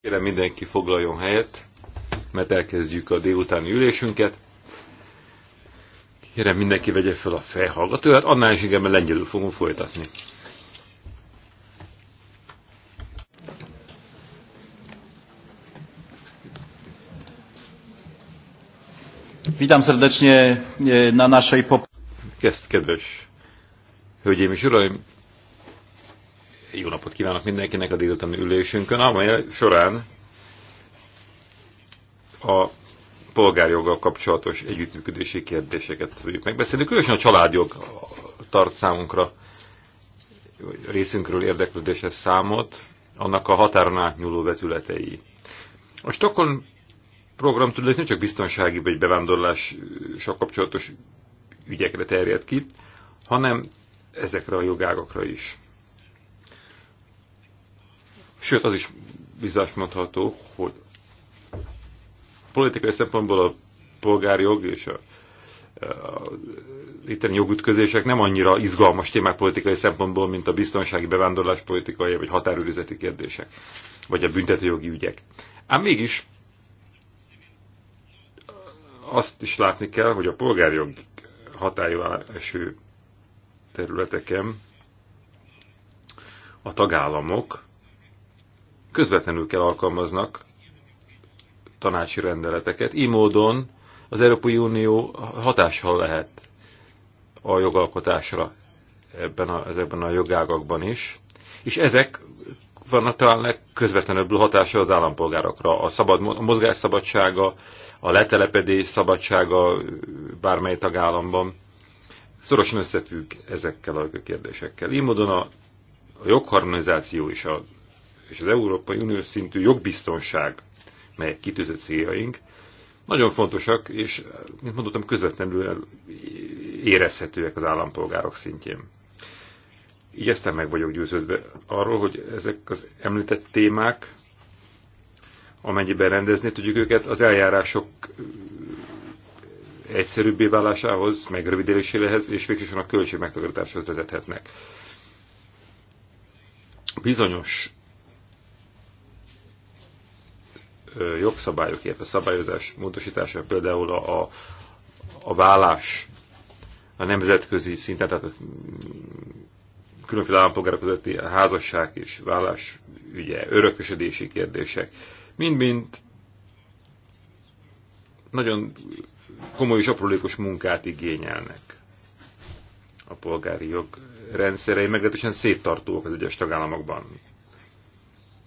Kérem mindenki foglaljon helyet, mert elkezdjük a délutáni ülésünket. Kérem mindenki vegye fel a hát annál is igen, mert lengyelül fogunk folytatni. Witam serdecznie e, na naszej pop... Kezd, kedves hölgyeim és uraim! Jó napot kívánok mindenkinek a délutáni ülésünkön, amely során a polgárjoggal kapcsolatos együttműködési kérdéseket fogjuk megbeszélni. Különösen a családjog tart számunkra részünkről érdeklődéses számot, annak a határon átnyúló vetületei. A Stockholm program tudod, nem csak biztonsági vagy bevándorlással kapcsolatos ügyekre terjed ki, hanem ezekre a jogágokra is. Sőt, az is bizás mondható, hogy politikai szempontból a polgári jog és a, a itteni jogütközések nem annyira izgalmas témák politikai szempontból, mint a biztonsági bevándorlás politikai vagy határőrizeti kérdések, vagy a büntetőjogi ügyek. Ám mégis azt is látni kell, hogy a jog hatályba eső területeken a tagállamok közvetlenül kell alkalmaznak tanácsi rendeleteket. Így módon az Európai Unió hatással lehet a jogalkotásra ebben a, ezekben a jogágakban is, és ezek vannak talán legközvetlenebb hatása az állampolgárokra. A, szabad, a mozgás szabadsága, a letelepedés szabadsága bármely tagállamban szorosan összefügg ezekkel a kérdésekkel. Így módon a, a jogharmonizáció és a és az Európai Unió szintű jogbiztonság, melyek kitűzött céljaink, nagyon fontosak, és, mint mondottam, közvetlenül érezhetőek az állampolgárok szintjén. Így eztán meg vagyok győződve arról, hogy ezek az említett témák, amennyiben rendezni tudjuk őket, az eljárások egyszerűbbé válásához, meg rövidéléséhez, és végsősorban a költség megtakarításhoz vezethetnek. Bizonyos jogszabályok, illetve szabályozás módosítása, például a, a vállás a nemzetközi szinten, tehát a mm, különféle állampolgárok közötti házasság és vállás ügye, örökösödési kérdések, mind-mind nagyon komoly és aprólékos munkát igényelnek a polgári jog rendszerei meglehetősen széttartóak az egyes tagállamokban.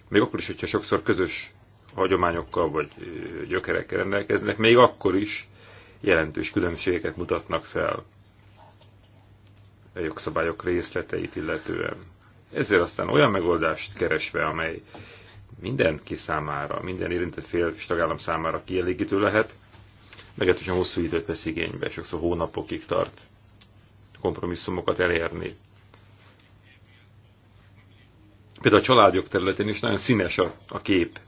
Még akkor is, hogyha sokszor közös hagyományokkal vagy gyökerekkel rendelkeznek, még akkor is jelentős különbségeket mutatnak fel a jogszabályok részleteit illetően. Ezért aztán olyan megoldást keresve, amely mindenki számára, minden érintett fél és tagállam számára kielégítő lehet, meglehetősen hosszú időt vesz igénybe, sokszor hónapokig tart kompromisszumokat elérni. Például a családjog területén is nagyon színes a, a kép,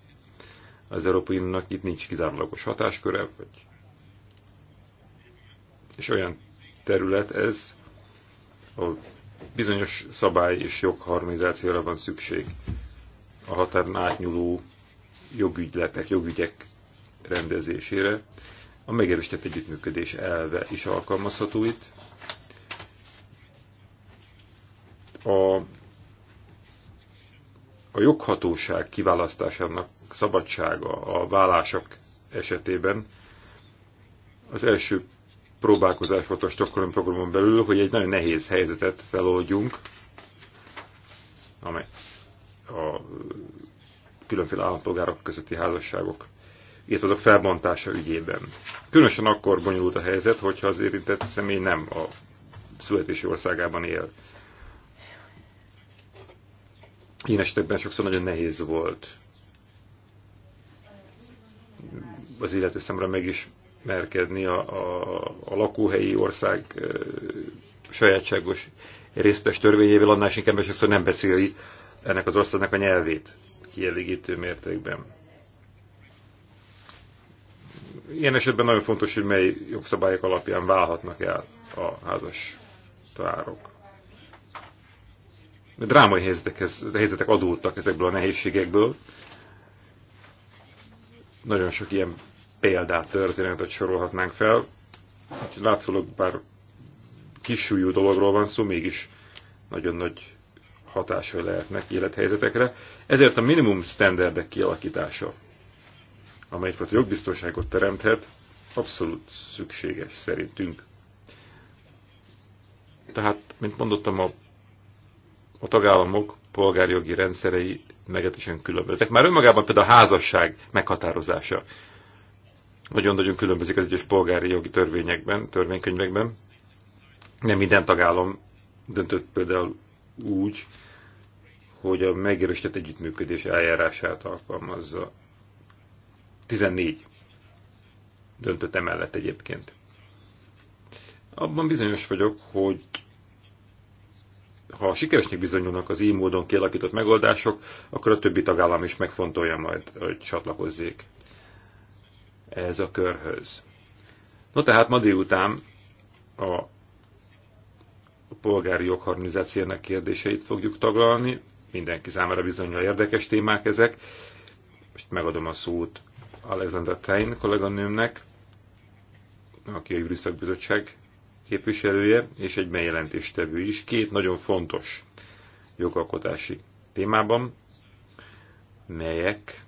az Európai Uniónak itt nincs kizárólagos hatásköre, vagy... és olyan terület ez, ahol bizonyos szabály és jogharmonizációra van szükség a határon átnyúló jogügyletek, jogügyek rendezésére. A megerősített együttműködés elve is alkalmazható itt. A a joghatóság kiválasztásának szabadsága a vállások esetében az első próbálkozás volt a Stockholm programon belül, hogy egy nagyon nehéz helyzetet feloldjunk, amely a különféle állampolgárok közötti házasságok, illetve azok felbontása ügyében. Különösen akkor bonyolult a helyzet, hogyha az érintett személy nem a születési országában él ilyen esetekben sokszor nagyon nehéz volt az illető szemre megismerkedni a, a, a lakóhelyi ország e, sajátságos résztes törvényével, annál is inkább sokszor nem beszéli ennek az országnak a nyelvét kielégítő mértékben. Ilyen esetben nagyon fontos, hogy mely jogszabályok alapján válhatnak el a házas tárok drámai helyzetek adódtak ezekből a nehézségekből. Nagyon sok ilyen példát, történetet sorolhatnánk fel. látszólag bár kisújú dologról van szó, mégis nagyon nagy hatásai lehetnek élethelyzetekre. Ezért a minimum standardek kialakítása, amely egyfajta jogbiztonságot teremthet, abszolút szükséges szerintünk. Tehát, mint mondottam, a a tagállamok polgárjogi rendszerei meglehetősen különböznek. Már önmagában például a házasság meghatározása nagyon-nagyon különbözik az egyes polgári jogi törvényekben, törvénykönyvekben. Nem minden tagállam döntött például úgy, hogy a megerősített együttműködés eljárását alkalmazza. 14 döntött emellett egyébként. Abban bizonyos vagyok, hogy ha sikeresnek bizonyulnak az így módon kialakított megoldások, akkor a többi tagállam is megfontolja majd, hogy csatlakozzék ez a körhöz. No tehát ma délután a polgári jogharmonizációnak kérdéseit fogjuk taglalni. Mindenki számára bizonyal érdekes témák ezek. Most megadom a szót Alexander Tein kolléganőmnek, aki a Jüri Bizottság képviselője és egy bejelentéstevő is, két nagyon fontos jogalkotási témában, melyek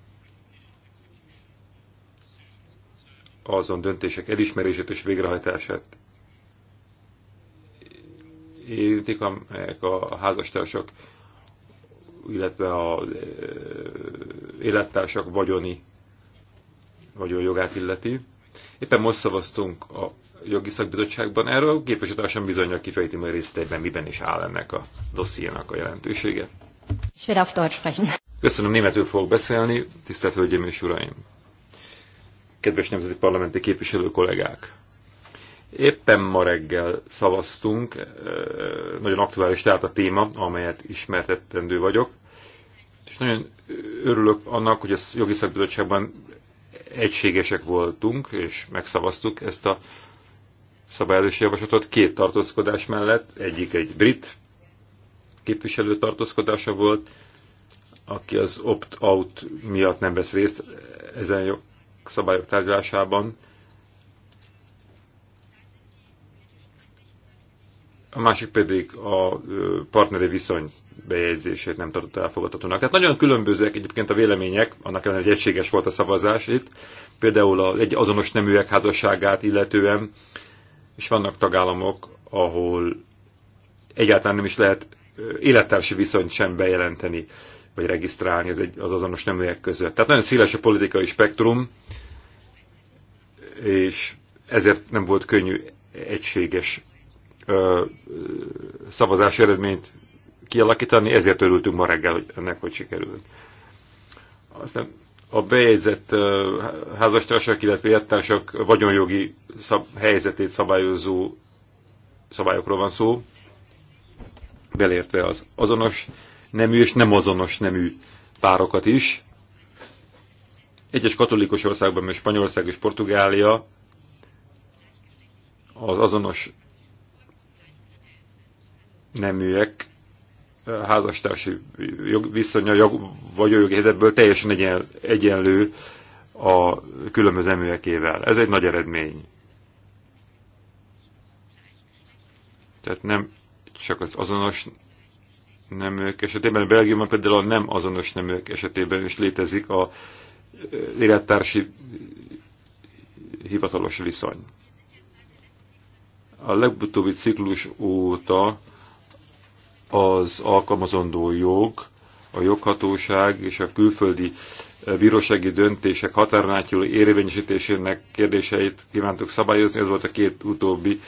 azon döntések elismerését és végrehajtását érintik, amelyek a házastársak, illetve az e, élettársak vagyoni vagyonjogát illeti. Éppen most szavaztunk a jogi szakbizottságban. Erről képviselőtársam bizonyal kifejti majd részleteiben, miben is áll ennek a dossziénak a jelentősége. Köszönöm, németül fogok beszélni, tisztelt Hölgyeim és Uraim! Kedves nemzeti parlamenti képviselő kollégák! Éppen ma reggel szavaztunk, eh, nagyon aktuális tehát a téma, amelyet ismertetendő vagyok, és nagyon örülök annak, hogy a jogi szakbizottságban egységesek voltunk, és megszavaztuk ezt a szabályozási javaslatot két tartózkodás mellett, egyik egy brit képviselő tartózkodása volt, aki az opt-out miatt nem vesz részt ezen szabályok tárgyalásában. A másik pedig a partneri viszony bejegyzését nem tartott elfogadhatónak. Tehát nagyon különbözőek egyébként a vélemények, annak ellenére, hogy egységes volt a szavazás itt. Például az egy azonos neműek házasságát illetően és vannak tagállamok, ahol egyáltalán nem is lehet élettársi viszonyt sem bejelenteni, vagy regisztrálni az, egy, az azonos neműek között. Tehát nagyon széles a politikai spektrum, és ezért nem volt könnyű egységes ö, ö, szavazási eredményt kialakítani, ezért örültünk ma reggel hogy ennek, hogy sikerült. Aztán a bejegyzett házastársak, illetve jettársak vagyonjogi szab helyzetét szabályozó szabályokról van szó, belértve az azonos nemű és nem azonos nemű párokat is. Egyes katolikus országban, mint Spanyolország és Portugália az azonos neműek házastársi jog, viszonya jog, vagy jogi helyzetből teljesen egyen, egyenlő a különböző műekével. Ez egy nagy eredmény. Tehát nem csak az azonos neműek esetében, Belgiumban például a nem azonos neműek esetében is létezik a eh, élettársi hivatalos viszony. A legutóbbi ciklus óta az alkalmazandó jog, a joghatóság és a külföldi eh, bírósági döntések határon átnyúló érvényesítésének kérdéseit kívántuk szabályozni. Ez volt a két utóbbi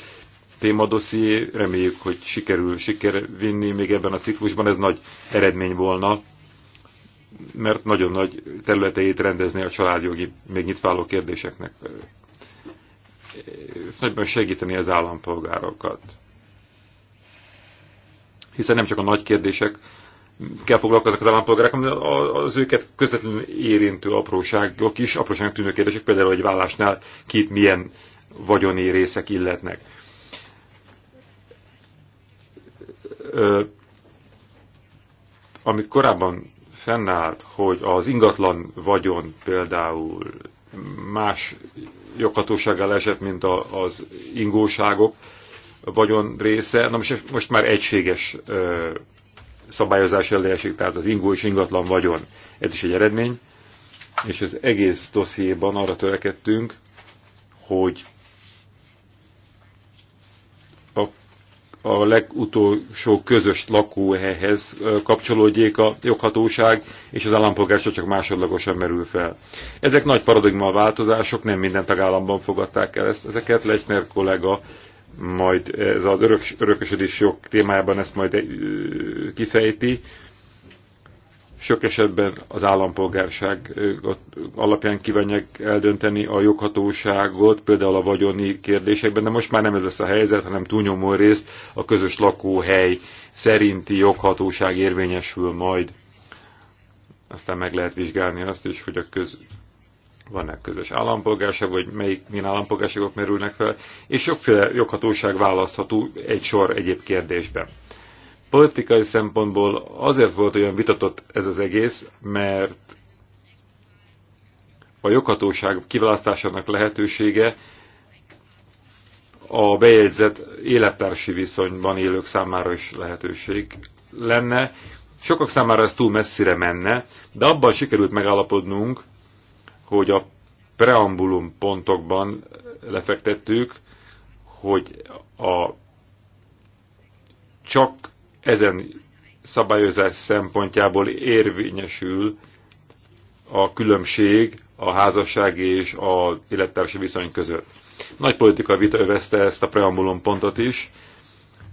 témadosszié. Reméljük, hogy sikerül siker vinni még ebben a ciklusban. Ez nagy eredmény volna, mert nagyon nagy területeit rendezni a családjogi még nyitváló kérdéseknek. Eh, ez nagyban segíteni az állampolgárokat hiszen nem csak a nagy kérdések kell foglalkoznak az állampolgárok, hanem az őket közvetlenül érintő apróságok is, apróságnak tűnő kérdések, például egy vállásnál kit milyen vagyoni részek illetnek. amit korábban fennállt, hogy az ingatlan vagyon például más joghatósággal esett, mint az ingóságok, vagyon része, na most, most már egységes ö, szabályozás esik, tehát az ingó és ingatlan vagyon. Ez is egy eredmény, és az egész dossziéban arra törekedtünk, hogy a, a legutolsó közös lakóhelyhez kapcsolódjék a joghatóság, és az állampolgárság csak másodlagosan merül fel. Ezek nagy paradigma változások, nem minden tagállamban fogadták el ezt, ezeket Lechner kollega majd ez az örök, örökösödés jog témájában ezt majd kifejti. Sok esetben az állampolgárság alapján kívánják eldönteni a joghatóságot, például a vagyoni kérdésekben, de most már nem ez lesz a helyzet, hanem túlnyomó részt a közös lakóhely szerinti joghatóság érvényesül majd. Aztán meg lehet vizsgálni azt is, hogy a köz, van-e közös állampolgárság, vagy melyik, milyen állampolgárságok merülnek fel, és sokféle joghatóság választható egy sor egyéb kérdésben. Politikai szempontból azért volt olyan vitatott ez az egész, mert a joghatóság kiválasztásának lehetősége a bejegyzett élettársi viszonyban élők számára is lehetőség lenne. Sokak számára ez túl messzire menne, de abban sikerült megállapodnunk, hogy a preambulum pontokban lefektettük, hogy a csak ezen szabályozás szempontjából érvényesül a különbség a házasság és a élettársi viszony között. Nagy politikai vita övezte ezt a preambulum pontot is,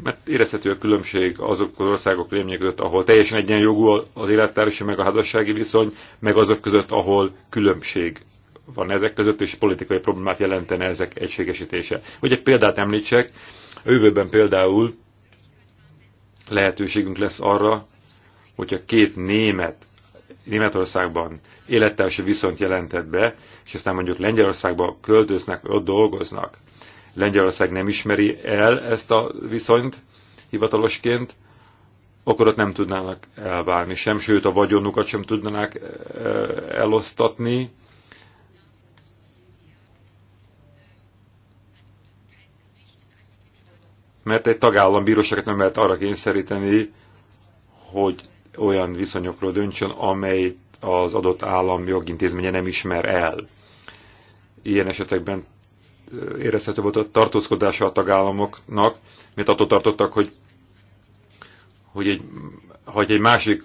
mert érezhető a különbség azok az országok lényeg között, ahol teljesen egyenjogú az élettársi meg a házassági viszony, meg azok között, ahol különbség van ezek között, és politikai problémát jelentene ezek egységesítése. Hogy egy példát említsek, a jövőben például lehetőségünk lesz arra, hogyha két német Németországban élettársi viszont jelentett be, és aztán mondjuk Lengyelországban költöznek, ott dolgoznak, Lengyelország nem ismeri el ezt a viszonyt hivatalosként, akkor ott nem tudnának elválni sem, sőt a vagyonukat sem tudnának e, elosztatni. Mert egy tagállam bíróságot nem lehet arra kényszeríteni, hogy olyan viszonyokról döntsön, amelyet az adott állam jogintézménye nem ismer el. Ilyen esetekben érezhető volt a tartózkodása a tagállamoknak, mert attól tartottak, hogy, hogy, egy, hogy egy másik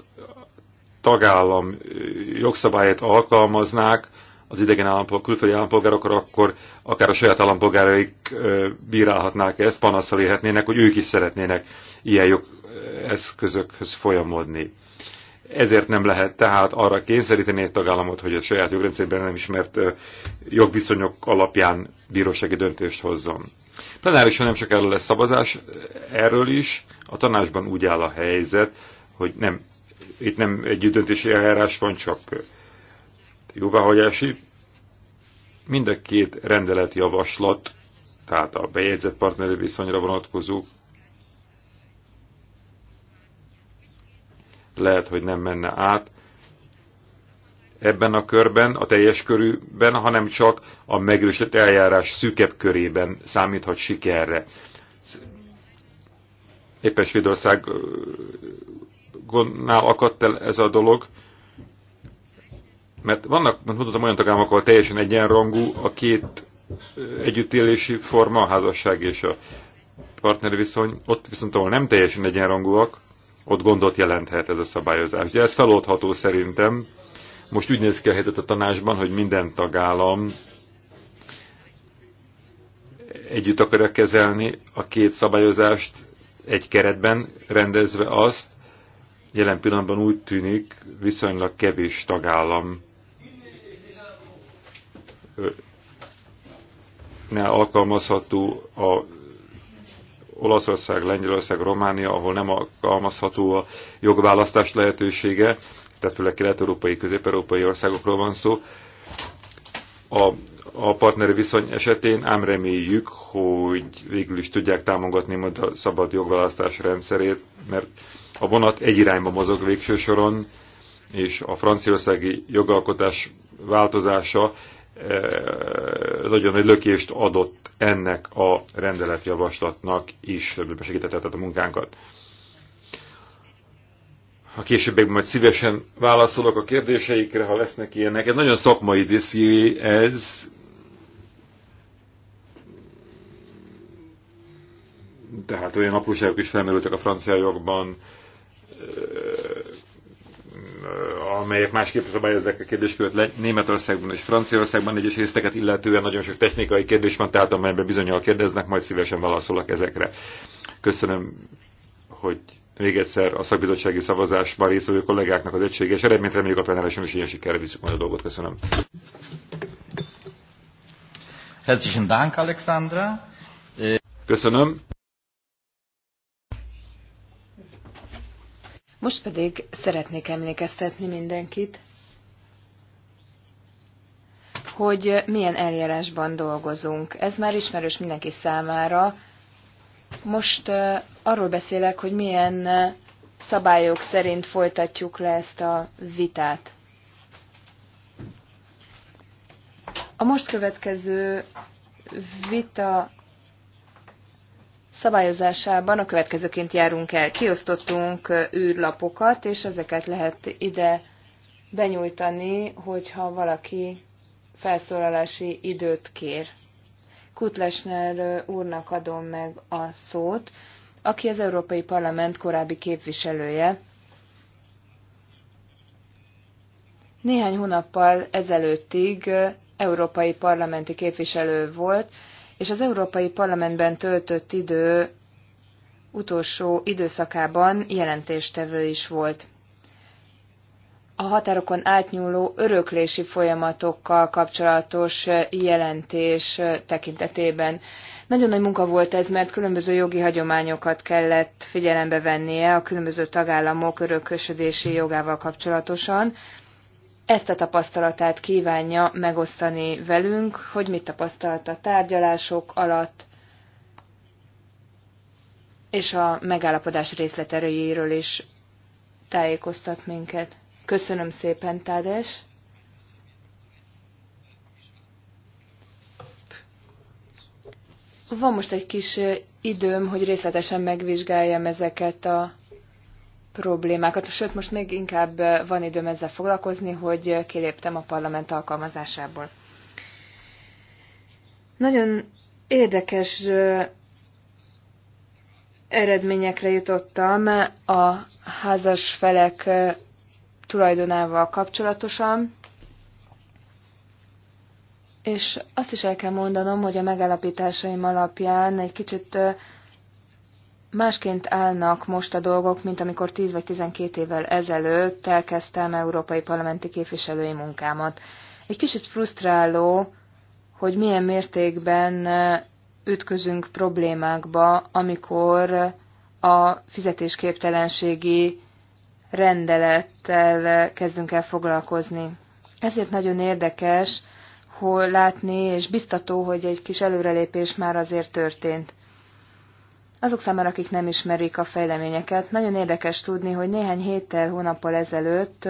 tagállam jogszabályát alkalmaznák az idegen állampolgárok, külföldi állampolgárokra, akkor akár a saját állampolgáraik bírálhatnák ezt, panaszra élhetnének, hogy ők is szeretnének ilyen jogeszközökhöz folyamodni. Ezért nem lehet tehát arra kényszeríteni egy tagállamot, hogy a saját jogrendszerben nem ismert jogviszonyok alapján bírósági döntést hozzon. Plenárisan nem erről lesz szavazás erről is. A tanácsban úgy áll a helyzet, hogy nem, itt nem egy döntési eljárás van, csak jóváhagyási. Mind a két rendelet javaslat, tehát a bejegyzett partneri viszonyra vonatkozó lehet, hogy nem menne át ebben a körben, a teljes körűben, hanem csak a megerősített eljárás szűkebb körében számíthat sikerre. Éppen Svédországnál akadt el ez a dolog, mert vannak, mint mondhatom, olyan tagállamok, ahol teljesen egyenrangú a két együttélési forma, a házasság és a partnerviszony, ott viszont ahol nem teljesen egyenrangúak, ott gondot jelenthet ez a szabályozás. Ugye ez feloldható szerintem. Most úgy néz ki a helyzet a tanásban, hogy minden tagállam együtt akarja kezelni a két szabályozást egy keretben, rendezve azt, jelen pillanatban úgy tűnik viszonylag kevés tagállam ne alkalmazható a Olaszország, Lengyelország, Románia, ahol nem alkalmazható a jogválasztás lehetősége, tehát főleg kelet-európai, közép-európai országokról van szó. A, a partneri viszony esetén ám reméljük, hogy végül is tudják támogatni majd a szabad jogválasztás rendszerét, mert a vonat egy irányba mozog végső soron, és a franciaországi jogalkotás változása nagyon nagy lökést adott ennek a rendeletjavaslatnak is, segítette tehát a munkánkat. A későbbiekben majd szívesen válaszolok a kérdéseikre, ha lesznek ilyenek. Ez nagyon szakmai diszi ez. Tehát olyan apróságok is felmerültek a francia jogban, amelyek másképp szabályozzák a kérdéskört Németországban és Franciaországban egyes részteket illetően nagyon sok technikai kérdés van, tehát amelyben bizonyal kérdeznek, majd szívesen válaszolok ezekre. Köszönöm, hogy még egyszer a szakbizottsági szavazásban résztvevő kollégáknak az egységes eredményt reméljük a plenárison is ilyen sikerre viszük majd a dolgot. Köszönöm. Herzlichen Dank, Alexandra. Köszönöm. Most pedig szeretnék emlékeztetni mindenkit, hogy milyen eljárásban dolgozunk. Ez már ismerős mindenki számára. Most arról beszélek, hogy milyen szabályok szerint folytatjuk le ezt a vitát. A most következő vita szabályozásában a következőként járunk el. Kiosztottunk űrlapokat, és ezeket lehet ide benyújtani, hogyha valaki felszólalási időt kér. Kutlesner úrnak adom meg a szót, aki az Európai Parlament korábbi képviselője. Néhány hónappal ezelőttig európai parlamenti képviselő volt, és az Európai Parlamentben töltött idő utolsó időszakában jelentéstevő is volt. A határokon átnyúló öröklési folyamatokkal kapcsolatos jelentés tekintetében. Nagyon nagy munka volt ez, mert különböző jogi hagyományokat kellett figyelembe vennie a különböző tagállamok örökösödési jogával kapcsolatosan, ezt a tapasztalatát kívánja megosztani velünk, hogy mit tapasztalt a tárgyalások alatt, és a megállapodás részleterőjéről is tájékoztat minket. Köszönöm szépen, Tádes! Van most egy kis időm, hogy részletesen megvizsgáljam ezeket a problémákat, sőt most még inkább van időm ezzel foglalkozni, hogy kiléptem a parlament alkalmazásából. Nagyon érdekes eredményekre jutottam a házas felek tulajdonával kapcsolatosan, és azt is el kell mondanom, hogy a megállapításaim alapján egy kicsit Másként állnak most a dolgok, mint amikor 10 vagy 12 évvel ezelőtt elkezdtem európai parlamenti képviselői munkámat. Egy kicsit frusztráló, hogy milyen mértékben eh, ütközünk problémákba, amikor eh, a fizetésképtelenségi rendelettel eh, kezdünk el foglalkozni. Ezért nagyon érdekes hol látni, és biztató, hogy egy kis előrelépés már azért történt. Azok számára, akik nem ismerik a fejleményeket, nagyon érdekes tudni, hogy néhány héttel, hónappal ezelőtt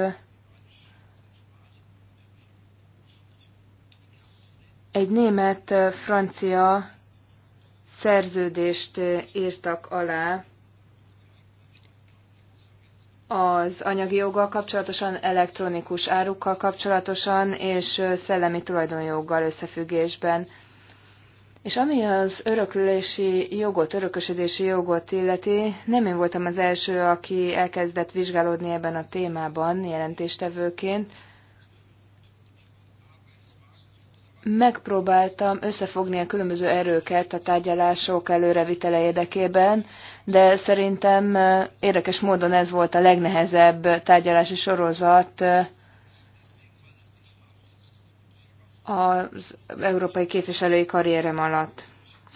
egy német-francia szerződést írtak alá az anyagi joggal kapcsolatosan, elektronikus árukkal kapcsolatosan és szellemi tulajdonjoggal összefüggésben. És ami az öröklési jogot, örökösödési jogot illeti, nem én voltam az első, aki elkezdett vizsgálódni ebben a témában jelentéstevőként. Megpróbáltam összefogni a különböző erőket a tárgyalások előrevitele érdekében, de szerintem eh, érdekes módon ez volt a legnehezebb tárgyalási sorozat eh, az európai képviselői karrierem alatt.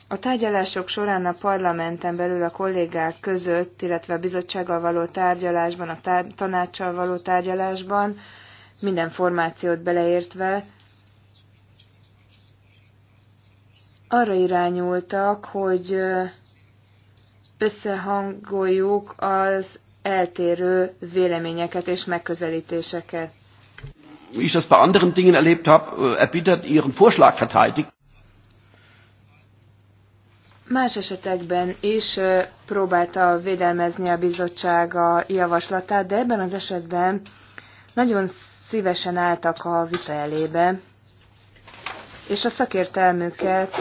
A tárgyalások során a parlamenten belül a kollégák között, illetve a bizottsággal való tárgyalásban, a tár- tanácssal való tárgyalásban, minden formációt beleértve, arra irányultak, hogy összehangoljuk az eltérő véleményeket és megközelítéseket wie ich das bei anderen Dingen erlebt habe, äh, erbittert ihren Vorschlag verteidigt. Más esetekben is próbálta védelmezni a bizottság a javaslatát, de ebben az esetben nagyon szívesen álltak a vita elébe, és a szakértelmüket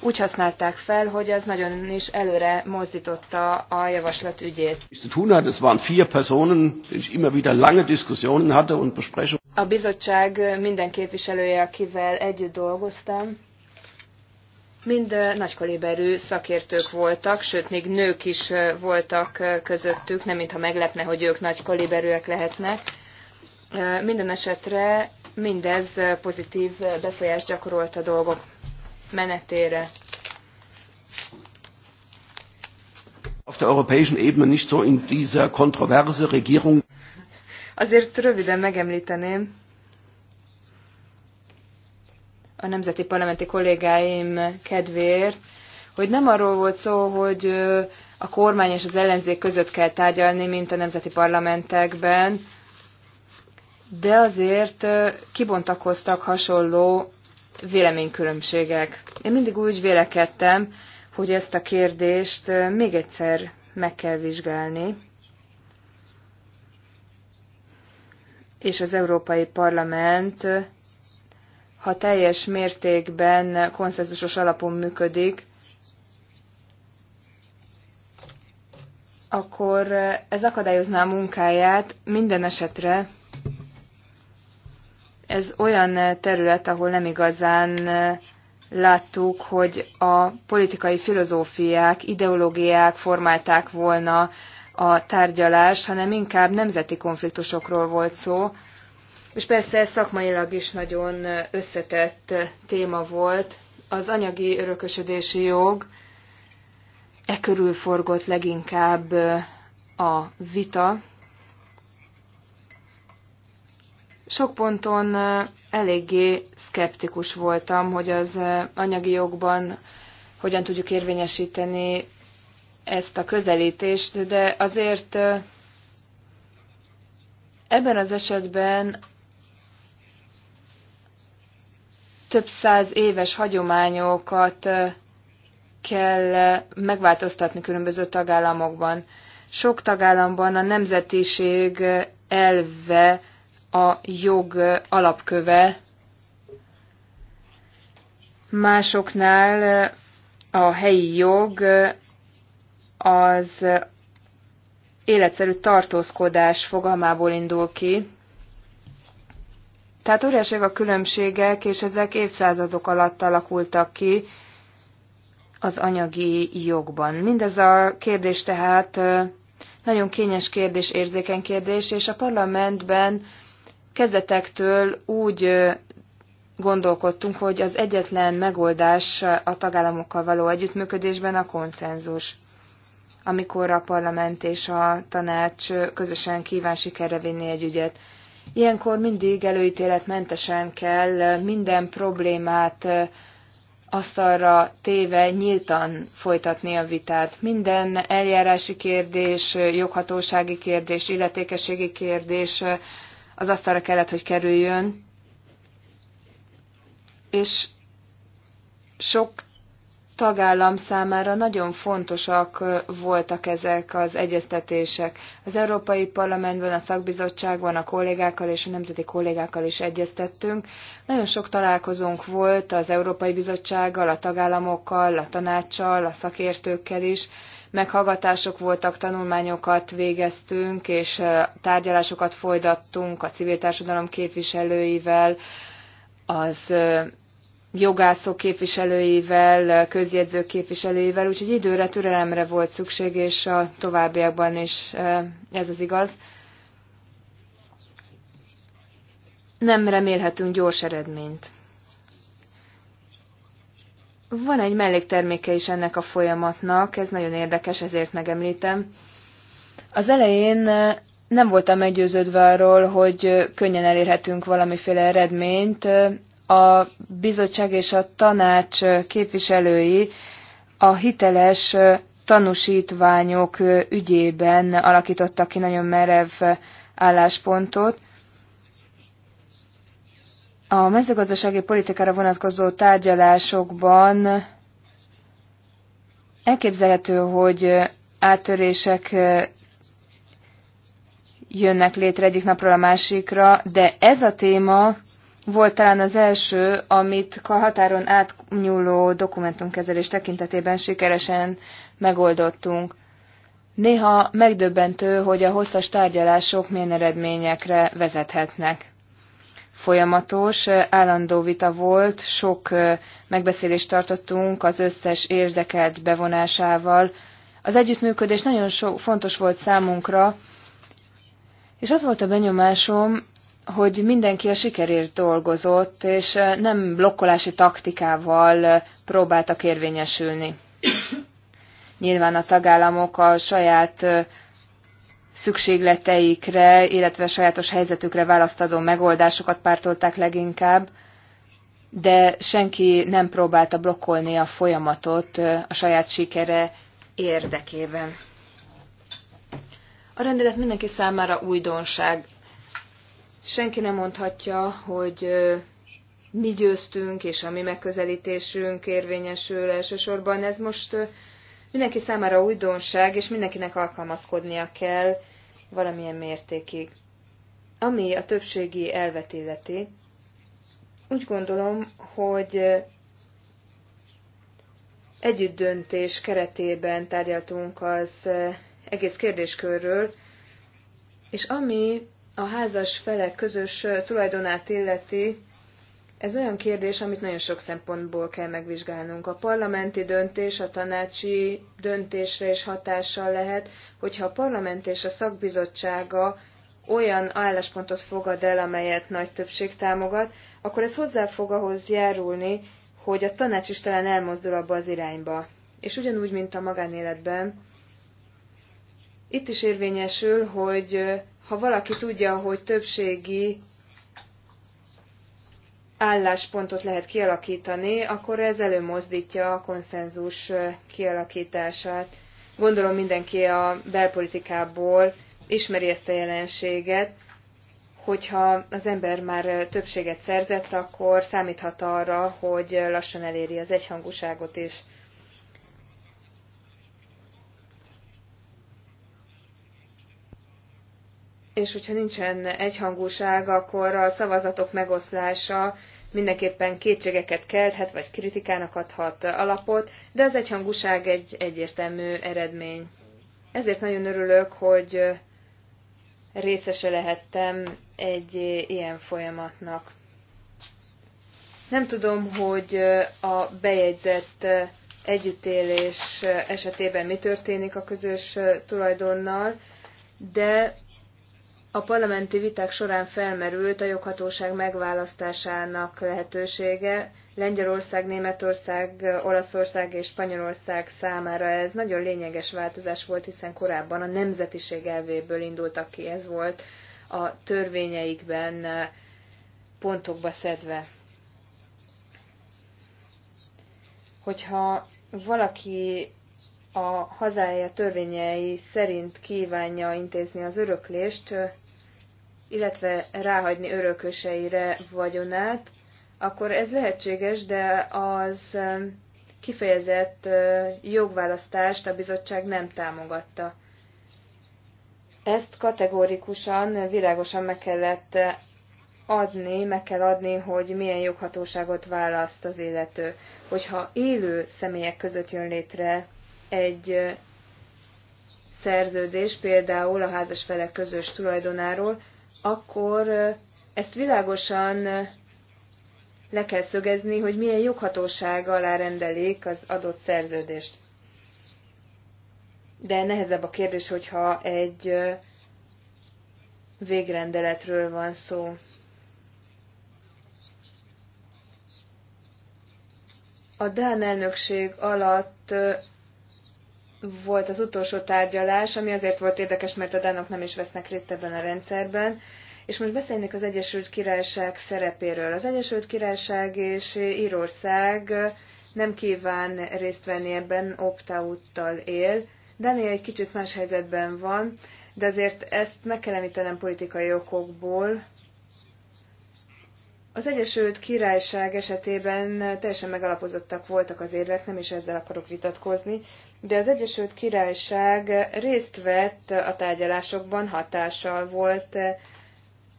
úgy használták fel, hogy az nagyon is előre mozdította a javaslat ügyét. Zu tun hat, es waren vier Personen, denen ich immer wieder lange Diskussionen hatte und Besprechungen. A bizottság minden képviselője, akivel együtt dolgoztam, mind nagy szakértők voltak, sőt, még nők is voltak közöttük, nem mintha meglepne, hogy ők nagy lehetnek. Minden esetre mindez pozitív befolyást gyakorolt a dolgok menetére. Auf der europäischen Ebene nicht so in dieser kontroverse Regierung Azért röviden megemlíteném a nemzeti parlamenti kollégáim kedvéért, hogy nem arról volt szó, hogy a kormány és az ellenzék között kell tárgyalni, mint a nemzeti parlamentekben, de azért kibontakoztak hasonló véleménykülönbségek. Én mindig úgy vélekedtem, hogy ezt a kérdést még egyszer meg kell vizsgálni, és az Európai Parlament, ha teljes mértékben konszenzusos alapon működik, akkor ez akadályozná a munkáját minden esetre. Ez olyan terület, ahol nem igazán láttuk, hogy a politikai filozófiák, ideológiák formálták volna a tárgyalás, hanem inkább nemzeti konfliktusokról volt szó. És persze ez szakmailag is nagyon összetett téma volt. Az anyagi örökösödési jog e körül forgott leginkább a vita. Sok ponton eléggé szkeptikus voltam, hogy az anyagi jogban hogyan tudjuk érvényesíteni ezt a közelítést, de azért ebben az esetben több száz éves hagyományokat kell megváltoztatni különböző tagállamokban. Sok tagállamban a nemzetiség elve a jog alapköve, másoknál a helyi jog az életszerű tartózkodás fogalmából indul ki. Tehát óriásiak a különbségek, és ezek évszázadok alatt alakultak ki az anyagi jogban. Mindez a kérdés tehát nagyon kényes kérdés, érzékeny kérdés, és a parlamentben kezdetektől úgy gondolkodtunk, hogy az egyetlen megoldás a tagállamokkal való együttműködésben a konszenzus amikor a parlament és a tanács közösen kíván sikerre vinni egy ügyet. Ilyenkor mindig előítéletmentesen kell minden problémát asztalra téve nyíltan folytatni a vitát. Minden eljárási kérdés, joghatósági kérdés, illetékességi kérdés az asztalra kellett, hogy kerüljön. És sok tagállam számára nagyon fontosak voltak ezek az egyeztetések. Az Európai Parlamentben, a szakbizottságban a kollégákkal és a nemzeti kollégákkal is egyeztettünk. Nagyon sok találkozónk volt az Európai Bizottsággal, a tagállamokkal, a tanácssal, a szakértőkkel is. Meghallgatások voltak, tanulmányokat végeztünk, és tárgyalásokat folytattunk a civil társadalom képviselőivel, az jogászok képviselőivel, közjegyzők képviselőivel, úgyhogy időre, türelemre volt szükség, és a továbbiakban is ez az igaz. Nem remélhetünk gyors eredményt. Van egy mellékterméke is ennek a folyamatnak, ez nagyon érdekes, ezért megemlítem. Az elején nem voltam meggyőződve arról, hogy könnyen elérhetünk valamiféle eredményt, a bizottság és a tanács képviselői a hiteles tanúsítványok ügyében alakítottak ki nagyon merev álláspontot. A mezőgazdasági politikára vonatkozó tárgyalásokban elképzelhető, hogy áttörések jönnek létre egyik napról a másikra, de ez a téma volt talán az első, amit a határon átnyúló dokumentumkezelés tekintetében sikeresen megoldottunk. Néha megdöbbentő, hogy a hosszas tárgyalások milyen eredményekre vezethetnek. Folyamatos, állandó vita volt, sok megbeszélést tartottunk az összes érdekelt bevonásával. Az együttműködés nagyon so- fontos volt számunkra, és az volt a benyomásom, hogy mindenki a sikerért dolgozott, és eh, nem blokkolási taktikával eh, próbáltak érvényesülni. Nyilván a tagállamok a saját eh, szükségleteikre, illetve sajátos helyzetükre választadó megoldásokat pártolták leginkább, de senki nem próbálta blokkolni a folyamatot a saját sikere érdekében. A rendelet mindenki számára újdonság. Senki nem mondhatja, hogy mi győztünk, és a mi megközelítésünk érvényesül elsősorban. Ez most mindenki számára újdonság, és mindenkinek alkalmazkodnia kell valamilyen mértékig. Ami a többségi elvet illeti, úgy gondolom, hogy együtt döntés keretében tárgyaltunk az egész kérdéskörről, és ami a házas felek közös tulajdonát illeti, ez olyan kérdés, amit nagyon sok szempontból kell megvizsgálnunk. A parlamenti döntés a tanácsi döntésre is hatással lehet, hogyha a parlament és a szakbizottsága olyan álláspontot fogad el, amelyet nagy többség támogat, akkor ez hozzá fog ahhoz járulni, hogy a tanács is talán elmozdul abba az irányba. És ugyanúgy, mint a magánéletben, itt is érvényesül, hogy ha valaki tudja, hogy többségi álláspontot lehet kialakítani, akkor ez előmozdítja a konszenzus kialakítását. Gondolom mindenki a belpolitikából ismeri ezt a jelenséget, hogyha az ember már többséget szerzett, akkor számíthat arra, hogy lassan eléri az egyhangúságot is. És és hogyha nincsen egyhangúság, akkor a szavazatok megoszlása mindenképpen kétségeket kelthet, vagy kritikának adhat alapot, de az egyhangúság egy egyértelmű eredmény. Ezért nagyon örülök, hogy részese lehettem egy ilyen folyamatnak. Nem tudom, hogy a bejegyzett együttélés esetében mi történik a közös tulajdonnal, de a parlamenti viták során felmerült a joghatóság megválasztásának lehetősége Lengyelország, Németország, Olaszország és Spanyolország számára. Ez nagyon lényeges változás volt, hiszen korábban a nemzetiség elvéből indultak ki, ez volt a törvényeikben pontokba szedve. Hogyha valaki a hazája törvényei szerint kívánja intézni az öröklést, illetve ráhagyni örököseire vagyonát, akkor ez lehetséges, de az um, kifejezett uh, jogválasztást a bizottság nem támogatta. Ezt kategórikusan, világosan meg kellett uh, adni, meg kell adni, hogy milyen joghatóságot választ az illető. Hogyha élő személyek között jön létre egy szerződés, például a házas felek közös tulajdonáról, akkor ezt világosan le kell szögezni, hogy milyen joghatóság alá rendelik az adott szerződést. De nehezebb a kérdés, hogyha egy végrendeletről van szó. A Dán elnökség alatt volt az utolsó tárgyalás, ami azért volt érdekes, mert a dánok nem is vesznek részt ebben a rendszerben, és most beszélnék az Egyesült Királyság szerepéről. Az Egyesült Királyság és Írország nem kíván részt venni ebben, opt-out-tal él. Dánia egy kicsit más helyzetben van, de azért ezt meg kell említenem politikai okokból, az Egyesült Királyság esetében teljesen megalapozottak voltak az érvek, nem is ezzel akarok vitatkozni, de az Egyesült Királyság részt vett a tárgyalásokban, hatással volt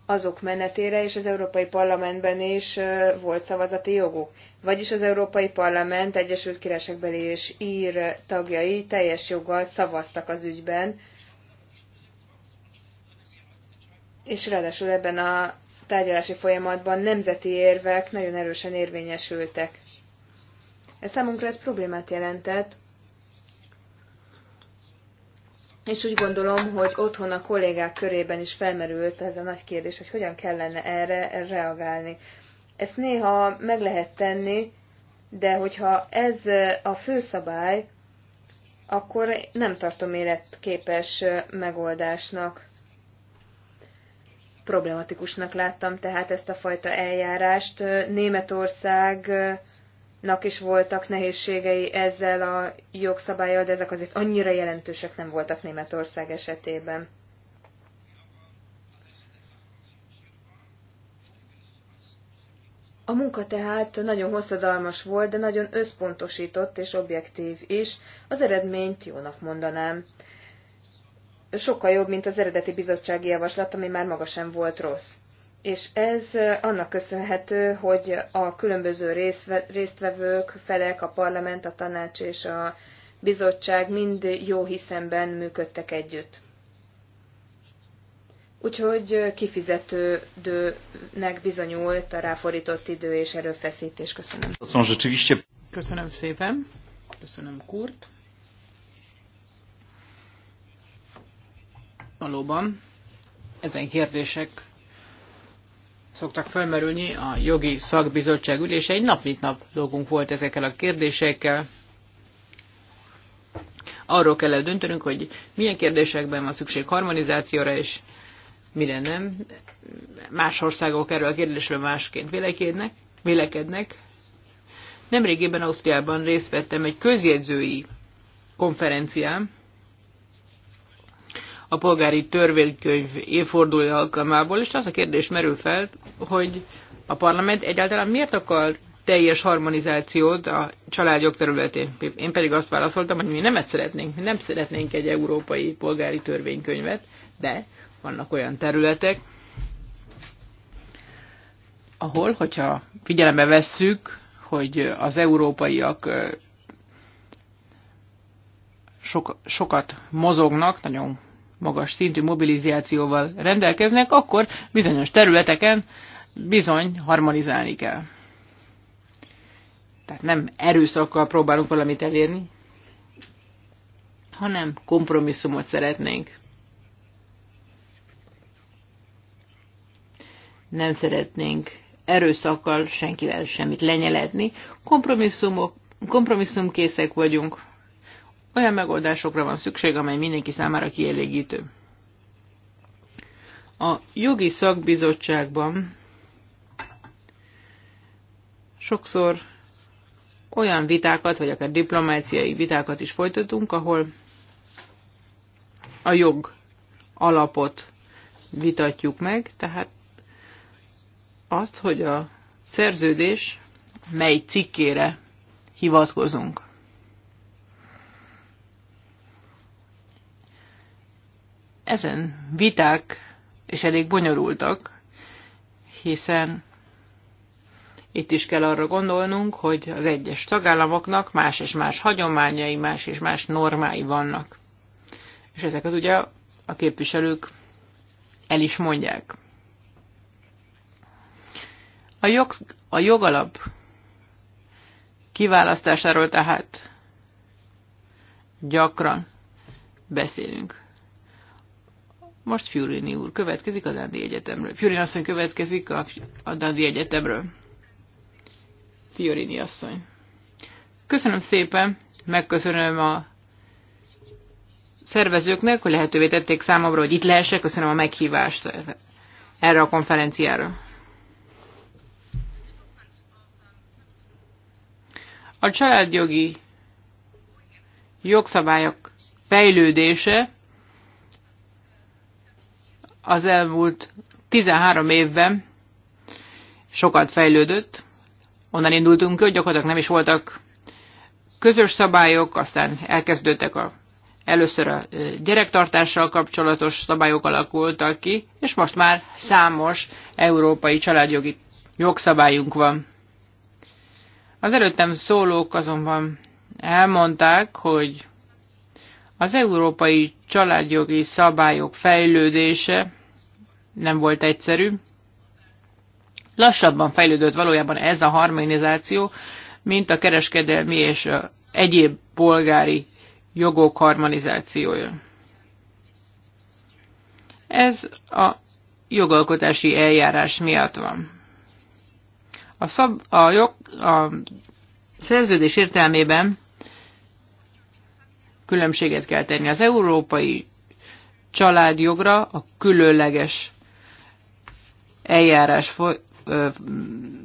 azok menetére, és az Európai Parlamentben is volt szavazati joguk. Vagyis az Európai Parlament Egyesült Királyságbeli és ír tagjai teljes joggal szavaztak az ügyben, és ráadásul ebben a tárgyalási folyamatban nemzeti érvek nagyon erősen érvényesültek. Ez számunkra ez problémát jelentett, és úgy gondolom, hogy otthon a kollégák körében is felmerült ez a nagy kérdés, hogy hogyan kellene erre reagálni. Ezt néha meg lehet tenni, de hogyha ez a főszabály, akkor nem tartom életképes megoldásnak. Problematikusnak láttam tehát ezt a fajta eljárást. Németországnak is voltak nehézségei ezzel a jogszabályal. de ezek azért annyira jelentősek nem voltak Németország esetében. A munka tehát nagyon hosszadalmas volt, de nagyon összpontosított és objektív is, az eredményt jónak mondanám sokkal jobb, mint az eredeti bizottsági javaslat, ami már maga sem volt rossz. És ez annak köszönhető, hogy a különböző résztvevők, felek, a parlament, a tanács és a bizottság mind jó hiszemben működtek együtt. Úgyhogy kifizetődőnek bizonyult a ráfordított idő és erőfeszítés. Köszönöm. Köszönöm szépen. Köszönöm Kurt. Valóban ezen kérdések szoktak felmerülni a jogi szakbizottság Egy Nap mint nap dolgunk volt ezekkel a kérdésekkel. Arról kell döntenünk, hogy milyen kérdésekben van szükség harmonizációra, és mire nem. Más országok erről a kérdésről másként vélekednek. vélekednek. Nemrégében Ausztriában részt vettem egy közjegyzői konferencián, a polgári törvénykönyv évfordulója alkalmából, és az a kérdés merül fel, hogy a parlament egyáltalán miért akar teljes harmonizációt a családjog területén. Én pedig azt válaszoltam, hogy mi nem ezt szeretnénk, mi nem szeretnénk egy európai polgári törvénykönyvet, de vannak olyan területek, ahol, hogyha figyelembe vesszük, hogy az európaiak sok, sokat mozognak, nagyon magas szintű mobilizációval rendelkeznek, akkor bizonyos területeken bizony harmonizálni kell. Tehát nem erőszakkal próbálunk valamit elérni, hanem kompromisszumot szeretnénk. Nem szeretnénk erőszakkal senkivel semmit lenyeletni. Kompromisszumok, kompromisszumkészek vagyunk. Olyan megoldásokra van szükség, amely mindenki számára kielégítő. A jogi szakbizottságban sokszor olyan vitákat, vagy akár diplomáciai vitákat is folytatunk, ahol a jog alapot vitatjuk meg, tehát azt, hogy a szerződés mely cikkére hivatkozunk. Ezen viták és elég bonyolultak, hiszen itt is kell arra gondolnunk, hogy az egyes tagállamoknak más és más hagyományai, más és más normái vannak. És ezeket ugye a képviselők el is mondják. A, jog, a jogalap kiválasztásáról tehát gyakran beszélünk. Most Fjurini úr következik a Dandi Egyetemről. Fjurini asszony következik a, a Dandi Egyetemről. Fiorini asszony. Köszönöm szépen, megköszönöm a szervezőknek, hogy lehetővé tették számomra, hogy itt lehessek. Köszönöm a meghívást erre a konferenciára. A családjogi jogszabályok fejlődése az elmúlt 13 évben sokat fejlődött. Onnan indultunk hogy gyakorlatilag nem is voltak közös szabályok, aztán elkezdődtek a, először a gyerektartással kapcsolatos szabályok alakultak ki, és most már számos európai családjogi jogszabályunk van. Az előttem szólók azonban elmondták, hogy az európai családjogi szabályok fejlődése nem volt egyszerű. Lassabban fejlődött valójában ez a harmonizáció, mint a kereskedelmi és egyéb polgári jogok harmonizációja. Ez a jogalkotási eljárás miatt van. A, szab, a, jog, a szerződés értelmében különbséget kell tenni. Az európai családjogra a különleges eljárás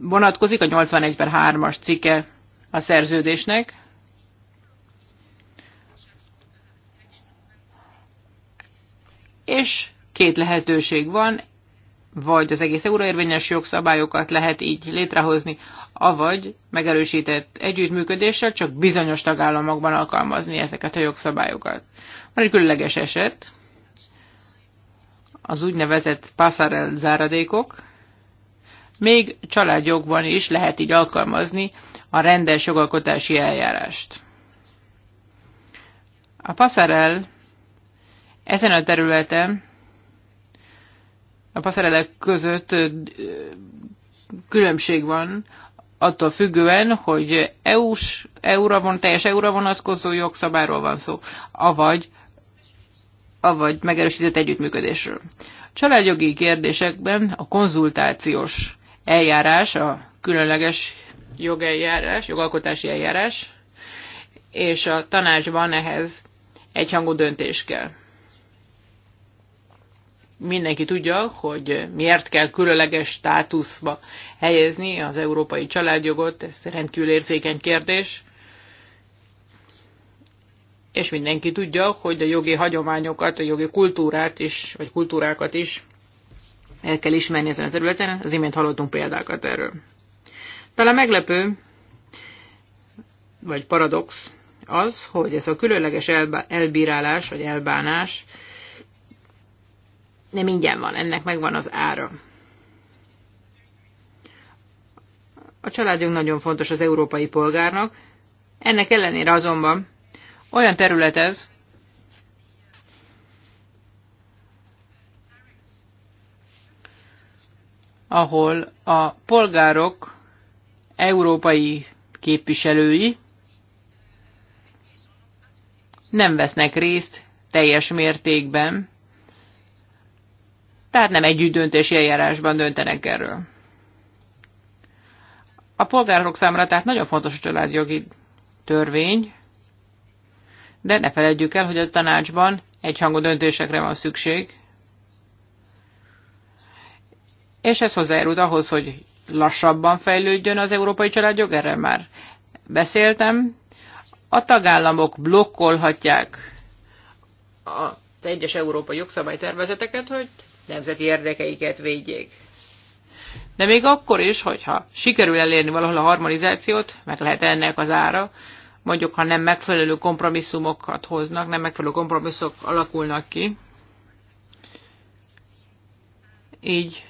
vonatkozik, a 81 per 3-as cikke a szerződésnek. És két lehetőség van, vagy az egész euróérvényes jogszabályokat lehet így létrehozni, avagy megerősített együttműködéssel csak bizonyos tagállamokban alkalmazni ezeket a jogszabályokat. Van egy különleges eset, az úgynevezett passarel záradékok, még családjogban is lehet így alkalmazni a rendes jogalkotási eljárást. A passarel ezen a területen a passzerelek között különbség van attól függően, hogy EU-s, eu von, teljes EU-ra vonatkozó jogszabáról van szó, avagy, avagy megerősített együttműködésről. Családjogi kérdésekben a konzultációs eljárás, a különleges jogeljárás, jogalkotási eljárás, és a tanácsban ehhez egyhangú döntés kell mindenki tudja, hogy miért kell különleges státuszba helyezni az európai családjogot, ez rendkívül érzékeny kérdés. És mindenki tudja, hogy a jogi hagyományokat, a jogi kultúrát is, vagy kultúrákat is el kell ismerni ezen a területen, az imént hallottunk példákat erről. Talán meglepő, vagy paradox az, hogy ez a különleges elbírálás, vagy elbánás nem ingyen van, ennek megvan az ára. A családunk nagyon fontos az európai polgárnak, ennek ellenére azonban olyan terület ez, ahol a polgárok európai képviselői nem vesznek részt teljes mértékben tehát nem együtt döntési eljárásban döntenek erről. A polgárok számára tehát nagyon fontos a családjogi törvény, de ne feledjük el, hogy a tanácsban egyhangú döntésekre van szükség, és ez hozzájárult ahhoz, hogy lassabban fejlődjön az európai családjog, erre már beszéltem. A tagállamok blokkolhatják a egyes európai jogszabálytervezeteket, hogy nemzeti érdekeiket védjék. De még akkor is, hogyha sikerül elérni valahol a harmonizációt, meg lehet ennek az ára, mondjuk ha nem megfelelő kompromisszumokat hoznak, nem megfelelő kompromisszok alakulnak ki, így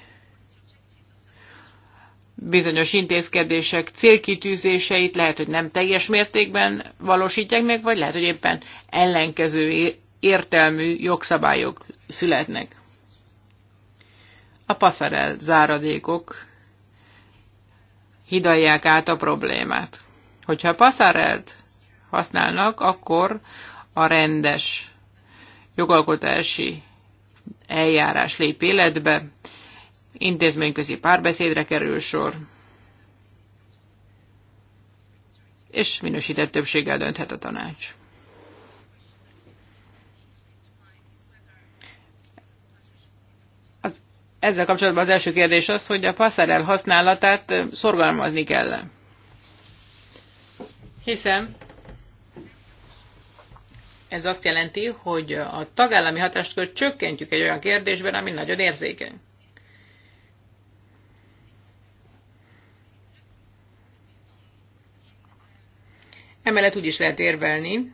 bizonyos intézkedések célkitűzéseit lehet, hogy nem teljes mértékben valósítják meg, vagy lehet, hogy éppen ellenkező értelmű jogszabályok születnek a passzerel záradékok hidalják át a problémát. Hogyha passzerelt használnak, akkor a rendes jogalkotási eljárás lép életbe, intézményközi párbeszédre kerül sor, és minősített többséggel dönthet a tanács. Ezzel kapcsolatban az első kérdés az, hogy a passzerel használatát szorgalmazni kell. -e. Hiszen ez azt jelenti, hogy a tagállami hatáskört csökkentjük egy olyan kérdésben, ami nagyon érzékeny. Emellett úgy is lehet érvelni,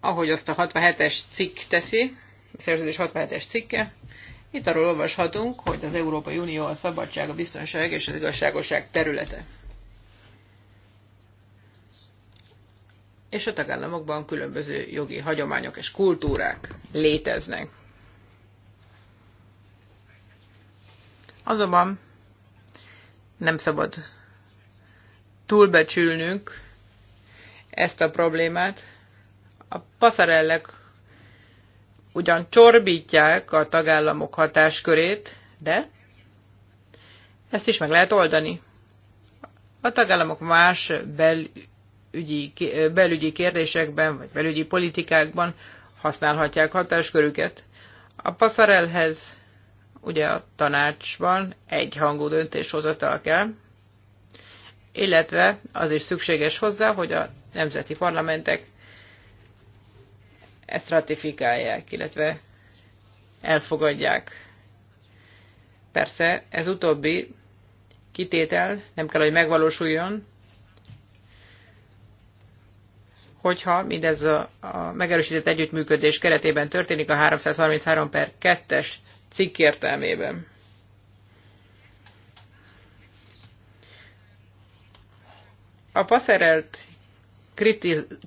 ahogy azt a 67-es cikk teszi, szerződés 67-es cikke. Itt arról olvashatunk, hogy az Európai Unió a szabadság, a biztonság és az igazságoság területe. És a tagállamokban különböző jogi hagyományok és kultúrák léteznek. Azonban nem szabad túlbecsülnünk ezt a problémát. A passzarellek ugyan csorbítják a tagállamok hatáskörét, de ezt is meg lehet oldani. A tagállamok más belügyi, belügyi kérdésekben, vagy belügyi politikákban használhatják hatáskörüket. A passarelhez ugye a tanácsban egyhangú döntéshozatal kell, illetve az is szükséges hozzá, hogy a nemzeti parlamentek ezt ratifikálják, illetve elfogadják. Persze ez utóbbi kitétel nem kell, hogy megvalósuljon, hogyha mindez a, a megerősített együttműködés keretében történik a 333 per 2-es cikk értelmében. A passzerelt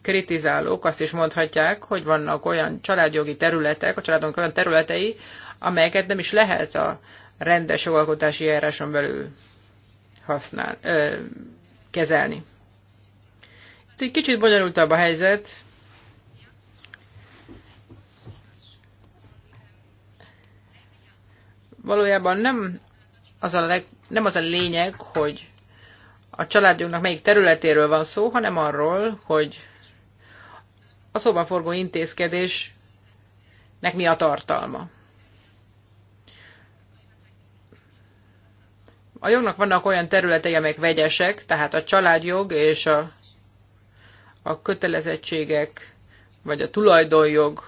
kritizálók azt is mondhatják, hogy vannak olyan családjogi területek, a családunk olyan területei, amelyeket nem is lehet a rendes jogalkotási eljáráson belül használ, ö, kezelni. Itt egy kicsit bonyolultabb a helyzet. Valójában nem az a, leg, nem az a lényeg, hogy a családjunknak melyik területéről van szó, hanem arról, hogy a szóban forgó intézkedésnek mi a tartalma. A jognak vannak olyan területei, amelyek vegyesek, tehát a családjog és a, a kötelezettségek, vagy a tulajdonjog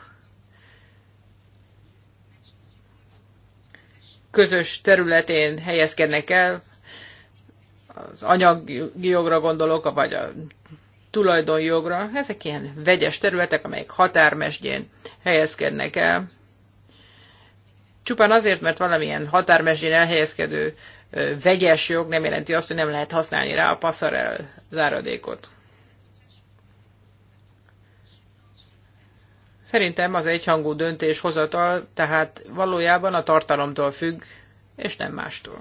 közös területén helyezkednek el, az anyagi gondolok, vagy a tulajdonjogra. Ezek ilyen vegyes területek, amelyek határmesdjén helyezkednek el. Csupán azért, mert valamilyen határmesdjén elhelyezkedő vegyes jog nem jelenti azt, hogy nem lehet használni rá a passzarel záradékot. Szerintem az egyhangú döntéshozatal tehát valójában a tartalomtól függ, és nem mástól.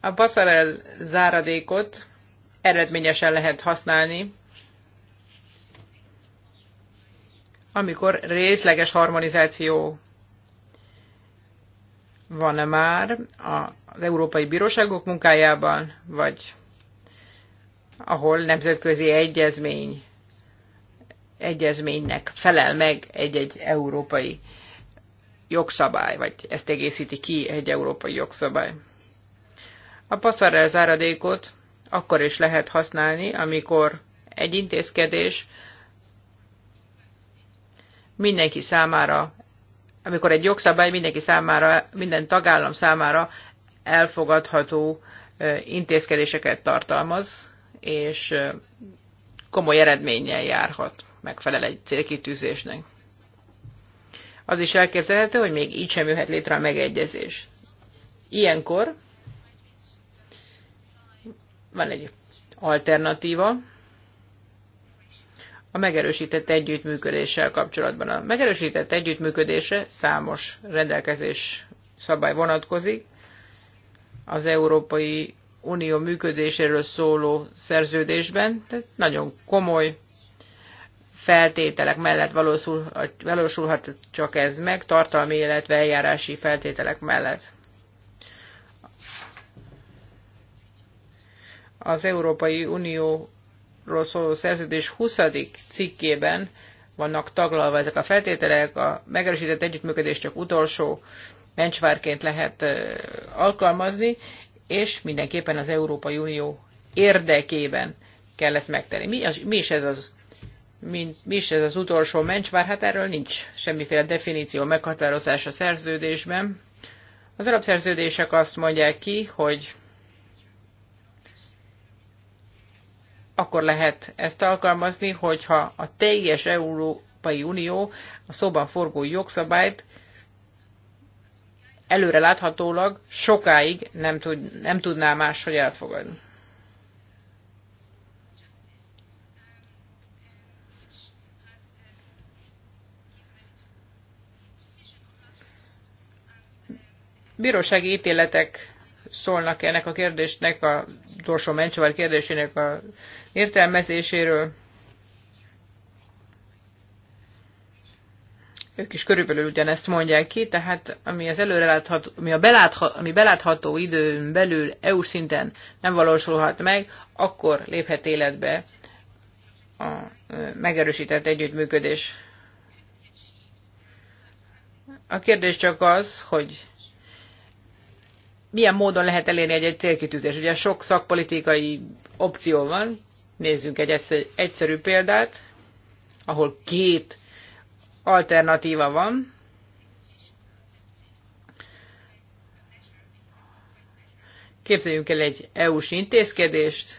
A Passarel záradékot eredményesen lehet használni, amikor részleges harmonizáció van-e már az európai bíróságok munkájában, vagy ahol nemzetközi egyezmény egyezménynek felel meg egy-egy európai jogszabály, vagy ezt egészíti ki egy európai jogszabály. A passzarrel záradékot akkor is lehet használni, amikor egy intézkedés mindenki számára, amikor egy jogszabály mindenki számára, minden tagállam számára elfogadható intézkedéseket tartalmaz, és komoly eredménnyel járhat, megfelel egy célkitűzésnek az is elképzelhető, hogy még így sem jöhet létre a megegyezés. Ilyenkor van egy alternatíva a megerősített együttműködéssel kapcsolatban. A megerősített együttműködésre számos rendelkezés szabály vonatkozik. Az Európai Unió működéséről szóló szerződésben, tehát nagyon komoly feltételek mellett valósulhat csak ez meg, tartalmi, illetve eljárási feltételek mellett. Az Európai Unióról szóló szerződés 20. cikkében vannak taglalva ezek a feltételek, a megerősített együttműködés csak utolsó mencsvárként lehet alkalmazni, és mindenképpen az Európai Unió érdekében kell ezt megtenni. Mi, az, mi is ez az mint, mi is ez az utolsó mencs, bár hát erről nincs semmiféle definíció, meghatározás a szerződésben. Az alapszerződések azt mondják ki, hogy akkor lehet ezt alkalmazni, hogyha a teljes Európai Unió a szóban forgó jogszabályt előre láthatólag sokáig nem, tud, nem tudná máshogy elfogadni. Bírósági ítéletek szólnak ennek a kérdésnek, a Dorsó Mencsovár kérdésének a értelmezéséről. Ők is körülbelül ugyanezt mondják ki, tehát ami az előrelátható, ami, a belátható, ami belátható időn belül EU szinten nem valósulhat meg, akkor léphet életbe a megerősített együttműködés. A kérdés csak az, hogy milyen módon lehet elérni egy, egy célkitűzés. Ugye sok szakpolitikai opció van, nézzünk egy egyszerű példát, ahol két alternatíva van. Képzeljünk el egy EU-s intézkedést,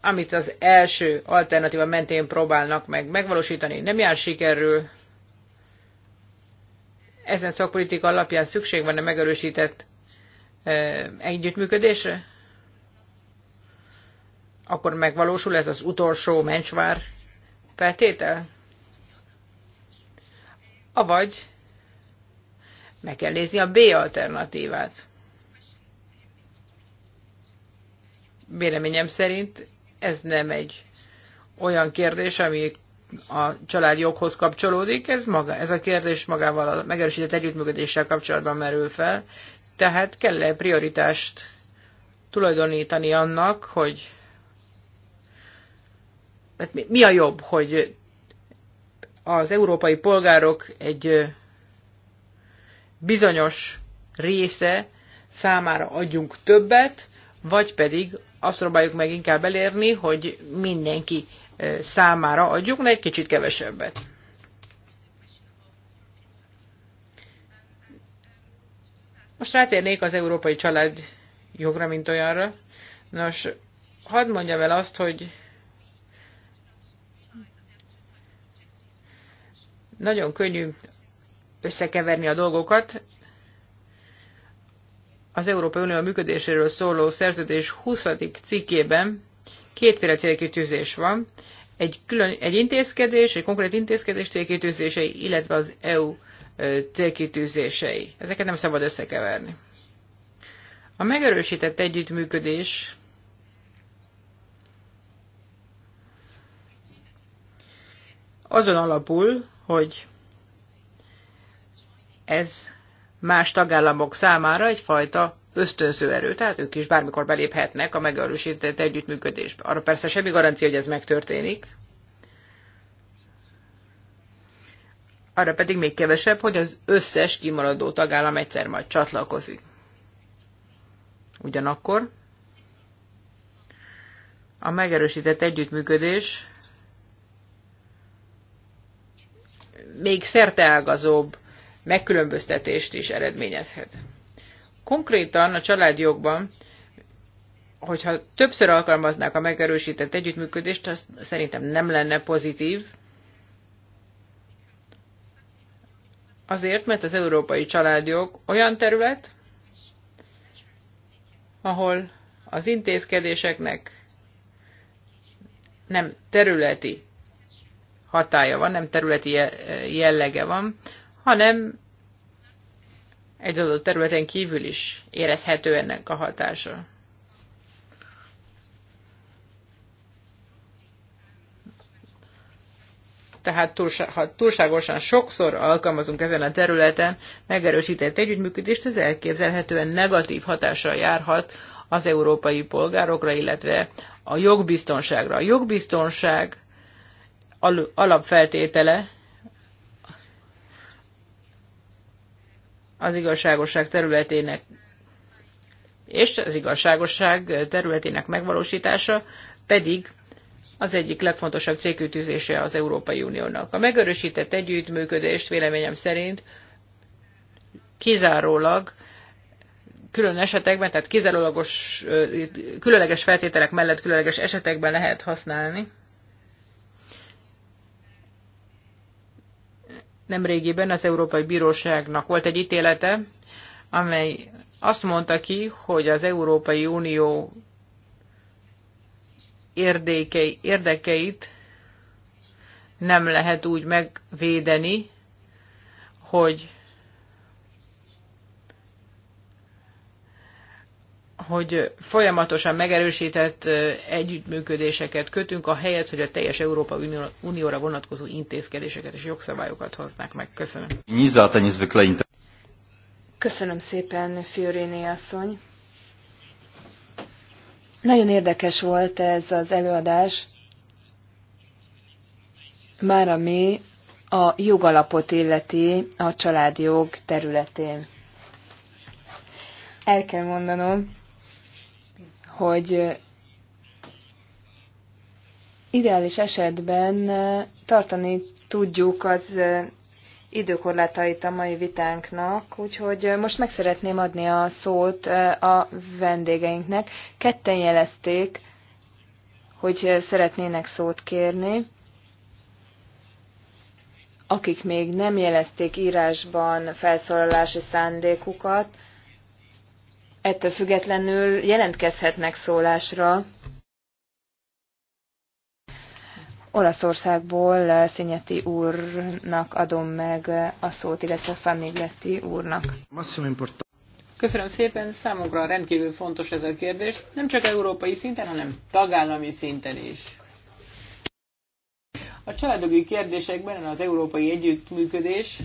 amit az első alternatíva mentén próbálnak meg megvalósítani, nem jár sikerül, ezen szakpolitika alapján szükség van a megerősített együttműködésre? Akkor megvalósul ez az utolsó mencsvár feltétel? Avagy meg kell nézni a B alternatívát. Véleményem szerint ez nem egy olyan kérdés, ami a joghoz kapcsolódik, ez, maga, ez a kérdés magával a megerősített együttműködéssel kapcsolatban merül fel. Tehát kell-e prioritást tulajdonítani annak, hogy mert hát mi a jobb, hogy az európai polgárok egy bizonyos része számára adjunk többet, vagy pedig azt próbáljuk meg inkább elérni, hogy mindenki számára adjuk, de egy kicsit kevesebbet. Most rátérnék az európai család jogra, mint olyanra. Nos, hadd mondja el azt, hogy nagyon könnyű összekeverni a dolgokat. Az Európai Unió működéséről szóló szerződés 20. cikkében Kétféle célkitűzés van. Egy, külön, egy intézkedés, egy konkrét intézkedés célkitűzései, illetve az EU célkitűzései. Ezeket nem szabad összekeverni. A megerősített együttműködés azon alapul, hogy ez más tagállamok számára egyfajta ösztönző erő, tehát ők is bármikor beléphetnek a megerősített együttműködésbe. Arra persze semmi garancia, hogy ez megtörténik. Arra pedig még kevesebb, hogy az összes kimaradó tagállam egyszer majd csatlakozik. Ugyanakkor a megerősített együttműködés még szerteágazóbb megkülönböztetést is eredményezhet. Konkrétan a családjogban, hogyha többször alkalmaznák a megerősített együttműködést, az szerintem nem lenne pozitív. Azért, mert az európai családjog olyan terület, ahol az intézkedéseknek nem területi hatája van, nem területi jellege van, hanem egy adott területen kívül is érezhető ennek a hatása. Tehát ha túlságosan sokszor alkalmazunk ezen a területen megerősített együttműködést, ez elképzelhetően negatív hatással járhat az európai polgárokra, illetve a jogbiztonságra. A jogbiztonság alapfeltétele az igazságosság területének és az igazságosság területének megvalósítása pedig az egyik legfontosabb célkütőzése az Európai Uniónak. A megörösített együttműködést véleményem szerint kizárólag külön esetekben, tehát kizárólagos, különleges feltételek mellett különleges esetekben lehet használni. Nemrégiben az Európai Bíróságnak volt egy ítélete, amely azt mondta ki, hogy az Európai Unió érdekei, érdekeit nem lehet úgy megvédeni, hogy hogy folyamatosan megerősített együttműködéseket kötünk, a helyet, hogy a teljes Európa Unióra vonatkozó intézkedéseket és jogszabályokat hoznák meg. Köszönöm. Köszönöm szépen, Fiorini asszony. Nagyon érdekes volt ez az előadás, már ami a jogalapot illeti a családjog területén. El kell mondanom, hogy ideális esetben tartani tudjuk az időkorlátait a mai vitánknak, úgyhogy most meg szeretném adni a szót a vendégeinknek. Ketten jelezték, hogy szeretnének szót kérni. Akik még nem jelezték írásban felszólalási szándékukat, ettől függetlenül jelentkezhetnek szólásra. Olaszországból eh, Szényeti úrnak adom meg eh, a szót, illetve Famigletti úrnak. Köszönöm szépen, számunkra rendkívül fontos ez a kérdés, nem csak európai szinten, hanem tagállami szinten is. A családogi kérdésekben az európai együttműködés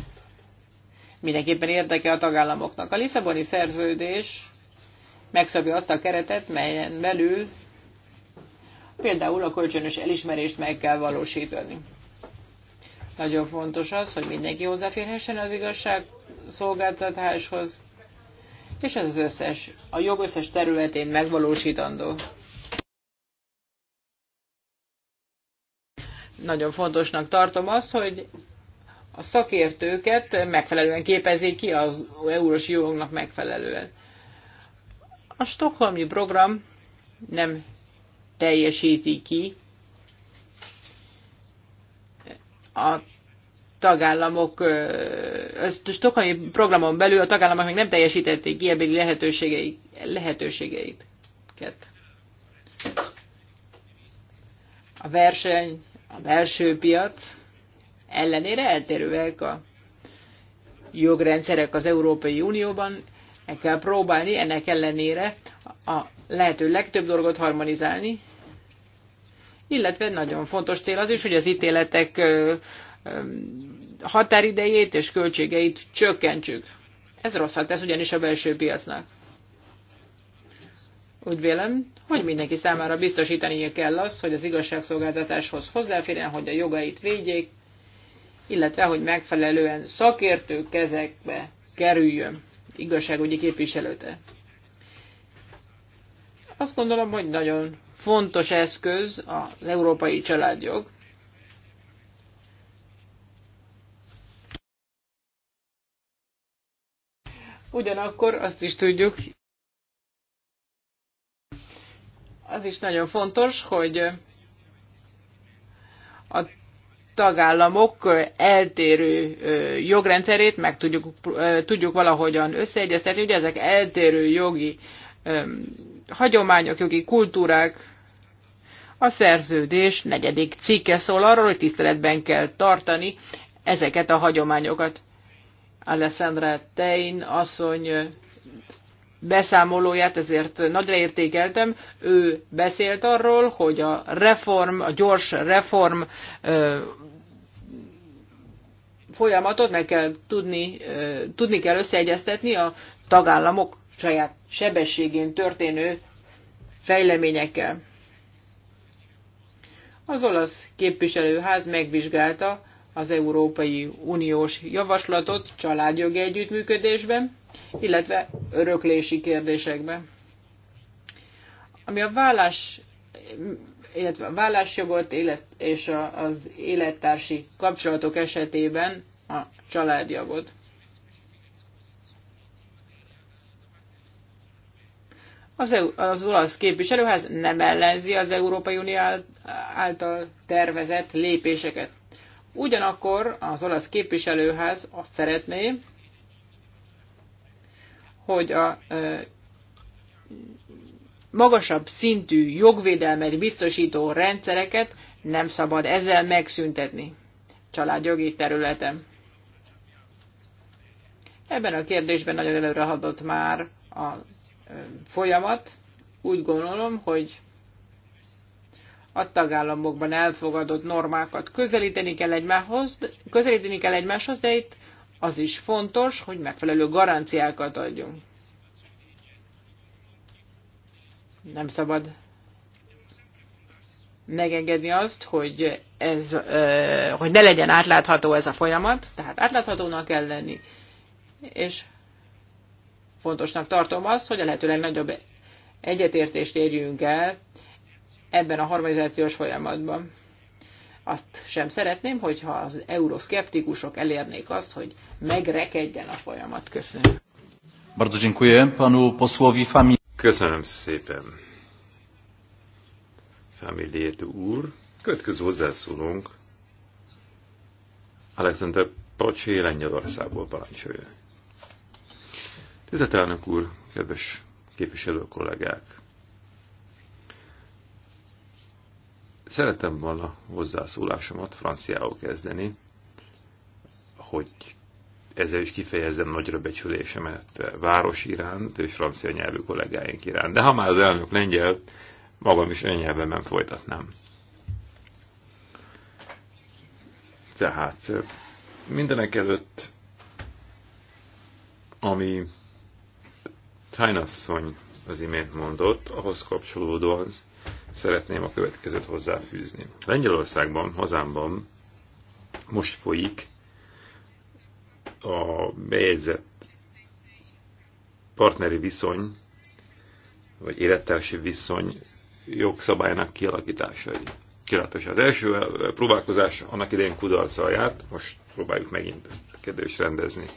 mindenképpen érdeke a tagállamoknak. A Lisszaboni szerződés megszabja azt a keretet, melyen belül például a kölcsönös elismerést meg kell valósítani. Nagyon fontos az, hogy mindenki hozzáférhessen az igazság szolgáltatáshoz, és ez az összes, a jog összes területén megvalósítandó. Nagyon fontosnak tartom azt, hogy a szakértőket megfelelően képezik ki az eurós jognak megfelelően. A stokholmi program nem teljesíti ki a tagállamok, a stokholmi programon belül a tagállamok még nem teljesítették ki lehetőségeik lehetőségeit. lehetőségeiket. A verseny, a belső piac ellenére eltérőek a jogrendszerek az Európai Unióban, meg kell próbálni ennek ellenére a lehető legtöbb dolgot harmonizálni, illetve nagyon fontos cél az is, hogy az ítéletek határidejét és költségeit csökkentsük. Ez rosszat tesz ugyanis a belső piacnak. Úgy vélem, hogy mindenki számára biztosítani kell azt, hogy az igazságszolgáltatáshoz hozzáférjen, hogy a jogait védjék, illetve hogy megfelelően szakértő kezekbe kerüljön igazságügyi képviselőte. Azt gondolom, hogy nagyon fontos eszköz az európai családjog. Ugyanakkor azt is tudjuk, az is nagyon fontos, hogy a tagállamok eltérő jogrendszerét meg tudjuk, tudjuk valahogyan összeegyeztetni. Ugye ezek eltérő jogi hagyományok, jogi kultúrák. A szerződés negyedik cikke szól arról, hogy tiszteletben kell tartani ezeket a hagyományokat. Alessandra Tein asszony beszámolóját, ezért nagyra értékeltem. Ő beszélt arról, hogy a reform, a gyors reform folyamatot meg kell tudni, tudni kell összeegyeztetni a tagállamok saját sebességén történő fejleményekkel. Az olasz képviselőház megvizsgálta az Európai Uniós javaslatot családjogi együttműködésben, illetve öröklési kérdésekben. Ami a vállás, illetve a vállásjogot élet, és a, az élettársi kapcsolatok esetében a családjogot. Az, EU, az olasz képviselőház nem ellenzi az Európai Unió által tervezett lépéseket. Ugyanakkor az olasz képviselőház azt szeretné, hogy a magasabb szintű jogvédelmet biztosító rendszereket nem szabad ezzel megszüntetni családjogi területen. Ebben a kérdésben nagyon előre haladott már a folyamat. Úgy gondolom, hogy a tagállamokban elfogadott normákat közelíteni kell egymáshoz, közelíteni kell egymáshoz de itt az is fontos, hogy megfelelő garanciákat adjunk. Nem szabad megengedni azt, hogy, ez, hogy ne legyen átlátható ez a folyamat, tehát átláthatónak kell lenni, és fontosnak tartom azt, hogy a lehető legnagyobb egyetértést érjünk el ebben a harmonizációs folyamatban. Azt sem szeretném, hogyha az euroszkeptikusok elérnék azt, hogy megrekedjen a folyamat. Köszönöm. Bardzo dziękuję panu posłowi Famili. Köszönöm szépen. Familiét úr. Következő hozzászólunk. Alexander Pocsé Lengyelországból parancsolja. Tisztelt elnök úr, kedves képviselő kollégák! Szeretem volna hozzászólásomat franciául kezdeni, hogy ezzel is kifejezem nagyra becsülésemet város iránt és francia nyelvű kollégáink iránt. De ha már az elnök lengyel, magam is nem folytatnám. Tehát mindenek előtt, ami Tájnasszony az imént mondott, ahhoz kapcsolódóan szeretném a következőt hozzáfűzni. Lengyelországban, hazámban most folyik a bejegyzett partneri viszony, vagy élettársi viszony jogszabálynak kialakításai. Kilátása. Az első próbálkozás annak idején kudarccal járt, most próbáljuk megint ezt a kérdést rendezni.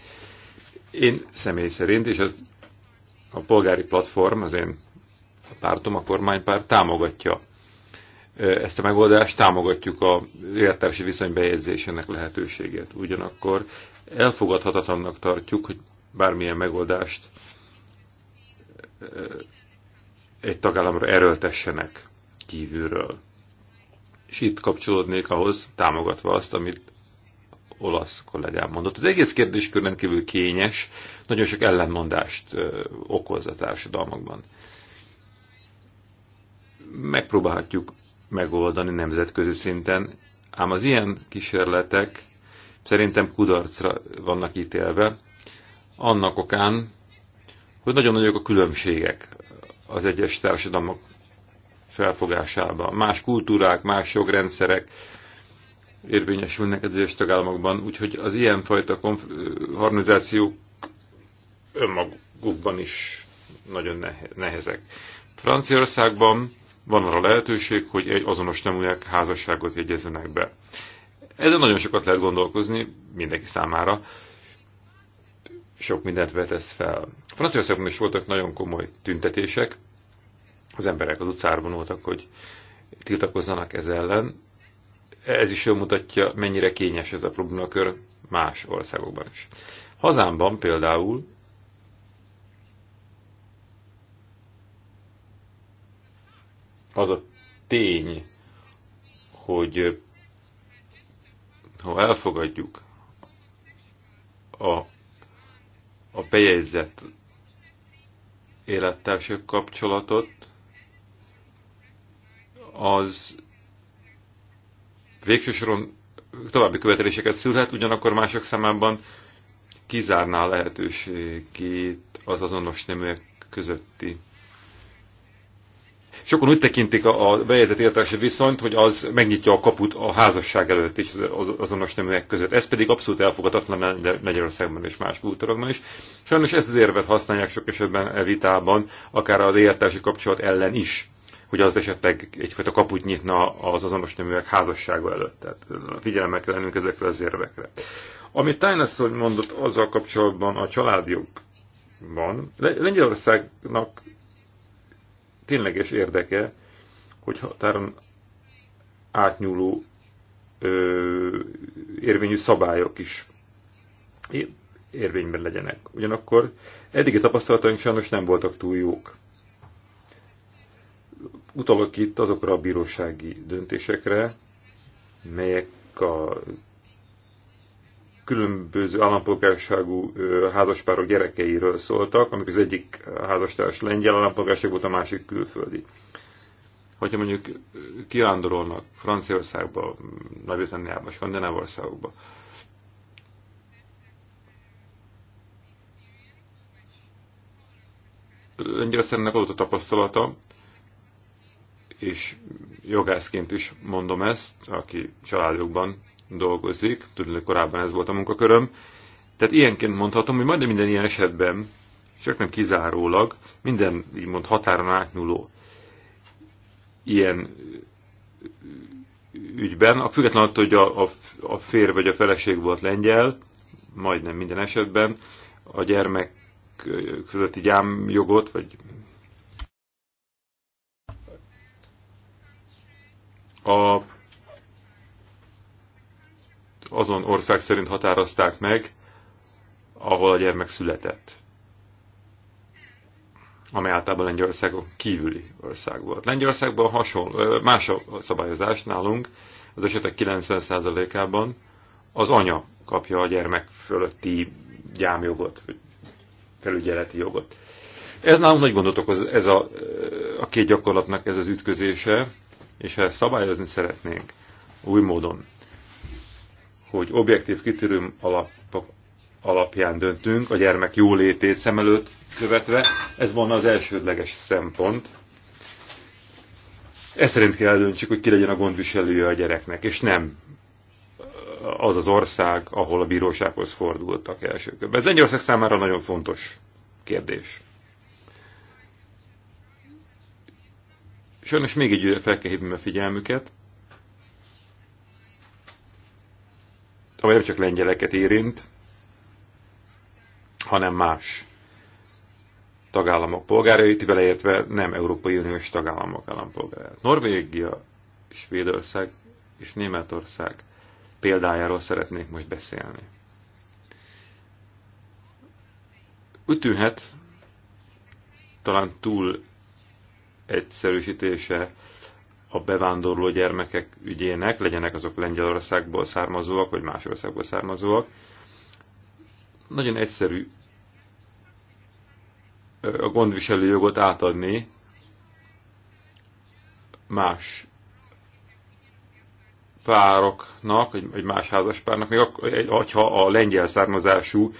Én személy szerint, és az, a polgári platform, az én a pártom, a kormánypárt támogatja ezt a megoldást, támogatjuk a élettársi viszony bejegyzésének lehetőségét. Ugyanakkor elfogadhatatlannak tartjuk, hogy bármilyen megoldást egy tagállamra erőltessenek kívülről. És itt kapcsolódnék ahhoz, támogatva azt, amit olasz kollégám mondott. Az egész kérdéskör kívül kényes, nagyon sok ellenmondást okoz a társadalmakban megpróbálhatjuk megoldani nemzetközi szinten, ám az ilyen kísérletek szerintem kudarcra vannak ítélve, annak okán, hogy nagyon nagyok a különbségek az egyes társadalmak felfogásában. Más kultúrák, más jogrendszerek érvényesülnek az egyes tagállamokban, úgyhogy az ilyenfajta konf- harmonizációk önmagukban is nagyon nehezek. Franciaországban van arra lehetőség, hogy egy azonos neműek házasságot jegyezzenek be. Ezen nagyon sokat lehet gondolkozni, mindenki számára. Sok mindent vetesz fel. Franciaországban is voltak nagyon komoly tüntetések. Az emberek az utcára voltak, hogy tiltakozzanak ez ellen. Ez is jól mutatja, mennyire kényes ez a problémakör más országokban is. Hazámban például az a tény, hogy ha elfogadjuk a, a bejegyzett élettársak kapcsolatot, az végsősoron további követeléseket szülhet, ugyanakkor mások számában kizárná a lehetőségét az azonos neműek közötti Sokon úgy tekintik a, a bejegyzett életási viszonyt, hogy az megnyitja a kaput a házasság előtt és az azonos neműek között. Ez pedig abszolút de Magyarországban és más kultúrokban is. Sajnos ezt az érvet használják sok esetben e vitában, akár az életási kapcsolat ellen is hogy az esetleg egyfajta kaput nyitna az azonos neműek házassága előtt. Tehát figyelemmel kell lennünk ezekre az érvekre. Amit Tynes mondott azzal kapcsolatban a családjogban, Lengyelországnak tényleges érdeke, hogy határon átnyúló ö, érvényű szabályok is érvényben legyenek. Ugyanakkor eddigi tapasztalataink sajnos nem voltak túl jók. Utalok itt azokra a bírósági döntésekre, melyek a különböző állampolgárságú házaspárok gyerekeiről szóltak, amikor az egyik házastárs lengyel állampolgárság volt, a másik külföldi. Hogyha mondjuk kirándorolnak Franciaországba, Nagy-Britanniába, Skandinávországba, országokba, Lengyelországnak adott a tapasztalata, és jogászként is mondom ezt, aki családjukban dolgozik, tudni, korábban ez volt a munkaköröm. Tehát ilyenként mondhatom, hogy majdnem minden ilyen esetben, csak nem kizárólag, minden így mond határon átnyúló ilyen ügyben, a független attól, hogy a, a, a fér vagy a feleség volt lengyel, majdnem minden esetben, a gyermek közötti gyámjogot, vagy a azon ország szerint határozták meg, ahol a gyermek született. Amely általában Lengyelországon kívüli ország volt. Lengyelországban hasonló, más a szabályozás nálunk, az esetek 90%-ában az anya kapja a gyermek fölötti gyámjogot, felügyeleti jogot. Ez nálunk nagy gondot okoz, ez a, a két gyakorlatnak ez az ütközése, és ha ezt szabályozni szeretnénk új módon, hogy objektív kritérium alapok alapján döntünk, a gyermek jólétét szem előtt követve, ez volna az elsődleges szempont. Ez szerint kell döntsük, hogy ki legyen a gondviselője a gyereknek, és nem az az ország, ahol a bírósághoz fordultak első körben. Ez Lengyország számára nagyon fontos kérdés. Sajnos még egy fel kell hívni a figyelmüket. amely nem csak lengyeleket érint, hanem más tagállamok polgárait, beleértve nem Európai Uniós tagállamok állampolgárait. Norvégia, Svédország és Németország példájáról szeretnék most beszélni. Ütűhet talán túl egyszerűsítése a bevándorló gyermekek ügyének, legyenek azok Lengyelországból származóak, vagy más országból származóak. Nagyon egyszerű a gondviselő jogot átadni más pároknak, vagy más házaspárnak, még akkor, ha a lengyel származású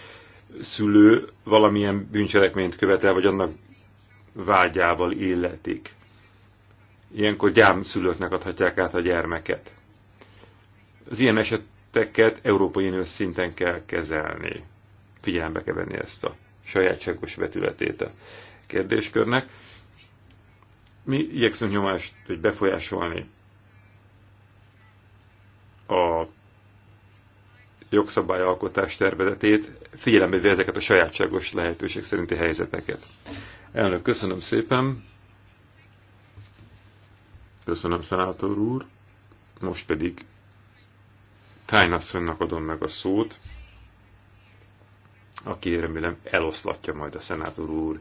szülő valamilyen bűncselekményt követel, vagy annak vágyával illetik ilyenkor gyámszülőknek adhatják át a gyermeket. Az ilyen eseteket Európai Uniós szinten kell kezelni. Figyelembe kell venni ezt a sajátságos vetületét a kérdéskörnek. Mi igyekszünk nyomást, hogy befolyásolni a jogszabályalkotás tervezetét, figyelembe ezeket a sajátságos lehetőség szerinti helyzeteket. Elnök, köszönöm szépen! Köszönöm, szenátor úr. Most pedig Tájnasszonynak adom meg a szót, aki remélem eloszlatja majd a szenátor úr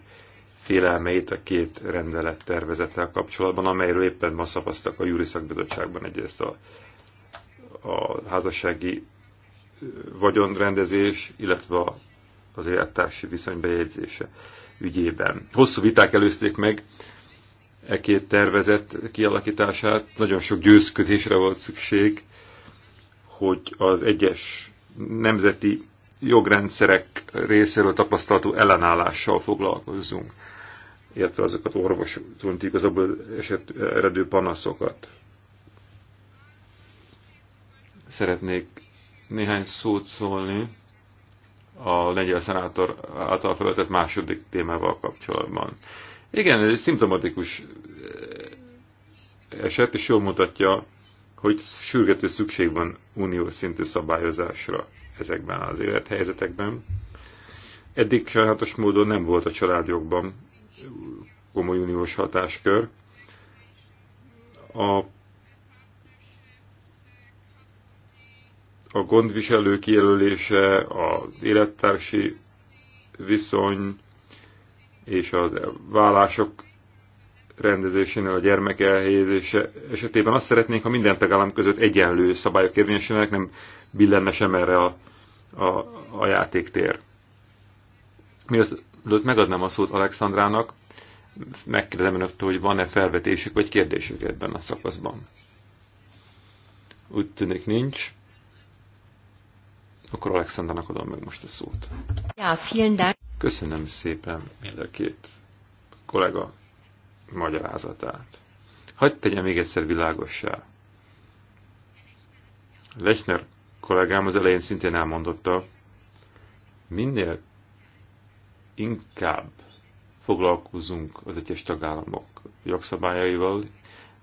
félelmeit a két rendelet tervezettel kapcsolatban, amelyről éppen ma szavaztak a Júri Szakbizottságban egyrészt a, a házassági vagyonrendezés, illetve az élettársi viszony bejegyzése ügyében. Hosszú viták előzték meg e két tervezet kialakítását. Nagyon sok győzködésre volt szükség, hogy az egyes nemzeti jogrendszerek részéről tapasztalatú ellenállással foglalkozzunk, illetve azokat orvosoltunk igazából eset eredő panaszokat. Szeretnék néhány szót szólni a lengyel szenátor által felvetett második témával kapcsolatban. Igen, ez egy szimptomatikus eh, eset, és jól mutatja, hogy sürgető szükség van uniós szintű szabályozásra ezekben az élethelyzetekben. Eddig sajnálatos módon nem volt a családjogban komoly uniós hatáskör. A, a gondviselő kijelölése, az élettársi viszony, és az vállások rendezésénél, a gyermek elhelyezése esetében azt szeretnénk, ha minden tagállam között egyenlő szabályok érvényesülnek, nem billenne sem erre a, a, a játéktér. Mielőtt megadnám a szót Alexandrának, megkérdezem önöktől, hogy van-e felvetésük vagy kérdésük ebben a szakaszban. Úgy tűnik nincs. Akkor Alexandernak adom meg most a szót. Ja, vielen Dank. Köszönöm szépen mind a két kollega magyarázatát. Hagy tegyem még egyszer világossá. Lechner kollégám az elején szintén elmondotta, minél inkább foglalkozunk az egyes tagállamok jogszabályaival,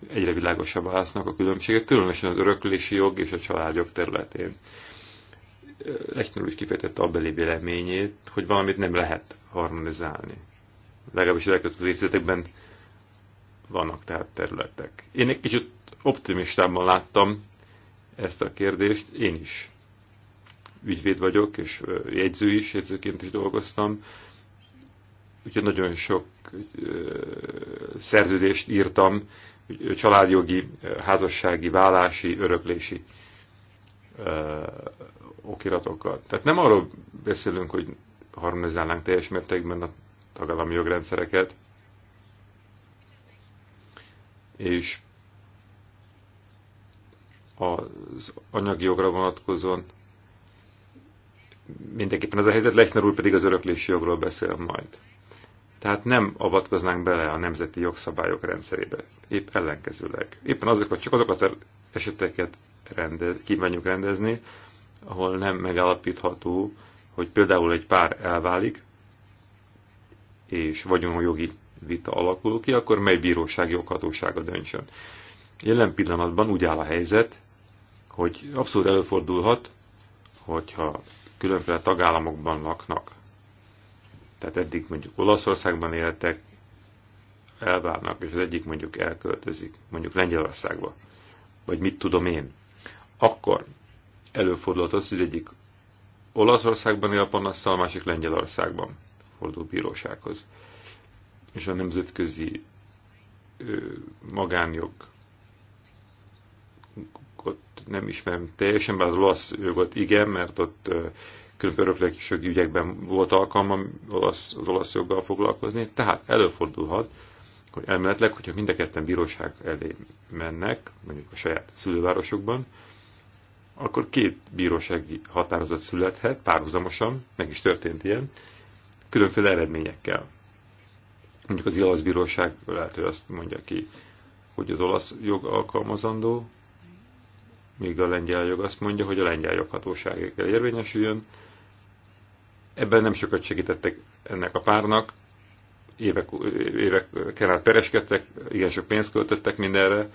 egyre világosabb lesznek a különbségek, különösen az öröklési jog és a családjog területén. Lechner is kifejtette a beli véleményét, hogy valamit nem lehet harmonizálni. Legalábbis a legközelebbi évtizedekben vannak tehát területek. Én egy kicsit optimistában láttam ezt a kérdést, én is. Ügyvéd vagyok, és jegyző is, jegyzőként is dolgoztam. Úgyhogy nagyon sok szerződést írtam, családjogi, házassági, vállási, öröklési okiratokat. Tehát nem arról beszélünk, hogy harmonizálnánk teljes mértékben a tagállami jogrendszereket, és az anyagi jogra vonatkozóan mindenképpen az a helyzet, Lechner úr pedig az öröklési jogról beszél majd. Tehát nem avatkoznánk bele a nemzeti jogszabályok rendszerébe, épp ellenkezőleg. Éppen azokat, csak azokat az eseteket rende, kívánjuk rendezni, ahol nem megállapítható, hogy például egy pár elválik, és vagyonjogi vita alakul ki, akkor mely bíróság joghatósága döntsön. Jelen pillanatban úgy áll a helyzet, hogy abszolút előfordulhat, hogyha különféle tagállamokban laknak. Tehát eddig mondjuk Olaszországban éltek, elválnak, és az egyik mondjuk elköltözik, mondjuk Lengyelországba, vagy mit tudom én. Akkor előfordulhat az, hogy egyik Olaszországban él panasszal, a másik Lengyelországban fordul bírósághoz. És a nemzetközi magánjog ott nem ismerem teljesen, bár az olasz jogot igen, mert ott különböző öröklékjogi ügyekben volt alkalmam olasz, az olasz joggal foglalkozni. Tehát előfordulhat, hogy elméletileg, hogyha mind a ketten bíróság elé mennek, mondjuk a saját szülővárosokban, akkor két bírósági határozat születhet, párhuzamosan, meg is történt ilyen, különféle eredményekkel. Mondjuk az olasz bíróság lehet, hogy azt mondja ki, hogy az olasz jog alkalmazandó, míg a lengyel jog azt mondja, hogy a lengyel joghatóság kell érvényesüljön. Ebben nem sokat segítettek ennek a párnak, évek, évek kellett pereskedtek, igen sok pénzt költöttek mindenre,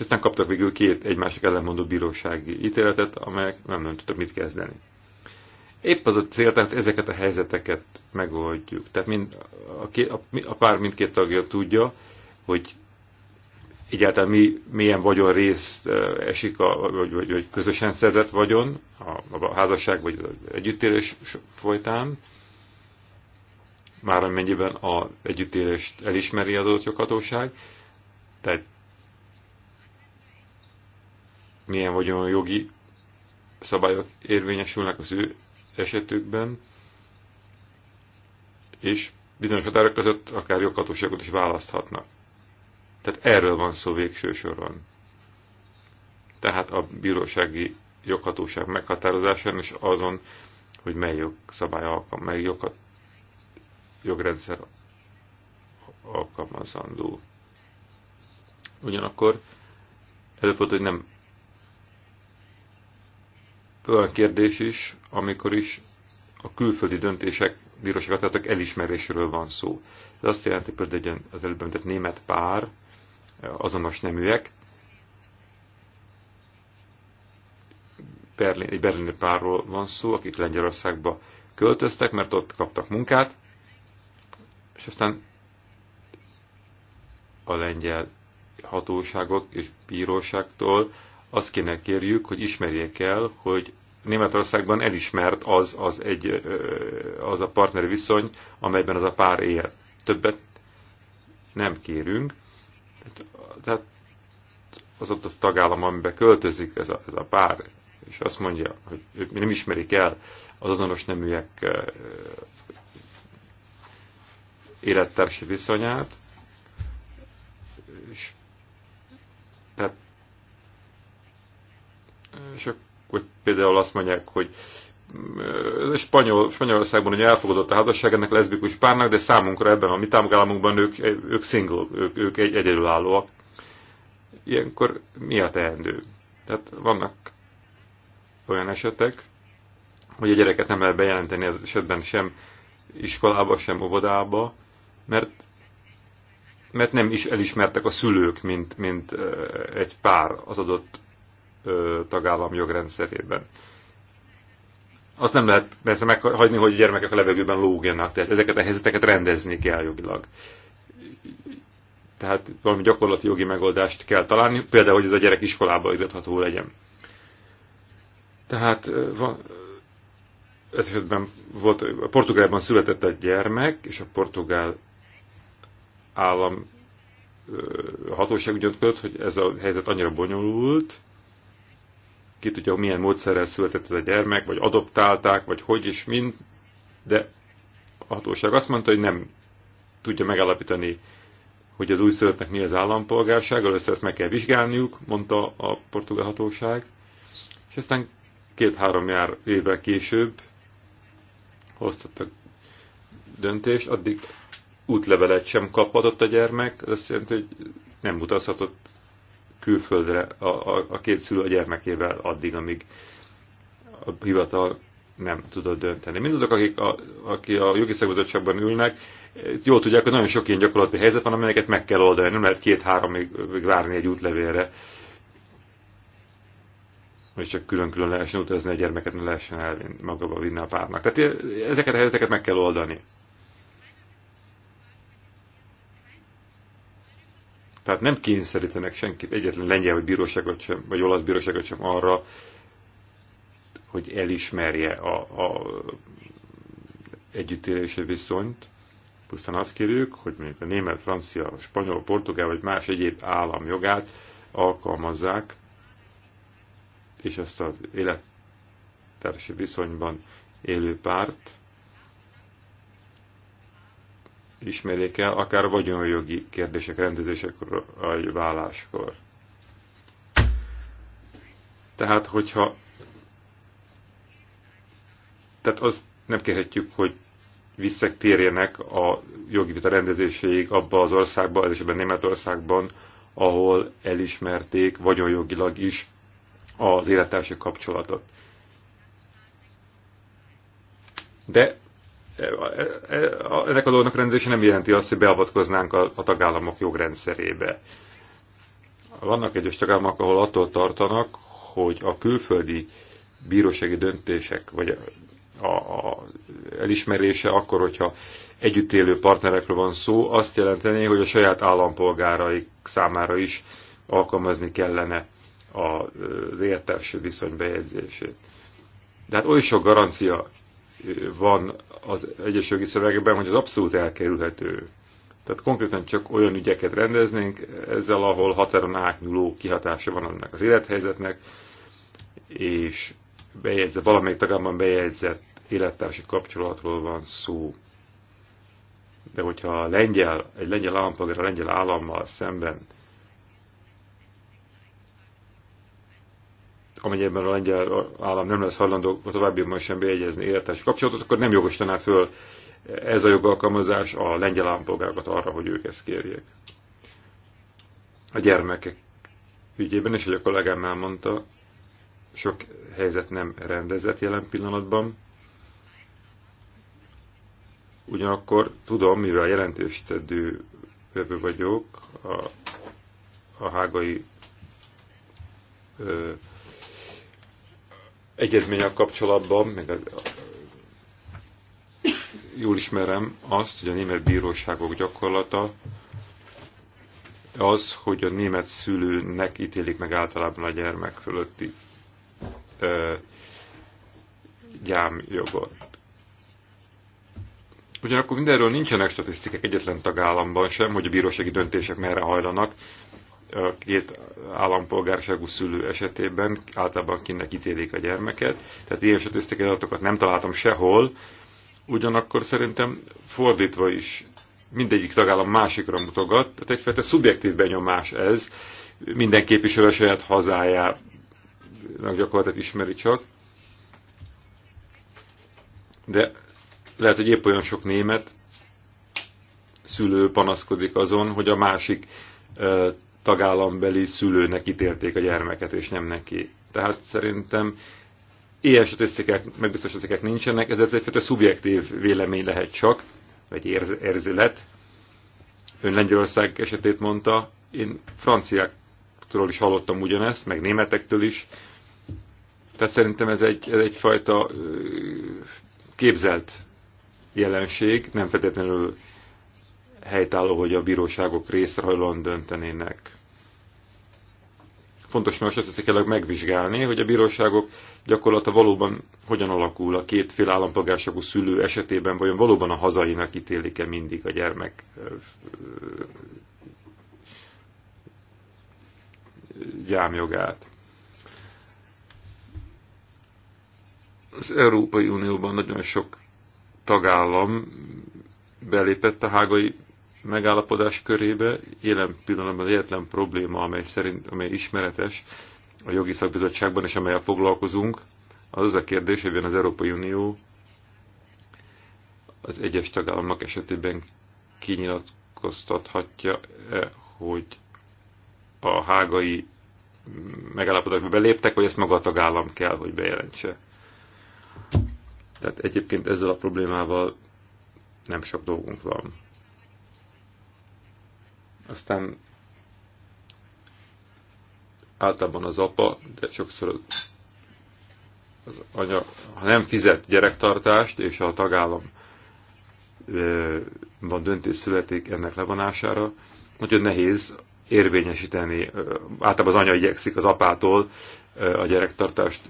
és aztán kaptak végül két egymásik ellenmondó bírósági ítéletet, amelyek nem, nem tudtak mit kezdeni. Épp az a cél, tehát ezeket a helyzeteket megoldjuk. Tehát mind, a, két, a, a pár mindkét tagja tudja, hogy egyáltalán mi, milyen vagyon részt esik, a, vagy, vagy, vagy közösen szerzett vagyon a, a házasság vagy az együttélés folytán, már amennyiben az együttélést elismeri az adott joghatóság, tehát milyen vagyonjogi szabályok érvényesülnek az ő esetükben, és bizonyos határok között akár joghatóságot is választhatnak. Tehát erről van szó végső soron. Tehát a bírósági joghatóság meghatározásán és azon, hogy mely jogszabály alkalmaz, mely jogat, jogrendszer alkalmazandó. Ugyanakkor előfordul, hogy nem olyan kérdés is, amikor is a külföldi döntések, bíróságatátok elismeréséről van szó. Ez azt jelenti például, egy az előbb említett német pár, eh, azonos neműek, Berlin, egy berlini párról van szó, akik Lengyelországba költöztek, mert ott kaptak munkát, és aztán a lengyel hatóságok és bíróságtól azt kéne kérjük, hogy ismerjék el, hogy Németországban elismert az, az, egy, az a partneri viszony, amelyben az a pár él. Többet nem kérünk. Tehát az ott a tagállam, amiben költözik ez a, ez a pár, és azt mondja, hogy ők nem ismerik el az azonos neműek élettársi viszonyát, és, tehát, és hogy például azt mondják, hogy Spanyol, Spanyolországban ugye elfogadott a házasság ennek leszbikus párnak, de számunkra ebben a mi támogálamunkban ők, ők single, ők, ők egy, egyedülállóak. Ilyenkor mi a teendő? Tehát vannak olyan esetek, hogy a gyereket nem lehet bejelenteni az esetben sem iskolába, sem óvodába, mert, mert nem is elismertek a szülők, mint, mint egy pár az adott tagállam jogrendszerében. Azt nem lehet persze meghagyni, hogy a gyermekek a levegőben lógjanak, tehát ezeket a helyzeteket rendezni kell jogilag. Tehát valami gyakorlati jogi megoldást kell találni, például, hogy ez a gyerek iskolába igazható legyen. Tehát van, ez esetben volt, a Portugálban született egy gyermek, és a portugál állam hatóság úgy hogy ez a helyzet annyira bonyolult, ki tudja, milyen módszerrel született ez a gyermek, vagy adoptálták, vagy hogy is mind, de a hatóság azt mondta, hogy nem tudja megállapítani, hogy az újszülöttnek mi az állampolgárság, először ezt meg kell vizsgálniuk, mondta a portugál hatóság, és aztán két-három jár évvel később hoztattak döntést, addig útlevelet sem kaphatott a gyermek, ez azt jelenti, hogy nem utazhatott külföldre a, a, a két szülő a gyermekével addig, amíg a hivatal nem tudod dönteni. Mindazok, akik a, aki a jogi szakbizottságban ülnek, jól tudják, hogy nagyon sok ilyen gyakorlati helyzet van, amelyeket meg kell oldani. Nem lehet két-háromig várni egy útlevélre, hogy csak külön-külön lehessen utazni a gyermeket, ne lehessen el magába vinni a párnak. Tehát ezeket a helyzeteket meg kell oldani. Tehát nem kényszerítenek senkit, egyetlen lengyel vagy bíróságot sem, vagy olasz bíróságot sem arra, hogy elismerje a, a együttélési viszonyt. Pusztán azt kérjük, hogy mondjuk a német, francia, spanyol, portugál vagy más egyéb állam jogát alkalmazzák, és ezt az élettársi viszonyban élő párt ismerik el, akár vagyonjogi kérdések rendezésekor, vagy válláskor. Tehát, hogyha tehát azt nem kérhetjük, hogy visszatérjenek a jogi vita rendezéséig abba az országba, az esetben Németországban, ahol elismerték vagyonjogilag is az élettársi kapcsolatot. De ennek a dolognak rendezése nem jelenti azt, hogy beavatkoznánk a, a tagállamok jogrendszerébe. Vannak egyes tagállamok, ahol attól tartanak, hogy a külföldi bírósági döntések, vagy a, a elismerése akkor, hogyha együtt élő partnerekről van szó, azt jelenteni, hogy a saját állampolgáraik számára is alkalmazni kellene az élettársi viszony bejegyzését. De hát oly sok garancia van az egyes jogi szövegekben, hogy az abszolút elkerülhető. Tehát konkrétan csak olyan ügyeket rendeznénk ezzel, ahol határon átnyúló kihatása van annak az élethelyzetnek, és bejegyzett, valamelyik tagában bejegyzett élettársi kapcsolatról van szó. De hogyha a lengyel, egy lengyel állampolgár a lengyel állammal szemben amennyiben a lengyel állam nem lesz hajlandó a továbbiakban sem beegyezni életes kapcsolatot, akkor nem jogosítaná föl ez a jogalkalmazás a lengyel állampolgárokat arra, hogy ők ezt kérjék. A gyermekek ügyében, és hogy a kollégám elmondta, sok helyzet nem rendezett jelen pillanatban. Ugyanakkor tudom, mivel jelentéstedő vevő vagyok, a, a hágai ö, a kapcsolatban, meg a jól ismerem azt, hogy a német bíróságok gyakorlata az, hogy a német szülőnek ítélik meg általában a gyermek fölötti ö, gyámjogot. Ugyanakkor mindenről nincsenek statisztikák egyetlen tagállamban sem, hogy a bírósági döntések merre hajlanak, a két állampolgárságú szülő esetében általában kinek ítélik a gyermeket, tehát ilyen statisztikai adatokat nem találtam sehol, ugyanakkor szerintem fordítva is mindegyik tagállam másikra mutogat, tehát egyfajta szubjektív benyomás ez, minden képviselő a saját hazájának gyakorlatilag ismeri csak, de lehet, hogy épp olyan sok német szülő panaszkodik azon, hogy a másik tagállambeli szülőnek ítélték a gyermeket, és nem neki. Tehát szerintem ilyen statisztikák, megbiztos statisztikák nincsenek, ez egyfajta szubjektív vélemény lehet csak, vagy érz, érzület. Ön Lengyelország esetét mondta, én franciáktól is hallottam ugyanezt, meg németektől is. Tehát szerintem ez, egy, ez egyfajta képzelt jelenség, nem feltétlenül helytálló, hogy a bíróságok részrehajlóan döntenének. Fontos mert azt hiszik megvizsgálni, hogy a bíróságok gyakorlata valóban hogyan alakul a két fél állampolgárságú szülő esetében, vajon valóban a hazainak ítélik-e mindig a gyermek gyámjogát. Az Európai Unióban nagyon sok tagállam belépett a hágai megállapodás körébe. Jelen pillanatban egyetlen probléma, amely, szerint, amely ismeretes a jogi szakbizottságban, és amelyel foglalkozunk, az az a kérdés, hogy az Európai Unió az egyes tagállamok esetében kinyilatkoztathatja, -e, hogy a hágai megállapodásba beléptek, vagy ezt maga a tagállam kell, hogy bejelentse. Tehát egyébként ezzel a problémával nem sok dolgunk van. Aztán általában az apa, de sokszor az, az anya, ha nem fizet gyerektartást, és a tagállam van döntés születik ennek levonására, nagyon nehéz érvényesíteni. Általában az anya igyekszik az apától a gyerektartást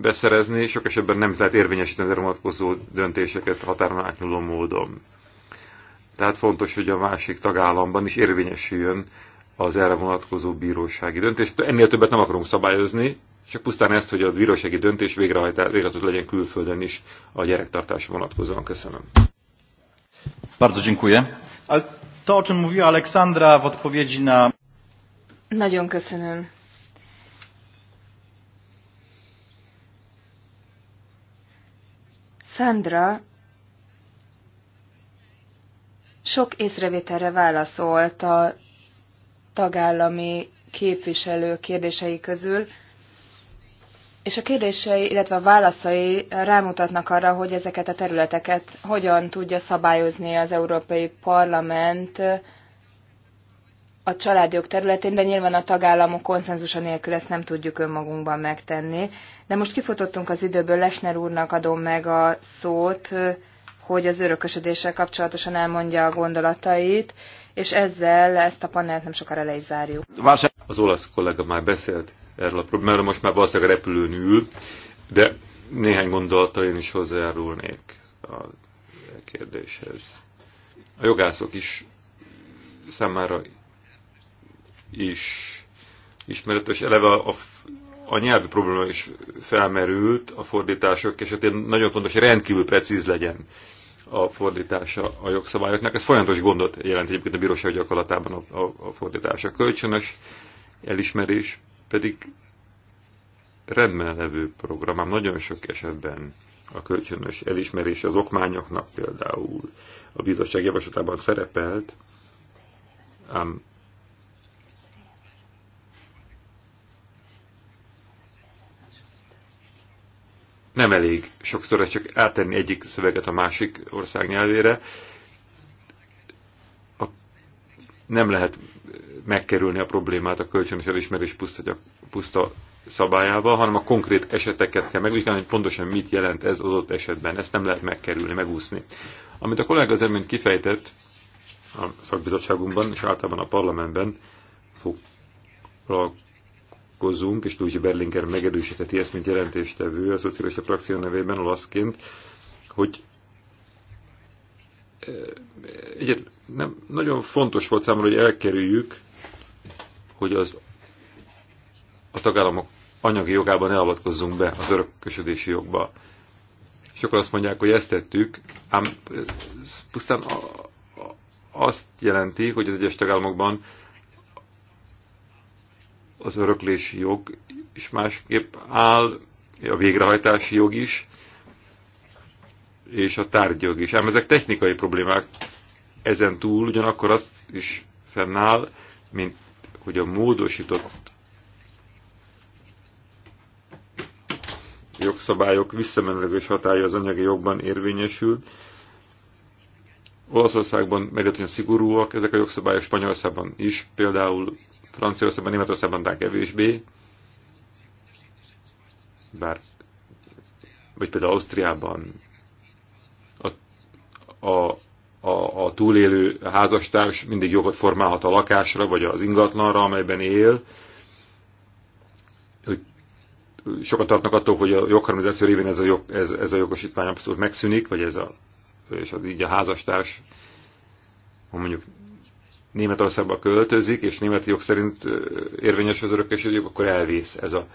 beszerezni, sok esetben nem lehet érvényesíteni a vonatkozó döntéseket határon átnyúló módon. Tehát fontos, hogy a másik tagállamban is érvényesüljön az erre vonatkozó bírósági döntés. Ennél többet nem akarunk szabályozni, csak pusztán ezt, hogy a bírósági döntés végrehajtott legyen külföldön is a gyerektartás vonatkozóan. Köszönöm. Bardzo dziękuję. To, o czym mówiła Aleksandra w odpowiedzi na... Nagyon köszönöm. Sandra sok észrevételre válaszolt a tagállami képviselő kérdései közül, és a kérdései, illetve a válaszai rámutatnak arra, hogy ezeket a területeket hogyan tudja szabályozni az Európai Parlament a családjog területén, de nyilván a tagállamok konszenzusa nélkül ezt nem tudjuk önmagunkban megtenni. De most kifutottunk az időből, Lesner úrnak adom meg a szót, hogy az örökösödéssel kapcsolatosan elmondja a gondolatait, és ezzel ezt a panelt nem sokára le is zárjuk. Az olasz kollega már beszélt erről a problémáról, most már valószínűleg repülőn ül, de néhány gondolata én is hozzájárulnék a kérdéshez. A jogászok is számára is ismeretes. Eleve a, a nyelvi probléma is felmerült a fordítások esetén. Nagyon fontos, hogy rendkívül precíz legyen a fordítása a jogszabályoknak. Ez folyamatos gondot jelent egyébként a bíróság gyakorlatában a, a, a fordítása. Kölcsönös elismerés pedig rendben levő programám nagyon sok esetben a kölcsönös elismerés az okmányoknak például a bizottság javaslatában szerepelt, ám nem elég sokszor csak átenni egyik szöveget a másik ország nyelvére. A, nem lehet megkerülni a problémát a kölcsönös elismerés puszta, puszta szabályával, hanem a konkrét eseteket kell megvizsgálni, hogy pontosan mit jelent ez az adott esetben. Ezt nem lehet megkerülni, megúszni. Amit a kollega az elményt kifejtett a szakbizottságunkban és általában a parlamentben, fog foglalkozunk, és Luigi Berlinger megerősíteti ezt, mint jelentéstevő a szocialista frakció nevében olaszként, hogy eh, egyet, nem, nagyon fontos volt számomra, hogy elkerüljük, hogy az a tagállamok anyagi jogában elavatkozzunk be az örökösödési jogba. Sokan azt mondják, hogy ezt tettük, ám eh, pusztán azt jelenti, hogy az egyes tagállamokban az öröklési jog is másképp áll, a végrehajtási jog is, és a tárgyjog is. Ám ezek technikai problémák ezen túl ugyanakkor azt is fennáll, mint hogy a módosított jogszabályok visszamenőleges hatája az anyagi jogban érvényesül. Olaszországban meglehetően szigorúak ezek a jogszabályok, Spanyolországban is például Franciaországban, Németországban talán kevésbé, bár, vagy például Ausztriában a, a, a, a túlélő házastárs mindig jogot formálhat a lakásra, vagy az ingatlanra, amelyben él, sokat tartnak attól, hogy a jogharmonizáció révén ez a, jog, ez, ez a jogosítvány abszolút megszűnik, vagy ez a, és az így a házastárs, ha mondjuk Németországba költözik, és németi jog szerint érvényes az örökös jog, akkor elvész ez a,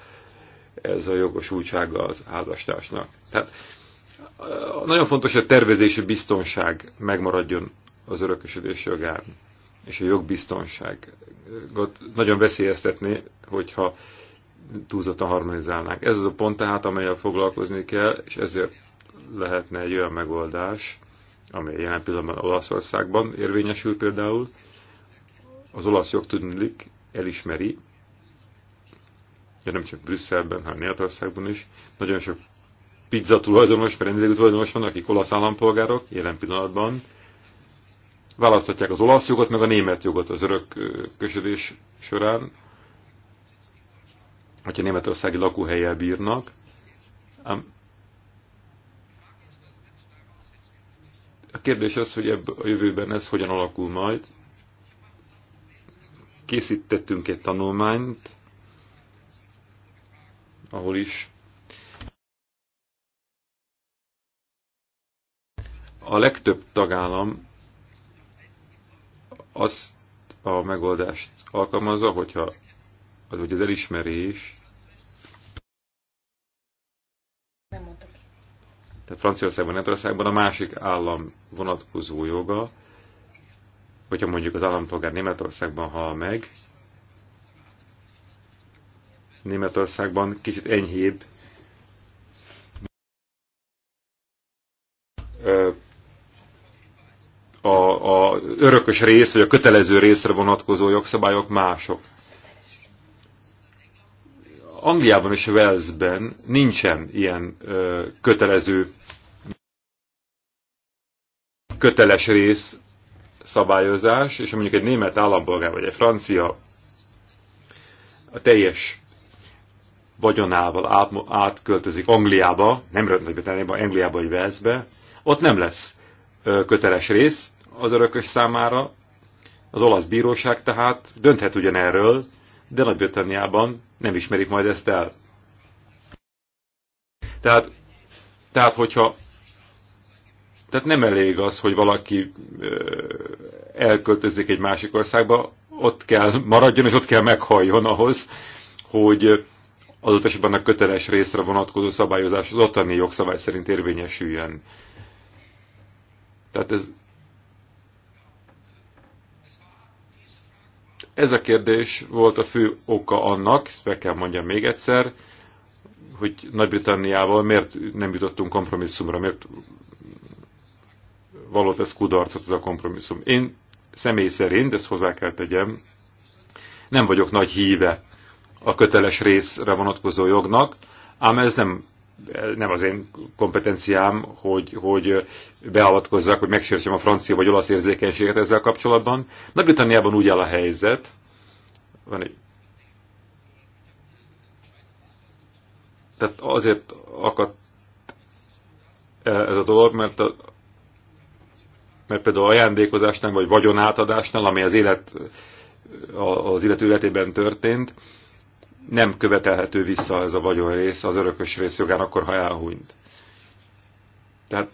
ez a jogosultsága az házastársnak. Tehát nagyon fontos, hogy a tervezési biztonság megmaradjon az örökösödés jogán, és a jogbiztonságot nagyon veszélyeztetni, hogyha túlzottan harmonizálnánk. Ez az a pont tehát, amelyel foglalkozni kell, és ezért lehetne egy olyan megoldás, amely jelen pillanatban Olaszországban érvényesül például, az olasz jogtudnilik elismeri, de nem csak Brüsszelben, hanem Németországban is, nagyon sok pizza tulajdonos, mert rendezvény tulajdonos van, akik olasz állampolgárok jelen pillanatban, választhatják az olasz jogot, meg a német jogot az kösödés során, hogyha németországi lakóhelyel bírnak. a kérdés az, hogy ebb a jövőben ez hogyan alakul majd, készítettünk egy tanulmányt, ahol is a legtöbb tagállam azt a megoldást alkalmazza, hogyha az, hogy az elismerés tehát Franciaországban, Németországban a másik állam vonatkozó joga hogyha mondjuk az állampolgár Németországban hal meg, Németországban kicsit enyhébb a, a örökös rész, vagy a kötelező részre vonatkozó jogszabályok mások. Angliában és Walesben nincsen ilyen ö, kötelező köteles rész szabályozás, és mondjuk egy német állampolgár vagy egy francia a teljes vagyonával át, átköltözik Angliába, nem Nagy-Britanniába, Angliába vagy Velszbe, ott nem lesz köteles rész az örökös számára, az olasz bíróság tehát dönthet ugyanerről, de nagy nem ismerik majd ezt el. Tehát, tehát hogyha tehát nem elég az, hogy valaki elköltözik egy másik országba, ott kell maradjon, és ott kell meghalljon ahhoz, hogy az esetben a köteles részre vonatkozó szabályozás az ottani jogszabály szerint érvényesüljön. Tehát ez, ez a kérdés volt a fő oka annak, ezt meg kell mondjam még egyszer, hogy Nagy-Britanniával miért nem jutottunk kompromisszumra, miért való ez kudarcot ez a kompromisszum. Én személy szerint, ezt hozzá kell tegyem, nem vagyok nagy híve a köteles részre vonatkozó jognak, ám ez nem, nem az én kompetenciám, hogy, hogy beavatkozzak, hogy megsértsem a francia vagy olasz érzékenységet ezzel kapcsolatban. Nagy-Britanniában úgy áll a helyzet, van egy tehát azért akadt ez a dolog, mert mert például ajándékozásnál vagy vagyonátadásnál, ami az élet az illető életében történt, nem követelhető vissza ez a vagyon rész az örökös rész jogán, akkor ha elhúnyt. Tehát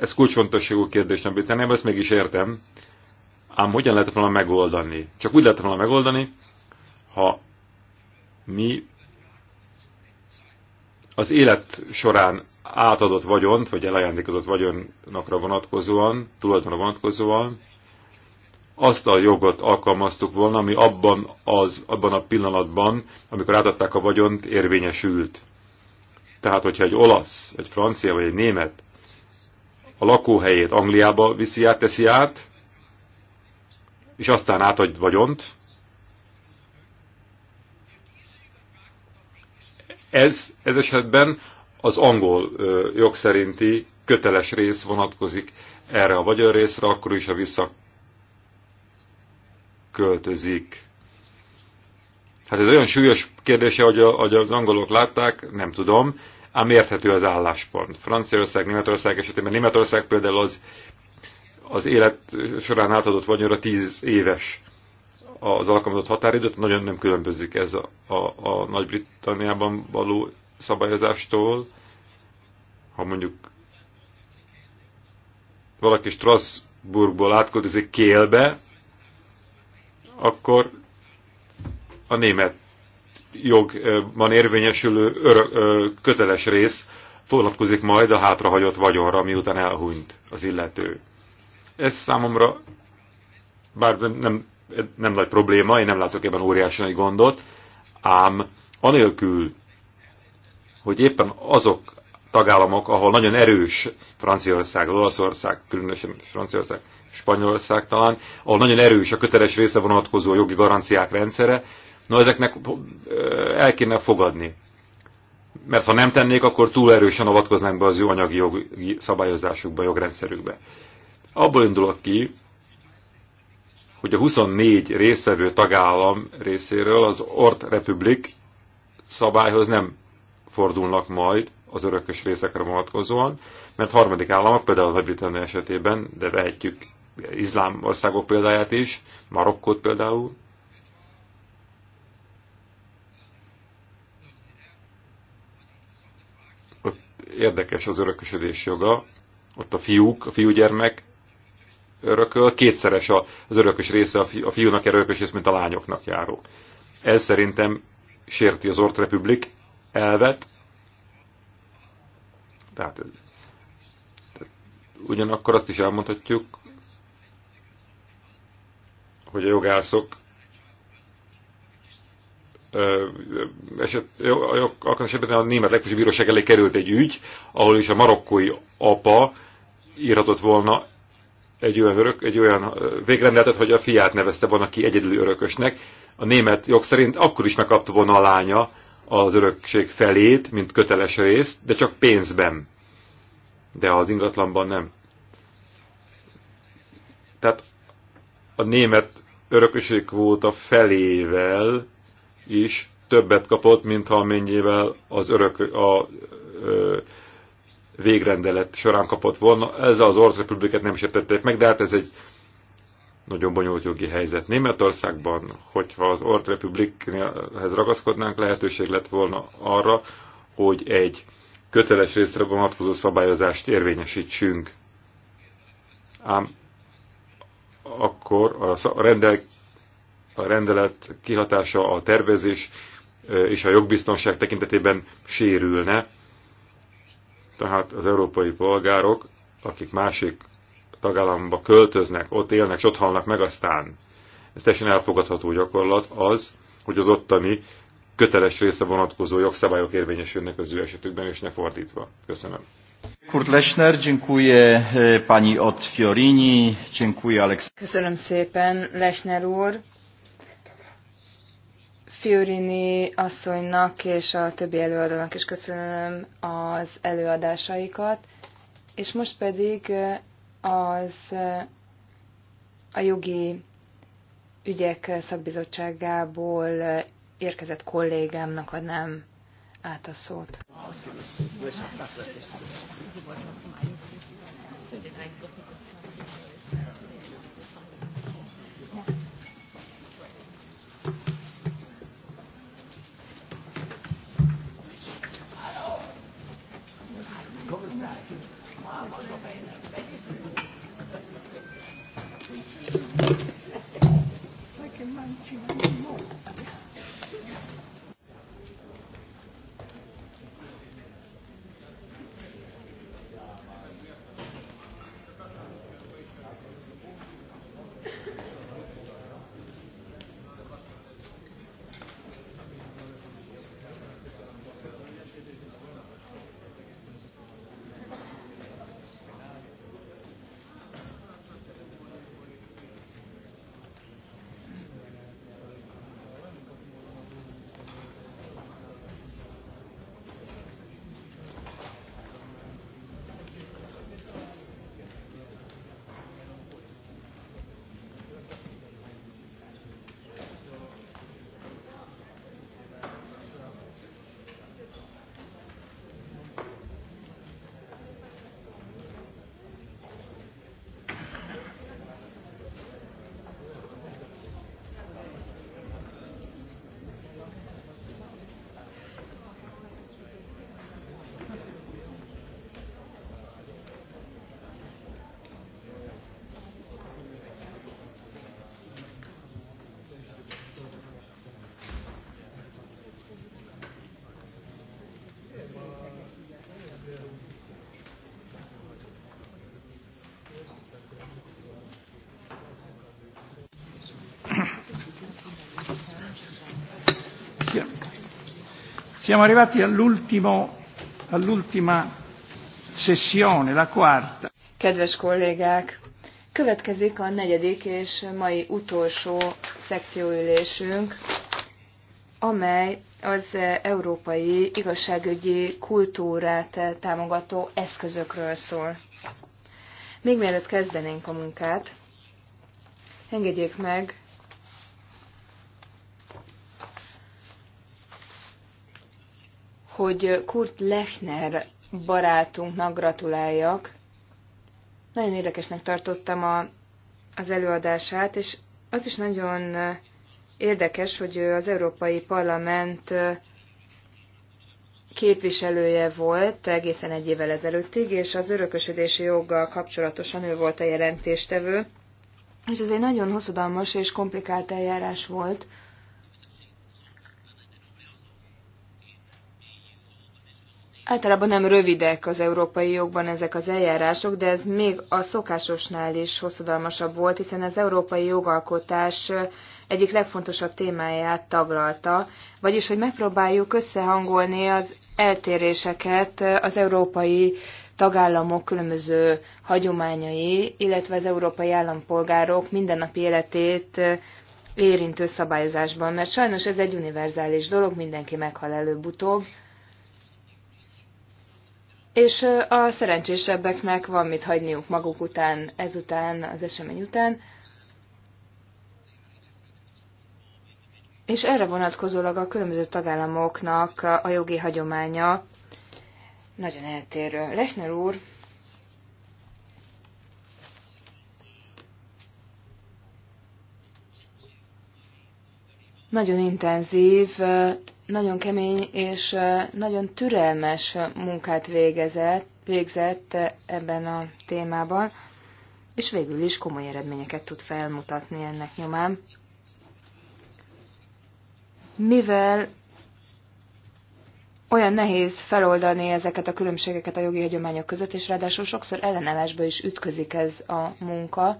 ez kulcsfontosságú kérdés említeném, ezt mégis értem. Ám hogyan lehet volna megoldani? Csak úgy lehet volna megoldani, ha mi az élet során átadott vagyont, vagy elajándékozott vagyonnakra vonatkozóan, tulajdonra vonatkozóan, azt a jogot alkalmaztuk volna, ami abban, az, abban a pillanatban, amikor átadták a vagyont, érvényesült. Tehát, hogyha egy olasz, egy francia vagy egy német a lakóhelyét Angliába viszi át, teszi át, és aztán átadj vagyont, Ez, ez esetben az angol jog szerinti köteles rész vonatkozik erre a vagyon részre, akkor is, ha visszaköltözik. Hát ez olyan súlyos kérdése, hogy, a, hogy az angolok látták, nem tudom, ám érthető az álláspont. Franciaország, Németország esetében Németország például az, az élet során átadott vagyonra 10 éves az alkalmazott határidőt, nagyon nem különbözik ez a, a, a Nagy-Britanniában való szabályozástól. Ha mondjuk valaki Strasbourgból átköltözik Kélbe, akkor a német jogban érvényesülő örök, ö, köteles rész foglalkozik majd a hátrahagyott vagyonra, miután elhunyt az illető. Ez számomra, bár nem nem nagy probléma, én nem látok ebben óriási nagy gondot, ám anélkül, hogy éppen azok tagállamok, ahol nagyon erős Franciaország, Olaszország, különösen Franciaország, Spanyolország talán, ahol nagyon erős a köteles része vonatkozó a jogi garanciák rendszere, na ezeknek el kéne fogadni. Mert ha nem tennék, akkor túl erősen avatkoznánk be az ő anyagi jog, szabályozásukba, jogrendszerükbe. Abból indulok ki, hogy a 24 részvevő tagállam részéről az Ort Republic szabályhoz nem fordulnak majd az örökös részekre vonatkozóan, mert harmadik államok, például a britannia esetében, de vehetjük izlám országok példáját is, Marokkót például, ott érdekes az örökösödés joga, ott a fiúk, a fiúgyermek örököl, kétszeres az örökös része, a fiúnak örökös része, mint a lányoknak járó. Ez szerintem sérti az Ort Republic elvet, tehát, tehát ugyanakkor azt is elmondhatjuk, hogy a jogászok akkor esetben a német legfősebb bíróság elé került egy ügy, ahol is a marokkói apa írhatott volna egy olyan, örök, egy olyan végrendeltet, hogy a fiát nevezte volna ki egyedül örökösnek. A német jog szerint akkor is megkapta volna a lánya az örökség felét, mint köteles részt, de csak pénzben. De az ingatlanban nem. Tehát a német volt kvóta felével is többet kapott, mint amennyivel az örök, a, a, végrendelet során kapott volna. Ezzel az Orosz Republikát nem sértették meg, de hát ez egy nagyon bonyolult jogi helyzet. Németországban, hogyha az Orosz Republikhez ragaszkodnánk, lehetőség lett volna arra, hogy egy köteles részre vonatkozó szabályozást érvényesítsünk. Ám akkor a, rendel, a rendelet kihatása, a tervezés és a jogbiztonság tekintetében sérülne, tehát az európai polgárok, akik másik tagállamba költöznek, ott élnek, és ott halnak meg aztán. Ez teljesen elfogadható gyakorlat az, hogy az ottani köteles része vonatkozó jogszabályok érvényesülnek az ő esetükben, és ne fordítva. Köszönöm. Kurt Lechner, dziękuję e, pani od Fiorini, dziękuję Alex. Köszönöm szépen, Lechner úr. Fiorini asszonynak és a többi előadónak is köszönöm az előadásaikat, és most pedig az a jogi ügyek szakbizottságából érkezett kollégámnak adnám át a szót. Köszönöm. Thank you. Siamo arrivati all'ultimo, all'ultima sessione, la quarta. Kedves kollégák, következik a negyedik és mai utolsó szekcióülésünk, amely az európai igazságügyi kultúrát támogató eszközökről szól. Még mielőtt kezdenénk a munkát, engedjék meg, hogy Kurt Lechner barátunknak gratuláljak. Nagyon érdekesnek tartottam a, az előadását, és az is nagyon érdekes, hogy ő az Európai Parlament képviselője volt egészen egy évvel ezelőttig, és az örökösödési joggal kapcsolatosan ő volt a jelentéstevő. És ez egy nagyon hosszadalmas és komplikált eljárás volt, Általában nem rövidek az európai jogban ezek az eljárások, de ez még a szokásosnál is hosszadalmasabb volt, hiszen az európai jogalkotás egyik legfontosabb témáját taglalta, vagyis hogy megpróbáljuk összehangolni az eltéréseket az európai tagállamok különböző hagyományai, illetve az európai állampolgárok mindennapi életét érintő szabályozásban, mert sajnos ez egy univerzális dolog, mindenki meghal előbb-utóbb, és a szerencsésebbeknek van mit hagyniuk maguk után, ezután, az esemény után. És erre vonatkozólag a különböző tagállamoknak a jogi hagyománya nagyon eltérő. Lechner úr nagyon intenzív nagyon kemény és nagyon türelmes munkát végezett, végzett ebben a témában, és végül is komoly eredményeket tud felmutatni ennek nyomán. Mivel olyan nehéz feloldani ezeket a különbségeket a jogi hagyományok között, és ráadásul sokszor ellenállásba is ütközik ez a munka.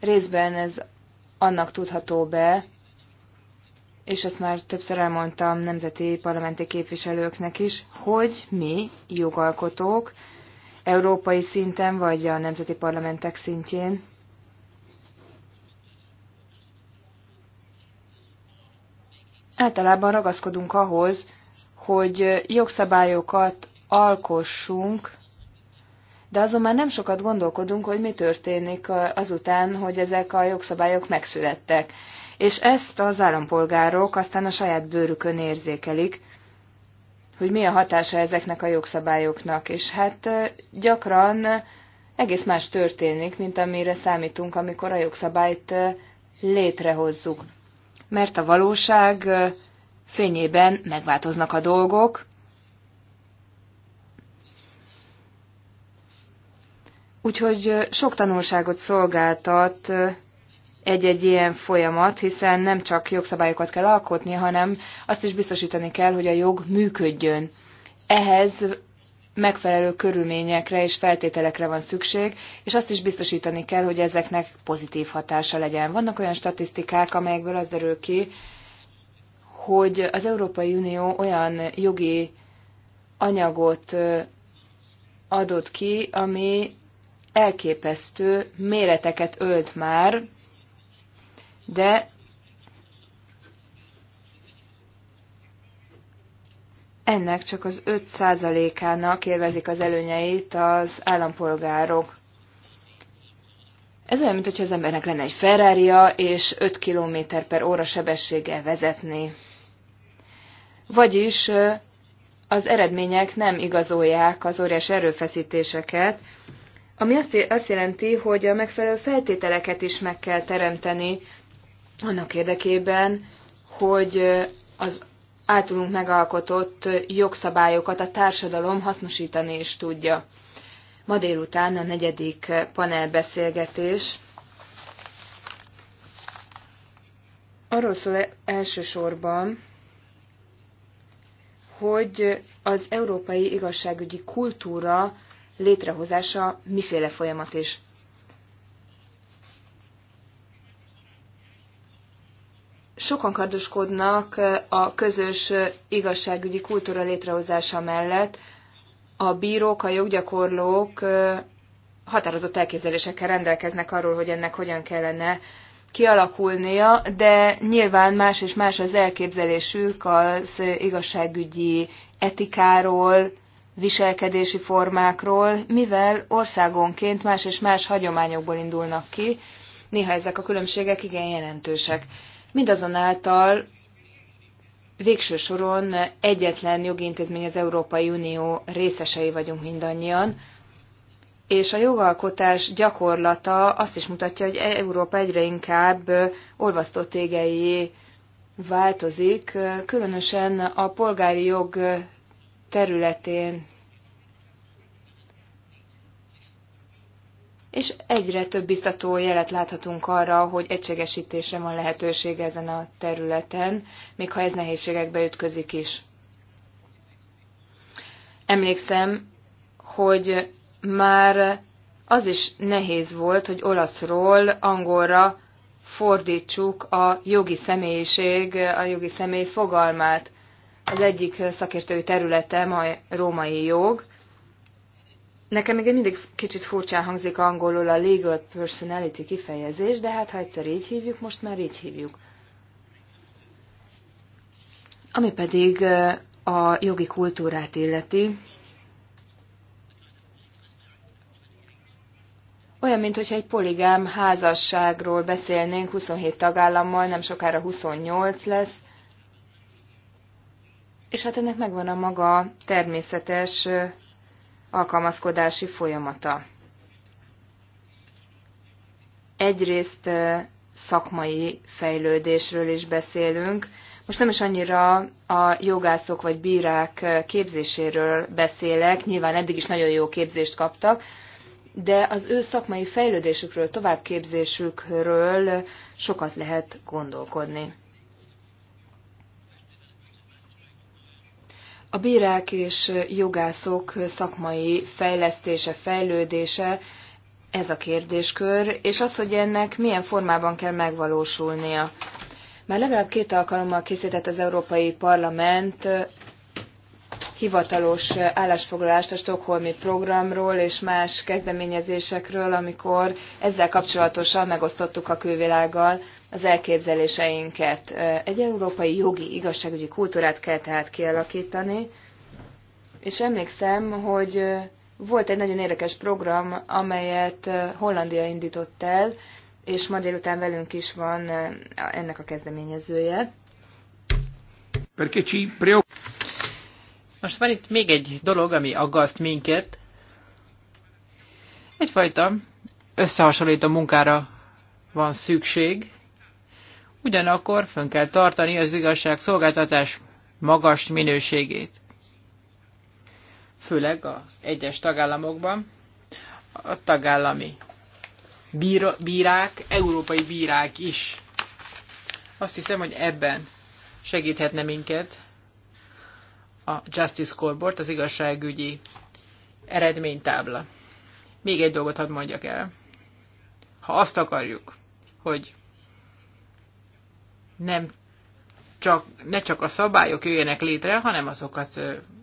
Részben ez annak tudható be, és ezt már többször elmondtam nemzeti parlamenti képviselőknek is, hogy mi, jogalkotók, európai szinten vagy a nemzeti parlamentek szintjén, általában ragaszkodunk ahhoz, hogy jogszabályokat alkossunk, de azon már nem sokat gondolkodunk, hogy mi történik azután, hogy ezek a jogszabályok megszülettek és ezt az állampolgárok aztán a saját bőrükön érzékelik, hogy mi a hatása ezeknek a jogszabályoknak, és hát gyakran egész más történik, mint amire számítunk, amikor a jogszabályt létrehozzuk. Mert a valóság fényében megváltoznak a dolgok, Úgyhogy sok tanulságot szolgáltat egy-egy ilyen folyamat, hiszen nem csak jogszabályokat kell alkotni, hanem azt is biztosítani kell, hogy a jog működjön. Ehhez megfelelő körülményekre és feltételekre van szükség, és azt is biztosítani kell, hogy ezeknek pozitív hatása legyen. Vannak olyan statisztikák, amelyekből az derül ki, hogy az Európai Unió olyan jogi anyagot adott ki, ami elképesztő méreteket ölt már, de ennek csak az 5%-ának élvezik az előnyeit az állampolgárok. Ez olyan, mintha az embernek lenne egy ferrari és 5 km per óra sebességgel vezetni. Vagyis az eredmények nem igazolják az óriás erőfeszítéseket, ami azt jelenti, hogy a megfelelő feltételeket is meg kell teremteni annak érdekében, hogy az általunk megalkotott jogszabályokat a társadalom hasznosítani is tudja. Ma délután a negyedik panelbeszélgetés arról szól elsősorban, hogy az európai igazságügyi kultúra létrehozása miféle folyamat és. Sokan kardoskodnak a közös igazságügyi kultúra létrehozása mellett. A bírók, a joggyakorlók határozott elképzelésekkel rendelkeznek arról, hogy ennek hogyan kellene kialakulnia, de nyilván más és más az elképzelésük az igazságügyi etikáról, viselkedési formákról, mivel országonként más és más hagyományokból indulnak ki, néha ezek a különbségek igen jelentősek. Mindazonáltal végső soron egyetlen jogintézmény az Európai Unió részesei vagyunk mindannyian, és a jogalkotás gyakorlata azt is mutatja, hogy Európa egyre inkább olvasztó tégei változik, különösen a polgári jog területén és egyre több biztató jelet láthatunk arra, hogy egységesítésre van lehetőség ezen a területen, még ha ez nehézségekbe ütközik is. Emlékszem, hogy már az is nehéz volt, hogy olaszról angolra fordítsuk a jogi személyiség, a jogi személy fogalmát. Az egyik szakértői területem a római jog, Nekem még mindig kicsit furcsán hangzik angolul a legal personality kifejezés, de hát ha egyszer így hívjuk, most már így hívjuk. Ami pedig a jogi kultúrát illeti, olyan, mintha egy poligám házasságról beszélnénk 27 tagállammal, nem sokára 28 lesz, és hát ennek megvan a maga természetes alkalmazkodási folyamata. Egyrészt szakmai fejlődésről is beszélünk. Most nem is annyira a jogászok vagy bírák képzéséről beszélek, nyilván eddig is nagyon jó képzést kaptak, de az ő szakmai fejlődésükről, továbbképzésükről sokat lehet gondolkodni. A bírák és jogászok szakmai fejlesztése, fejlődése, ez a kérdéskör, és az, hogy ennek milyen formában kell megvalósulnia. Már legalább két alkalommal készített az Európai Parlament hivatalos állásfoglalást a Stockholmi programról és más kezdeményezésekről, amikor ezzel kapcsolatosan megosztottuk a külvilággal az elképzeléseinket. Egy európai jogi igazságügyi kultúrát kell tehát kialakítani, és emlékszem, hogy volt egy nagyon érdekes program, amelyet Hollandia indított el, és ma délután velünk is van ennek a kezdeményezője. Most van itt még egy dolog, ami aggaszt minket. Egyfajta összehasonlító munkára van szükség. Ugyanakkor fönn kell tartani az igazság szolgáltatás magas minőségét. Főleg az egyes tagállamokban a tagállami bíra, bírák, európai bírák is. Azt hiszem, hogy ebben segíthetne minket a Justice Scoreboard, az igazságügyi eredménytábla. Még egy dolgot hadd mondjak el. Ha azt akarjuk, hogy nem csak, ne csak a szabályok jöjjenek létre, hanem azokat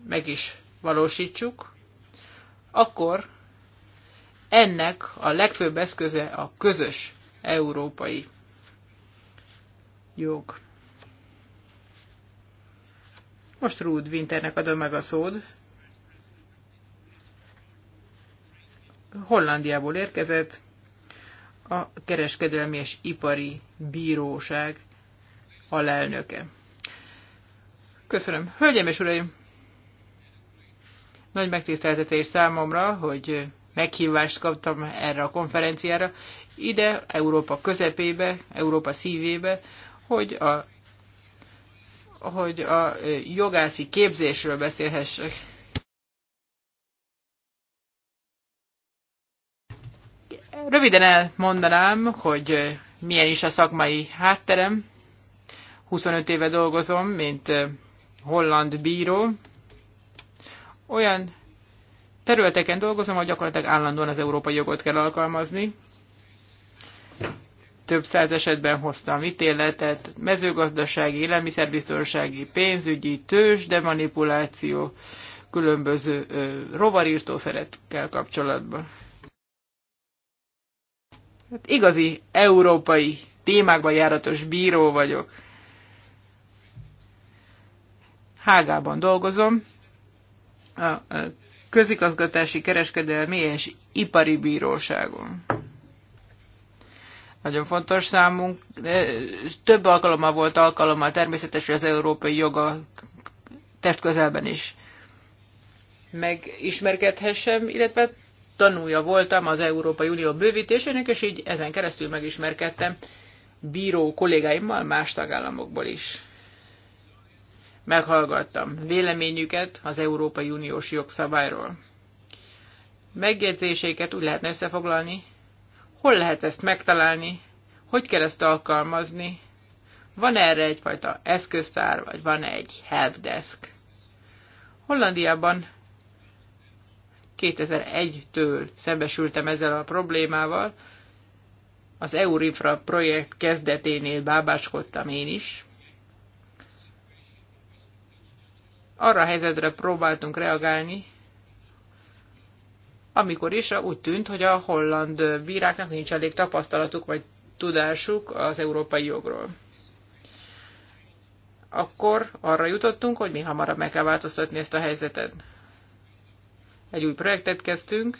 meg is valósítsuk, akkor ennek a legfőbb eszköze a közös európai jog. Most Rúd Winternek adom meg a szód. Hollandiából érkezett a Kereskedelmi és Ipari Bíróság alelnöke. Köszönöm. Hölgyeim és uraim! Nagy megtiszteltetés számomra, hogy meghívást kaptam erre a konferenciára, ide, Európa közepébe, Európa szívébe, hogy a, hogy a jogászi képzésről beszélhessek. Röviden elmondanám, hogy milyen is a szakmai hátterem. 25 éve dolgozom, mint holland bíró. Olyan területeken dolgozom, hogy gyakorlatilag állandóan az európai jogot kell alkalmazni. Több száz esetben hoztam ítéletet, mezőgazdasági, élelmiszerbiztonsági, pénzügyi, tős, de manipuláció, különböző rovarírtószerekkel kapcsolatban. Hát igazi európai témákban járatos bíró vagyok. Hágában dolgozom, a közigazgatási, kereskedelmi és ipari bíróságon. Nagyon fontos számunk. E, több alkalommal volt alkalommal természetesen az európai joga testközelben is megismerkedhessem, illetve tanulja voltam az Európai Unió bővítésének, és így ezen keresztül megismerkedtem bíró kollégáimmal más tagállamokból is meghallgattam véleményüket az Európai Uniós jogszabályról. Megjegyzéseiket úgy lehetne összefoglalni, hol lehet ezt megtalálni, hogy kell ezt alkalmazni, van erre egyfajta eszköztár, vagy van egy helpdesk. Hollandiában 2001-től szembesültem ezzel a problémával, az Eurifra projekt kezdeténél bábáskodtam én is, arra a helyzetre próbáltunk reagálni, amikor is úgy tűnt, hogy a holland bíráknak nincs elég tapasztalatuk vagy tudásuk az európai jogról. Akkor arra jutottunk, hogy mi hamarabb meg kell változtatni ezt a helyzetet. Egy új projektet kezdtünk,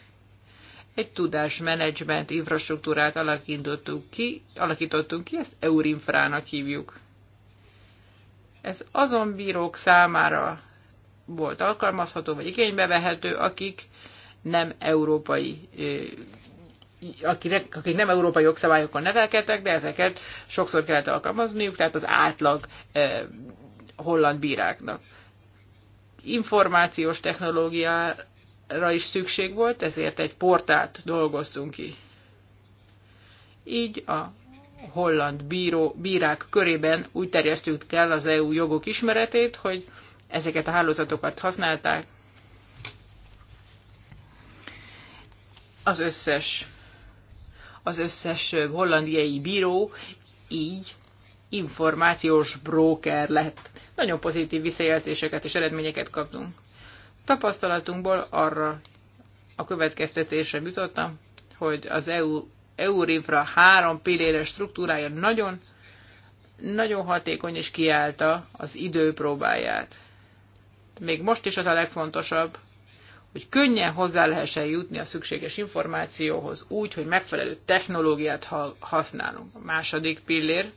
egy tudásmenedzsment infrastruktúrát alakítottunk ki, alakítottunk ki, ezt Eurinfrának hívjuk. Ez azon bírók számára volt alkalmazható, vagy igénybe vehető, akik nem európai akik, akik nem európai jogszabályokon nevelkedtek, de ezeket sokszor kellett alkalmazniuk, tehát az átlag eh, holland bíráknak. Információs technológiára is szükség volt, ezért egy portált dolgoztunk ki. Így a holland bíró, bírák körében úgy terjesztük el az EU jogok ismeretét, hogy ezeket a hálózatokat használták. Az összes, az összes hollandiai bíró így információs broker lett. Nagyon pozitív visszajelzéseket és eredményeket kaptunk. Tapasztalatunkból arra a következtetésre jutottam, hogy az EU, EURIFRA három pilléres struktúrája nagyon, nagyon hatékony és kiállta az idő próbáját még most is az a legfontosabb, hogy könnyen hozzá lehessen jutni a szükséges információhoz úgy, hogy megfelelő technológiát használunk. A második pillér,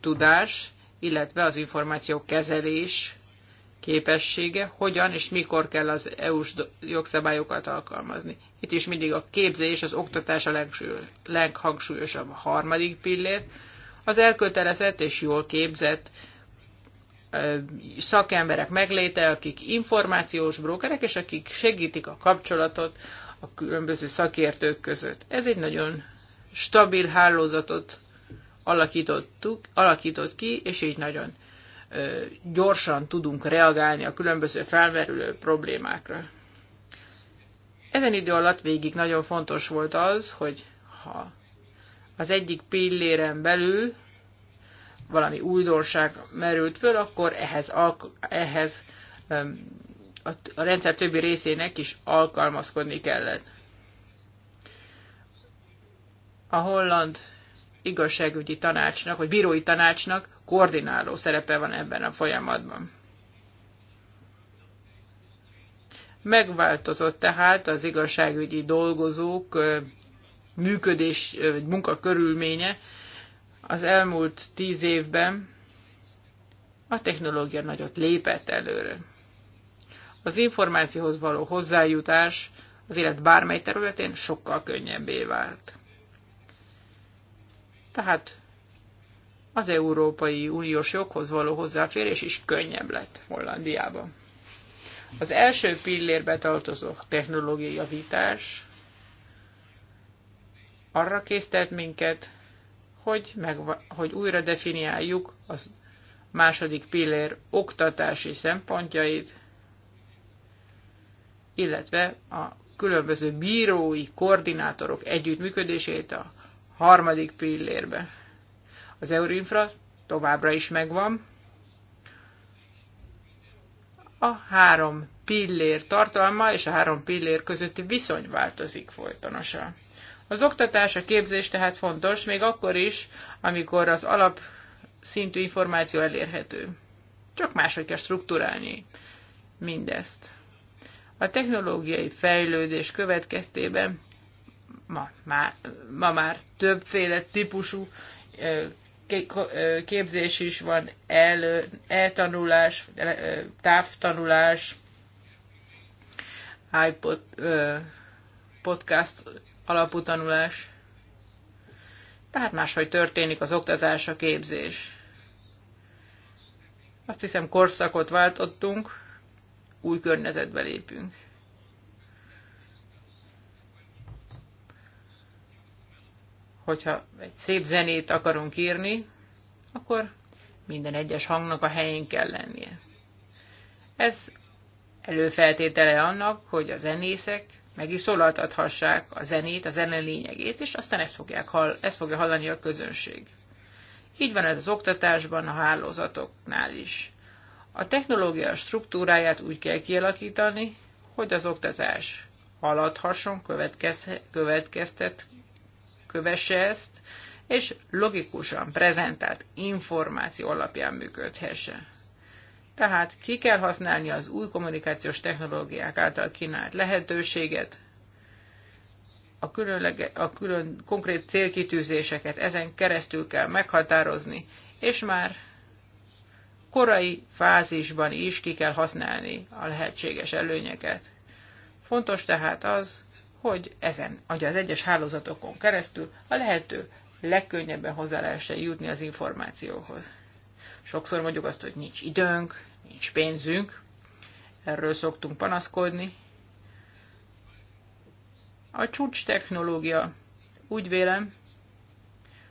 tudás, illetve az információ kezelés képessége, hogyan és mikor kell az EU-s jogszabályokat alkalmazni. Itt is mindig a képzés, az oktatás a leghangsúlyosabb a harmadik pillér, az elkötelezett és jól képzett szakemberek megléte, akik információs brókerek, és akik segítik a kapcsolatot a különböző szakértők között. Ez egy nagyon stabil hálózatot alakítottuk, alakított ki, és így nagyon gyorsan tudunk reagálni a különböző felmerülő problémákra. Ezen idő alatt végig nagyon fontos volt az, hogy ha az egyik pilléren belül valami újdonság merült föl, akkor ehhez, ehhez a rendszer többi részének is alkalmazkodni kellett. A holland igazságügyi tanácsnak, vagy bírói tanácsnak koordináló szerepe van ebben a folyamatban. Megváltozott tehát az igazságügyi dolgozók működés, vagy munkakörülménye, az elmúlt tíz évben a technológia nagyot lépett előre. Az információhoz való hozzájutás az élet bármely területén sokkal könnyebbé vált. Tehát az Európai Uniós joghoz való hozzáférés is könnyebb lett Hollandiában. Az első pillérbe tartozó technológiai javítás arra késztet minket, hogy, meg, hogy újra definiáljuk a második pillér oktatási szempontjait, illetve a különböző bírói koordinátorok együttműködését a harmadik pillérbe. Az Eurinfra továbbra is megvan. A három pillér tartalma és a három pillér közötti viszony változik folytonosan. Az oktatás, a képzés tehát fontos, még akkor is, amikor az alap szintű információ elérhető. Csak máshogy kell struktúrálni mindezt. A technológiai fejlődés következtében ma, már, ma már többféle típusú képzés is van, el, eltanulás, távtanulás, iPod, podcast alapú tanulás. Tehát máshogy történik az oktatás, a képzés. Azt hiszem korszakot váltottunk, új környezetbe lépünk. Hogyha egy szép zenét akarunk írni, akkor minden egyes hangnak a helyén kell lennie. Ez előfeltétele annak, hogy a zenészek meg is szólaltathassák a zenét, a zene lényegét, és aztán ezt, fogják hall, ezt fogja hallani a közönség. Így van ez az oktatásban, a hálózatoknál is. A technológia struktúráját úgy kell kialakítani, hogy az oktatás haladhasson, következtet, kövesse ezt, és logikusan prezentált információ alapján működhesse. Tehát ki kell használni az új kommunikációs technológiák által kínált lehetőséget, a, különlege, a külön konkrét célkitűzéseket ezen keresztül kell meghatározni, és már korai fázisban is ki kell használni a lehetséges előnyeket. Fontos tehát az, hogy ezen, hogy az egyes hálózatokon keresztül a lehető legkönnyebben hozzá lehessen jutni az információhoz. Sokszor mondjuk azt, hogy nincs időnk, nincs pénzünk, erről szoktunk panaszkodni. A csúcs technológia úgy vélem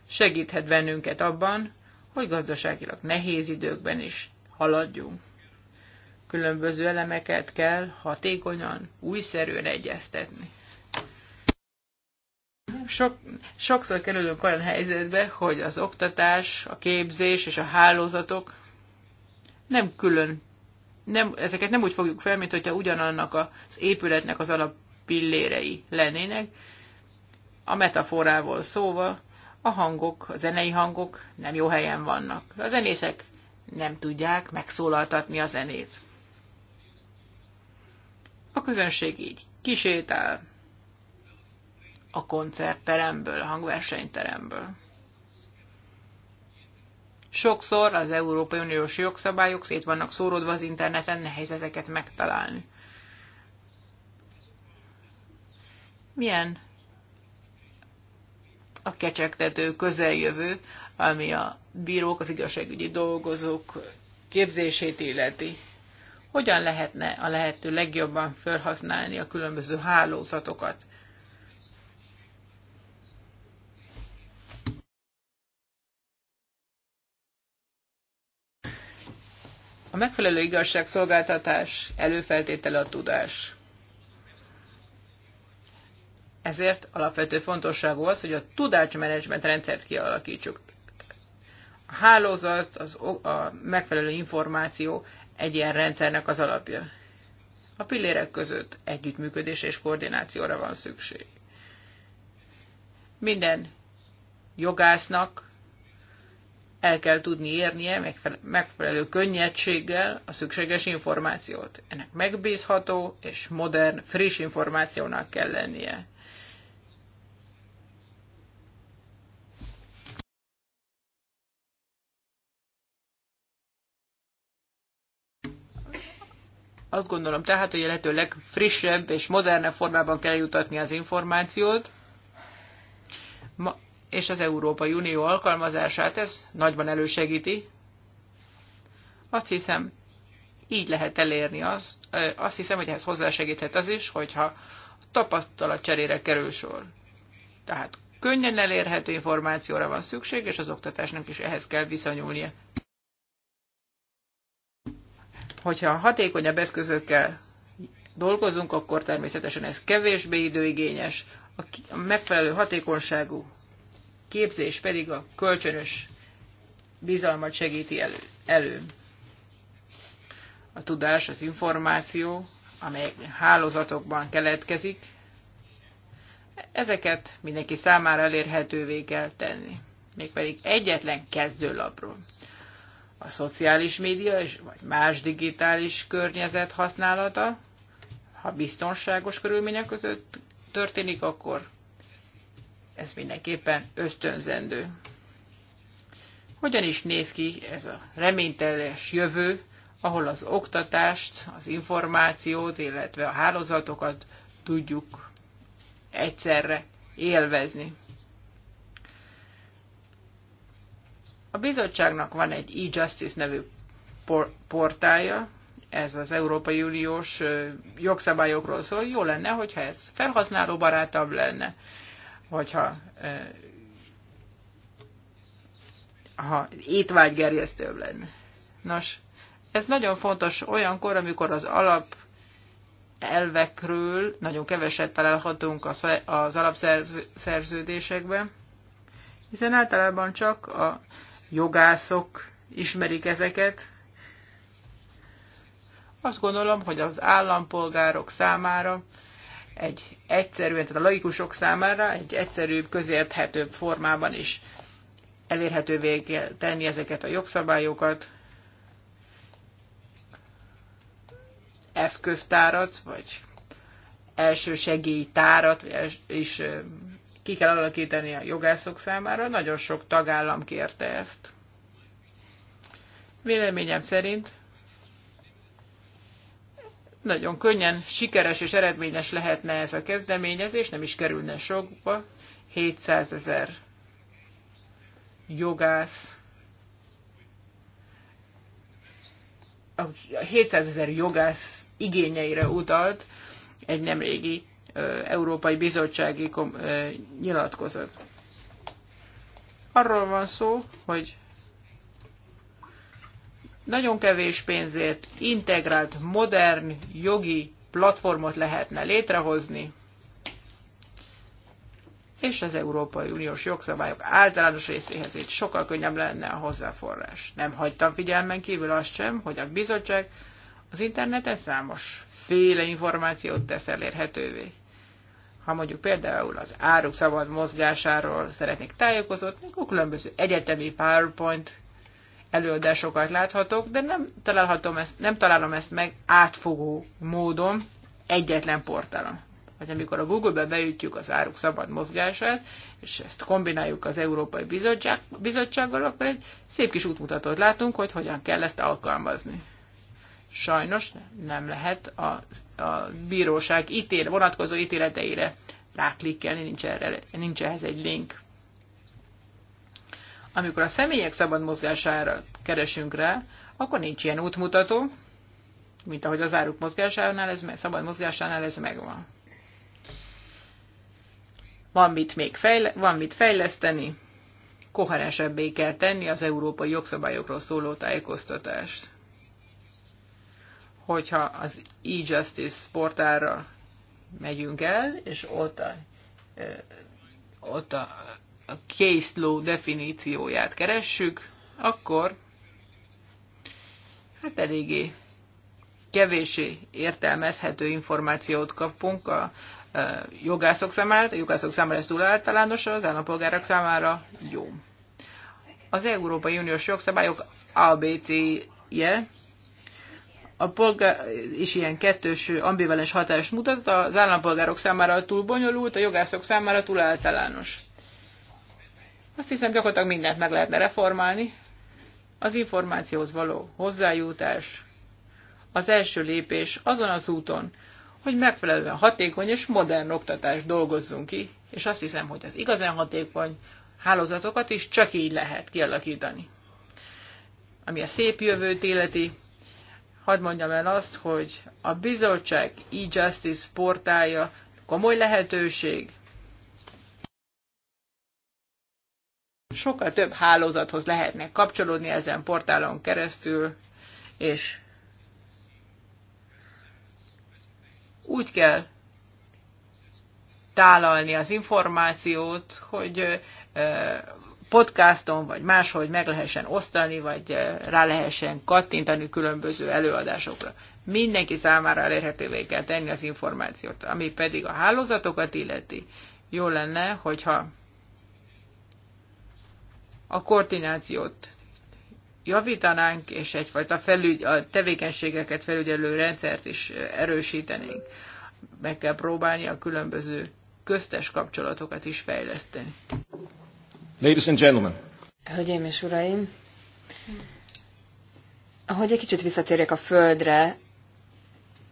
segíthet bennünket abban, hogy gazdaságilag nehéz időkben is haladjunk. Különböző elemeket kell hatékonyan, újszerűen egyeztetni. Sok, sokszor kerülünk olyan helyzetbe, hogy az oktatás, a képzés és a hálózatok nem külön, nem, ezeket nem úgy fogjuk fel, mint hogyha ugyanannak az épületnek az alappillérei lennének. A metaforával szóval a hangok, a zenei hangok nem jó helyen vannak. A zenészek nem tudják megszólaltatni a zenét. A közönség így kisétál a koncertteremből, a hangversenyteremből. Sokszor az Európai Uniós jogszabályok szét vannak szórodva az interneten, nehéz ezeket megtalálni. Milyen a kecsegtető közeljövő, ami a bírók, az igazságügyi dolgozók képzését illeti? Hogyan lehetne a lehető legjobban felhasználni a különböző hálózatokat? A megfelelő igazságszolgáltatás előfeltétele a tudás. Ezért alapvető fontosságú az, hogy a tudásmenedzsment rendszert kialakítsuk. A hálózat, az, a megfelelő információ egy ilyen rendszernek az alapja. A pillérek között együttműködés és koordinációra van szükség. Minden jogásznak el kell tudni érnie megfelelő könnyedséggel a szükséges információt. Ennek megbízható és modern, friss információnak kell lennie. Azt gondolom tehát, hogy a lehető legfrissebb és modernebb formában kell jutatni az információt. Ma és az Európai Unió alkalmazását ez nagyban elősegíti. Azt hiszem, így lehet elérni azt, azt hiszem, hogy ehhez hozzásegíthet az is, hogyha tapasztalat cserére kerül sor. Tehát könnyen elérhető információra van szükség, és az oktatásnak is ehhez kell viszonyulnia. Hogyha hatékonyabb eszközökkel dolgozunk, akkor természetesen ez kevésbé időigényes, a megfelelő hatékonyságú képzés pedig a kölcsönös bizalmat segíti elő. elő. A tudás, az információ, amely hálózatokban keletkezik, ezeket mindenki számára elérhetővé kell tenni. Mégpedig egyetlen kezdőlapról. A szociális média és vagy más digitális környezet használata, ha biztonságos körülmények között történik, akkor ez mindenképpen ösztönzendő. Hogyan is néz ki ez a reményteljes jövő, ahol az oktatást, az információt, illetve a hálózatokat tudjuk egyszerre élvezni. A bizottságnak van egy e-justice nevű por- portálja, ez az Európai Uniós jogszabályokról szól, jó lenne, hogyha ez felhasználóbarátabb lenne, hogyha ha étvágygerjesztőbb lenne. Nos, ez nagyon fontos olyankor, amikor az alap elvekről nagyon keveset találhatunk az alapszerződésekben, hiszen általában csak a jogászok ismerik ezeket. Azt gondolom, hogy az állampolgárok számára egy egyszerűen, tehát a laikusok számára egy egyszerűbb, közérthetőbb formában is elérhetővé kell tenni ezeket a jogszabályokat, eszköztárat, vagy első tárat is ki kell alakítani a jogászok számára. Nagyon sok tagállam kérte ezt. Véleményem szerint nagyon könnyen sikeres és eredményes lehetne ez a kezdeményezés, nem is kerülne sokba. 700 ezer jogász, 700 ezer jogász igényeire utalt egy nemrégi Európai Bizottsági nyilatkozat. Arról van szó, hogy nagyon kevés pénzért integrált, modern jogi platformot lehetne létrehozni, és az Európai Uniós jogszabályok általános részéhez így sokkal könnyebb lenne a hozzáforrás. Nem hagytam figyelmen kívül azt sem, hogy a bizottság az interneten számos féle információt tesz elérhetővé. Ha mondjuk például az áruk szabad mozgásáról szeretnék tájékozódni, akkor különböző egyetemi PowerPoint előadásokat láthatok, de nem, találhatom ezt, nem találom ezt meg átfogó módon egyetlen portálon. Vagy amikor a Google-be beütjük az áruk szabad mozgását, és ezt kombináljuk az Európai Bizottság, Bizottsággal, akkor egy szép kis útmutatót látunk, hogy hogyan kell ezt alkalmazni. Sajnos nem lehet a, a bíróság ítél, vonatkozó ítéleteire ráklikkelni, nincs, erre, nincs ehhez egy link. Amikor a személyek szabad mozgására keresünk rá, akkor nincs ilyen útmutató, mint ahogy az áruk mozgásánál ez, szabad mozgásánál ez megvan. Van mit még fejle- van mit fejleszteni, koherensebbé kell tenni az európai jogszabályokról szóló tájékoztatást. Hogyha az e-justice portára megyünk el, és ott a, ott a a case law definícióját keressük, akkor hát eléggé kevésé értelmezhető információt kapunk a, e, jogászok számára, a jogászok számára ez túl általános, az állampolgárok számára jó. Az Európai Uniós jogszabályok ABC-je a polgár, is ilyen kettős ambivalens hatást mutat, az állampolgárok számára túl bonyolult, a jogászok számára túl általános. Azt hiszem, gyakorlatilag mindent meg lehetne reformálni. Az információhoz való hozzájutás az első lépés azon az úton, hogy megfelelően hatékony és modern oktatást dolgozzunk ki, és azt hiszem, hogy az igazán hatékony hálózatokat is csak így lehet kialakítani. Ami a szép jövőt életi, hadd mondjam el azt, hogy a bizottság e-justice portálja komoly lehetőség, Sokkal több hálózathoz lehetnek kapcsolódni ezen portálon keresztül, és úgy kell tálalni az információt, hogy podcaston vagy máshogy meg lehessen osztani, vagy rá lehessen kattintani különböző előadásokra. Mindenki számára elérhetővé kell tenni az információt, ami pedig a hálózatokat illeti. Jó lenne, hogyha a koordinációt javítanánk, és egyfajta felügy, a tevékenységeket felügyelő rendszert is erősítenénk. Meg kell próbálni a különböző köztes kapcsolatokat is fejleszteni. Ladies and gentlemen. Hölgyeim és uraim, hogy egy kicsit visszatérjek a földre,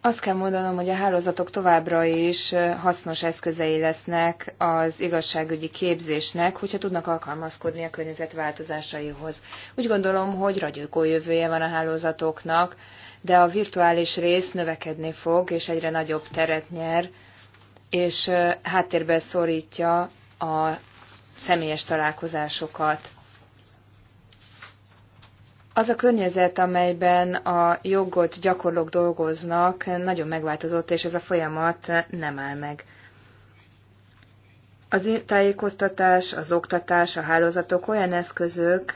azt kell mondanom, hogy a hálózatok továbbra is hasznos eszközei lesznek az igazságügyi képzésnek, hogyha tudnak alkalmazkodni a környezet változásaihoz. Úgy gondolom, hogy ragyogó jövője van a hálózatoknak, de a virtuális rész növekedni fog, és egyre nagyobb teret nyer, és háttérbe szorítja a személyes találkozásokat. Az a környezet, amelyben a jogot gyakorlók dolgoznak, nagyon megváltozott, és ez a folyamat nem áll meg. Az tájékoztatás, az oktatás, a hálózatok olyan eszközök,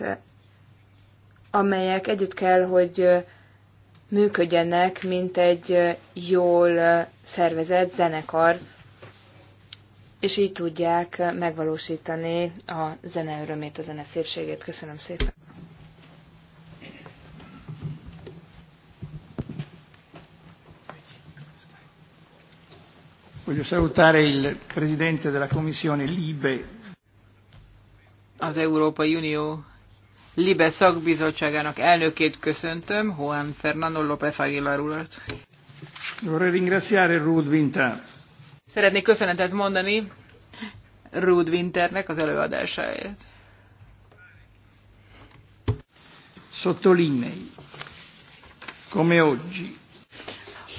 amelyek együtt kell, hogy működjenek, mint egy jól szervezett zenekar, és így tudják megvalósítani a zene örömét, a zene szépségét. Köszönöm szépen! Voglio salutare il presidente della Commissione Libe. Az Európai Unió Libe szakbizottságának elnökét köszöntöm, Juan Fernando López Aguilar urat. Vorrei ringraziare Winter. Szeretnék köszönetet mondani Ruud Winternek az előadásáért. Sottolinei, come oggi,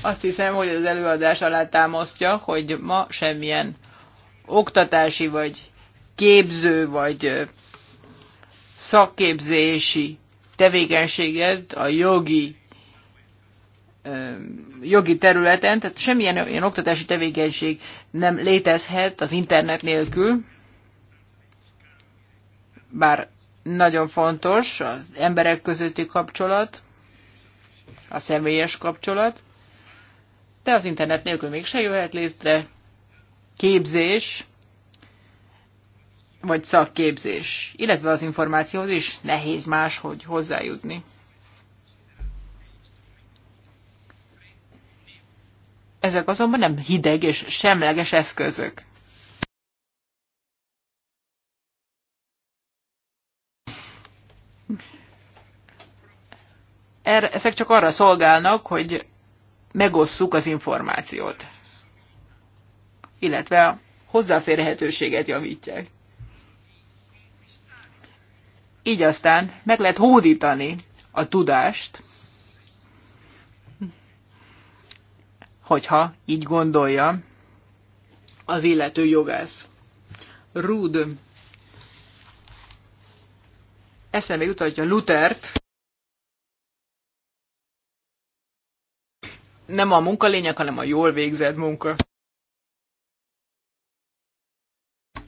azt hiszem, hogy az előadás támasztja, hogy ma semmilyen oktatási vagy képző vagy szakképzési tevékenységet a jogi jogi területen, tehát semmilyen ilyen oktatási tevékenység nem létezhet az internet nélkül, bár nagyon fontos az emberek közötti kapcsolat, a személyes kapcsolat, de az internet nélkül még se jöhet létre képzés, vagy szakképzés, illetve az információhoz is nehéz máshogy hozzájutni. Ezek azonban nem hideg és semleges eszközök. Erre, ezek csak arra szolgálnak, hogy megosszuk az információt, illetve a hozzáférhetőséget javítják. Így aztán meg lehet hódítani a tudást, hogyha így gondolja az illető jogász. Rúd eszembe jutatja Lutert, nem a munka lényeg, hanem a jól végzett munka.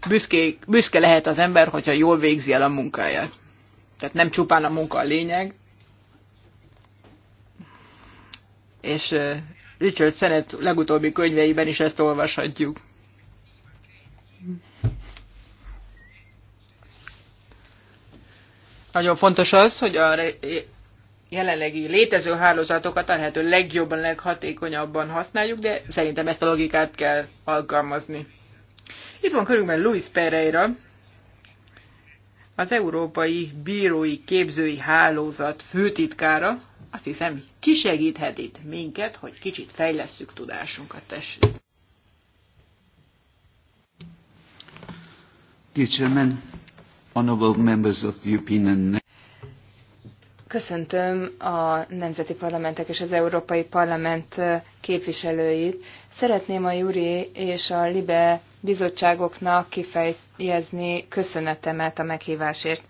Büszke, büszke lehet az ember, hogyha jól végzi el a munkáját. Tehát nem csupán a munka a lényeg. És Richard Sennett legutóbbi könyveiben is ezt olvashatjuk. Nagyon fontos az, hogy a jelenlegi létező hálózatokat a lehető legjobban, leghatékonyabban használjuk, de szerintem ezt a logikát kell alkalmazni. Itt van körülbelül Luis Pereira, az Európai Bírói Képzői Hálózat főtitkára, azt hiszem, kisegíthet itt minket, hogy kicsit fejlesszük tudásunkat, tessék. Dear Chairman, honorable members of the European Köszöntöm a Nemzeti Parlamentek és az Európai Parlament képviselőit. Szeretném a Juri és a Libe bizottságoknak kifejezni köszönetemet a meghívásért.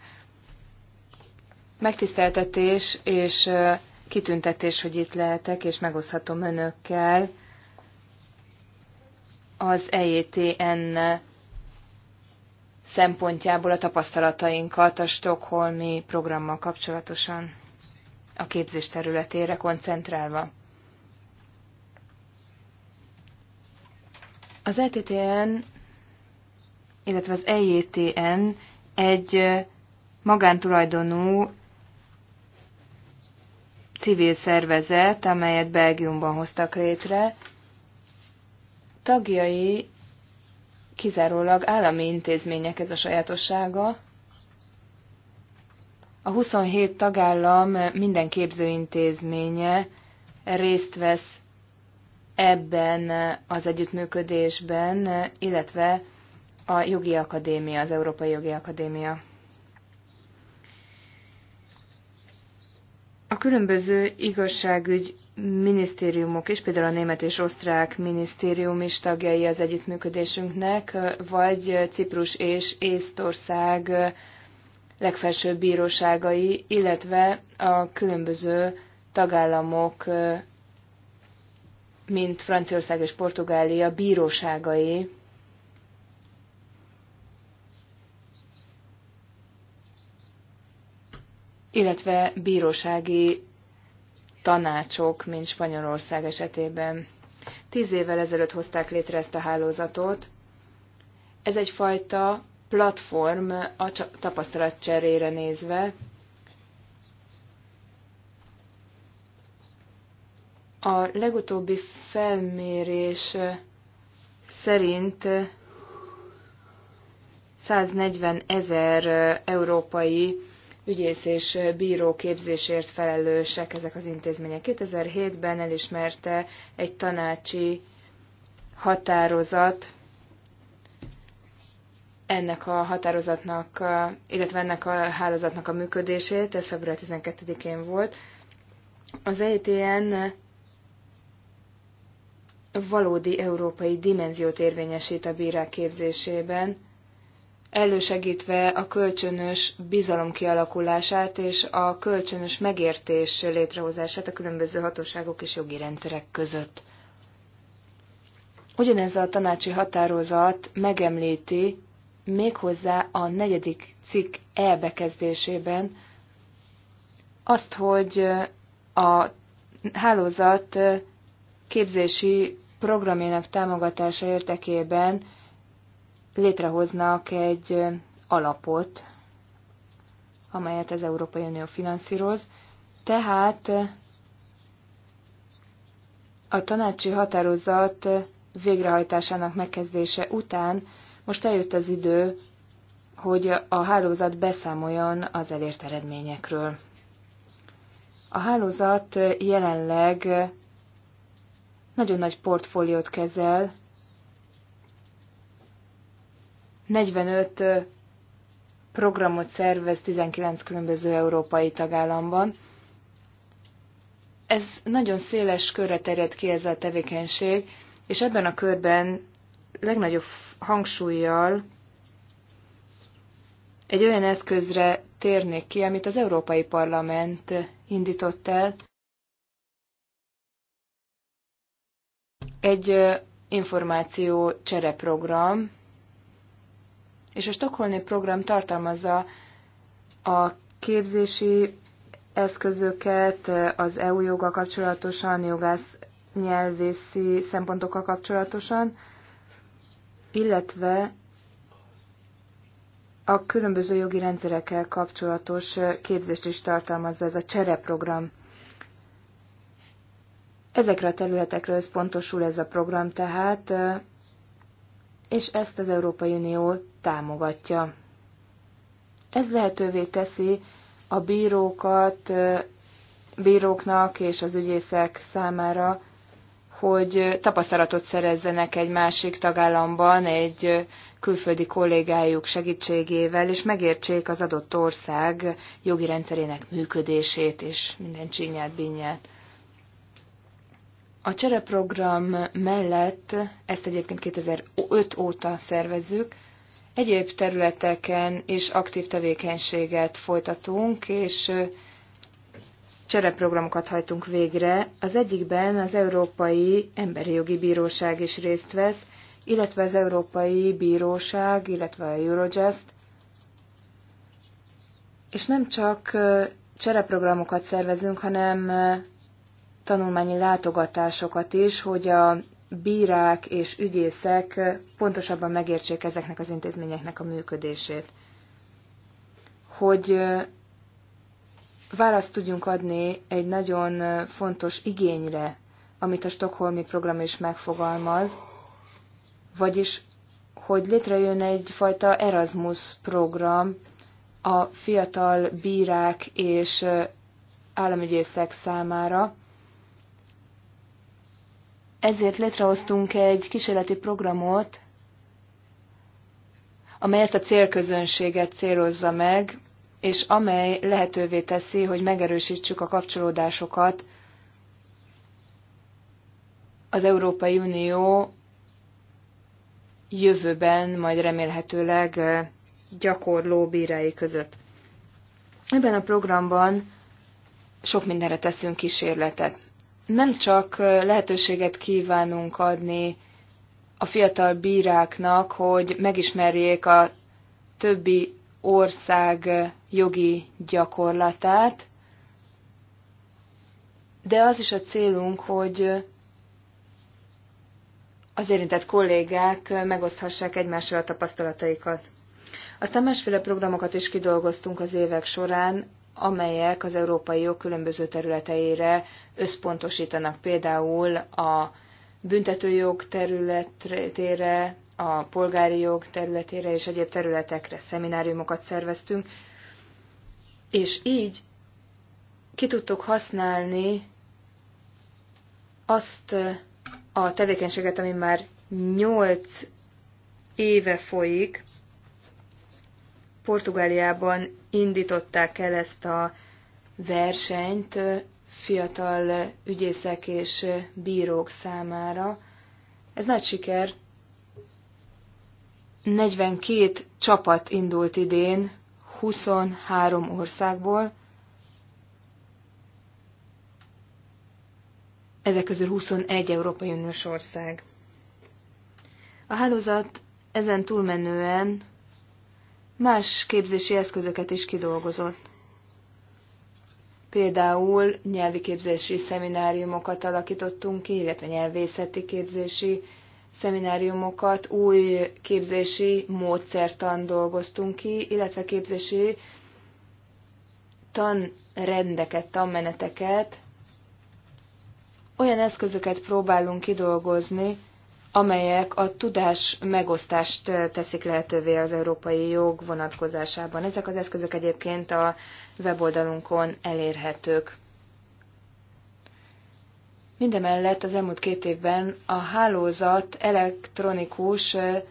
Megtiszteltetés és kitüntetés, hogy itt lehetek, és megoszhatom önökkel az EJTN szempontjából a tapasztalatainkat a Stockholmi programmal kapcsolatosan a képzés területére koncentrálva. Az ETTN, illetve az EJTN egy magántulajdonú civil szervezet, amelyet Belgiumban hoztak létre. Tagjai kizárólag állami intézmények ez a sajátossága. A 27 tagállam minden képzőintézménye részt vesz ebben az együttműködésben, illetve a Jogi Akadémia, az Európai Jogi Akadémia. A különböző igazságügy minisztériumok is, például a német és osztrák minisztérium is tagjai az együttműködésünknek, vagy Ciprus és Észtország legfelsőbb bíróságai, illetve a különböző tagállamok, mint Franciaország és Portugália bíróságai. illetve bírósági tanácsok, mint Spanyolország esetében. Tíz évvel ezelőtt hozták létre ezt a hálózatot. Ez egyfajta platform a tapasztalatcserére nézve. A legutóbbi felmérés szerint 140 ezer európai ügyész és bíró képzésért felelősek ezek az intézmények. 2007-ben elismerte egy tanácsi határozat ennek a határozatnak, illetve ennek a hálózatnak a működését, ez február 12-én volt. Az ETN valódi európai dimenziót érvényesít a bírák képzésében, elősegítve a kölcsönös bizalom kialakulását és a kölcsönös megértés létrehozását a különböző hatóságok és jogi rendszerek között. Ugyanez a tanácsi határozat megemlíti méghozzá a negyedik cikk elbekezdésében azt, hogy a hálózat képzési programjának támogatása érdekében létrehoznak egy alapot, amelyet az Európai Unió finanszíroz. Tehát a tanácsi határozat végrehajtásának megkezdése után most eljött az idő, hogy a hálózat beszámoljon az elért eredményekről. A hálózat jelenleg nagyon nagy portfóliót kezel, 45 programot szervez 19 különböző európai tagállamban. Ez nagyon széles körre terjed ki ez a tevékenység, és ebben a körben legnagyobb hangsúlyjal egy olyan eszközre térnék ki, amit az Európai Parlament indított el. Egy információ csereprogram, és a Stockholmi program tartalmazza a képzési eszközöket az EU joga kapcsolatosan, jogász nyelvészi szempontokkal kapcsolatosan, illetve a különböző jogi rendszerekkel kapcsolatos képzést is tartalmazza ez a csereprogram. Ezekre a területekre összpontosul ez a program, tehát és ezt az Európai Unió támogatja. Ez lehetővé teszi a bírókat, bíróknak és az ügyészek számára, hogy tapasztalatot szerezzenek egy másik tagállamban egy külföldi kollégájuk segítségével, és megértsék az adott ország jogi rendszerének működését és minden csinyát, binyát. A csereprogram mellett, ezt egyébként 2005 óta szervezzük, egyéb területeken is aktív tevékenységet folytatunk, és csereprogramokat hajtunk végre. Az egyikben az Európai Emberi Jogi Bíróság is részt vesz, illetve az Európai Bíróság, illetve a Eurojust. És nem csak csereprogramokat szervezünk, hanem tanulmányi látogatásokat is, hogy a bírák és ügyészek pontosabban megértsék ezeknek az intézményeknek a működését. Hogy választ tudjunk adni egy nagyon fontos igényre, amit a Stockholmi program is megfogalmaz, vagyis, hogy létrejön egyfajta Erasmus program a fiatal bírák és államügyészek számára, ezért létrehoztunk egy kísérleti programot, amely ezt a célközönséget célozza meg, és amely lehetővé teszi, hogy megerősítsük a kapcsolódásokat az Európai Unió jövőben, majd remélhetőleg gyakorló bírái között. Ebben a programban sok mindenre teszünk kísérletet nem csak lehetőséget kívánunk adni a fiatal bíráknak, hogy megismerjék a többi ország jogi gyakorlatát, de az is a célunk, hogy az érintett kollégák megoszthassák egymással a tapasztalataikat. Aztán másféle programokat is kidolgoztunk az évek során, amelyek az európai jog különböző területeire összpontosítanak, például a büntetőjog területére, a polgári jog területére és egyéb területekre szemináriumokat szerveztünk, és így ki tudtuk használni azt a tevékenységet, ami már nyolc éve folyik, Portugáliában indították el ezt a versenyt fiatal ügyészek és bírók számára. Ez nagy siker. 42 csapat indult idén 23 országból. Ezek közül 21 Európai Uniós ország. A hálózat ezen túlmenően más képzési eszközöket is kidolgozott. Például nyelvi képzési szemináriumokat alakítottunk ki, illetve nyelvészeti képzési szemináriumokat, új képzési módszertan dolgoztunk ki, illetve képzési tanrendeket, tanmeneteket, olyan eszközöket próbálunk kidolgozni, amelyek a tudás megosztást eh, teszik lehetővé az európai jog vonatkozásában. Ezek az eszközök egyébként a weboldalunkon elérhetők. Mindemellett az elmúlt két évben a hálózat elektronikus eh,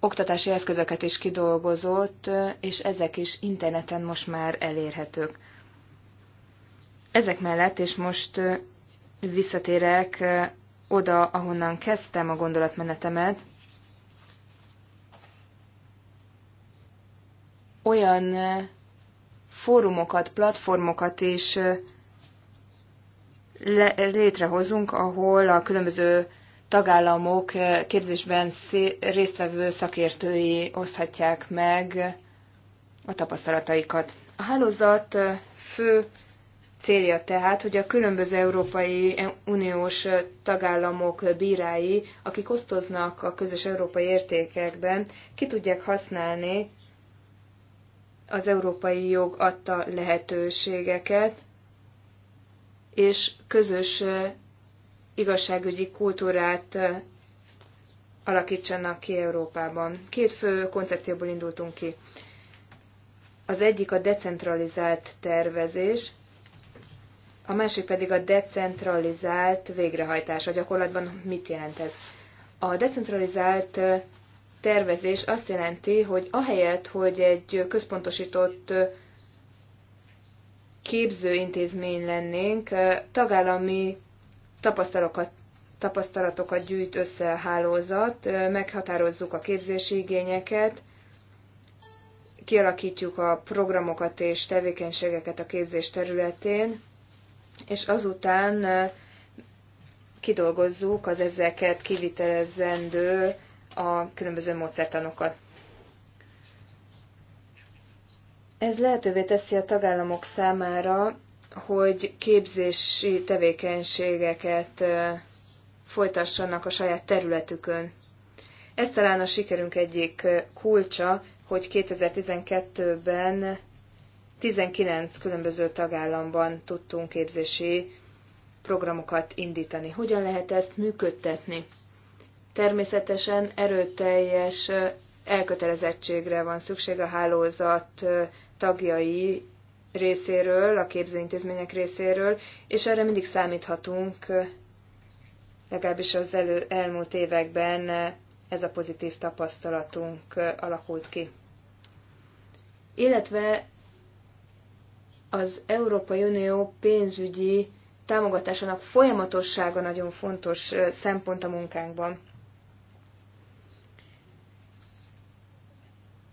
oktatási eszközöket is kidolgozott, eh, és ezek is interneten most már elérhetők. Ezek mellett, és most visszatérek oda, ahonnan kezdtem a gondolatmenetemet, olyan fórumokat, platformokat is létrehozunk, ahol a különböző tagállamok képzésben résztvevő szakértői oszthatják meg a tapasztalataikat. A hálózat fő Célja tehát, hogy a különböző Európai Uniós tagállamok bírái, akik osztoznak a közös európai értékekben, ki tudják használni az európai jog adta lehetőségeket, és közös igazságügyi kultúrát alakítsanak ki Európában. Két fő koncepcióból indultunk ki. Az egyik a decentralizált tervezés, a másik pedig a decentralizált végrehajtás. A gyakorlatban mit jelent ez? A decentralizált tervezés azt jelenti, hogy ahelyett, hogy egy központosított képzőintézmény lennénk, tagállami tapasztalatokat, tapasztalatokat gyűjt össze a hálózat, meghatározzuk a képzési igényeket, kialakítjuk a programokat és tevékenységeket a képzés területén, és azután kidolgozzuk az ezeket kivitelezendő a különböző módszertanokat. Ez lehetővé teszi a tagállamok számára, hogy képzési tevékenységeket folytassanak a saját területükön. Ez talán a sikerünk egyik kulcsa, hogy 2012-ben 19 különböző tagállamban tudtunk képzési programokat indítani. Hogyan lehet ezt működtetni? Természetesen erőteljes elkötelezettségre van szükség a hálózat tagjai részéről, a képzőintézmények részéről, és erre mindig számíthatunk, legalábbis az elő, elmúlt években ez a pozitív tapasztalatunk alakult ki. Illetve az Európai Unió pénzügyi támogatásának folyamatossága nagyon fontos szempont a munkánkban.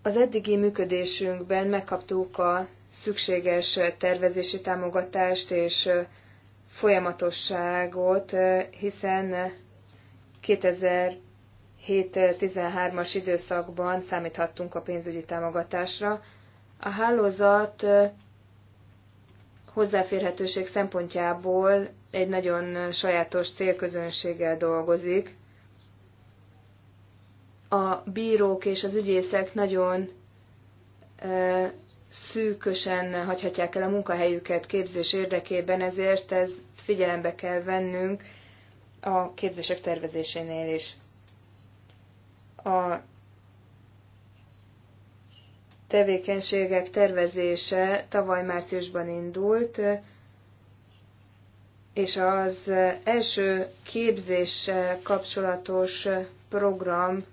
Az eddigi működésünkben megkaptuk a szükséges tervezési támogatást és folyamatosságot, hiszen 2007-13-as időszakban számíthattunk a pénzügyi támogatásra. A hálózat hozzáférhetőség szempontjából egy nagyon sajátos célközönséggel dolgozik. A bírók és az ügyészek nagyon szűkösen hagyhatják el a munkahelyüket képzés érdekében, ezért ezt figyelembe kell vennünk a képzések tervezésénél is. A tevékenységek tervezése tavaly márciusban indult, és az első képzéssel kapcsolatos program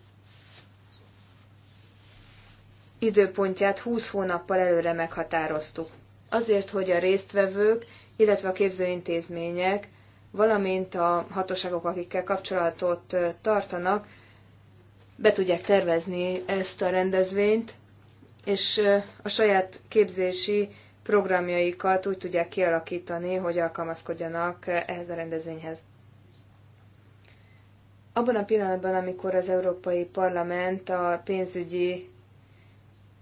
időpontját 20 hónappal előre meghatároztuk. Azért, hogy a résztvevők, illetve a képzőintézmények, valamint a hatóságok, akikkel kapcsolatot tartanak, be tudják tervezni ezt a rendezvényt, és a saját képzési programjaikat úgy tudják kialakítani, hogy alkalmazkodjanak ehhez a rendezvényhez. Abban a pillanatban, amikor az Európai Parlament a pénzügyi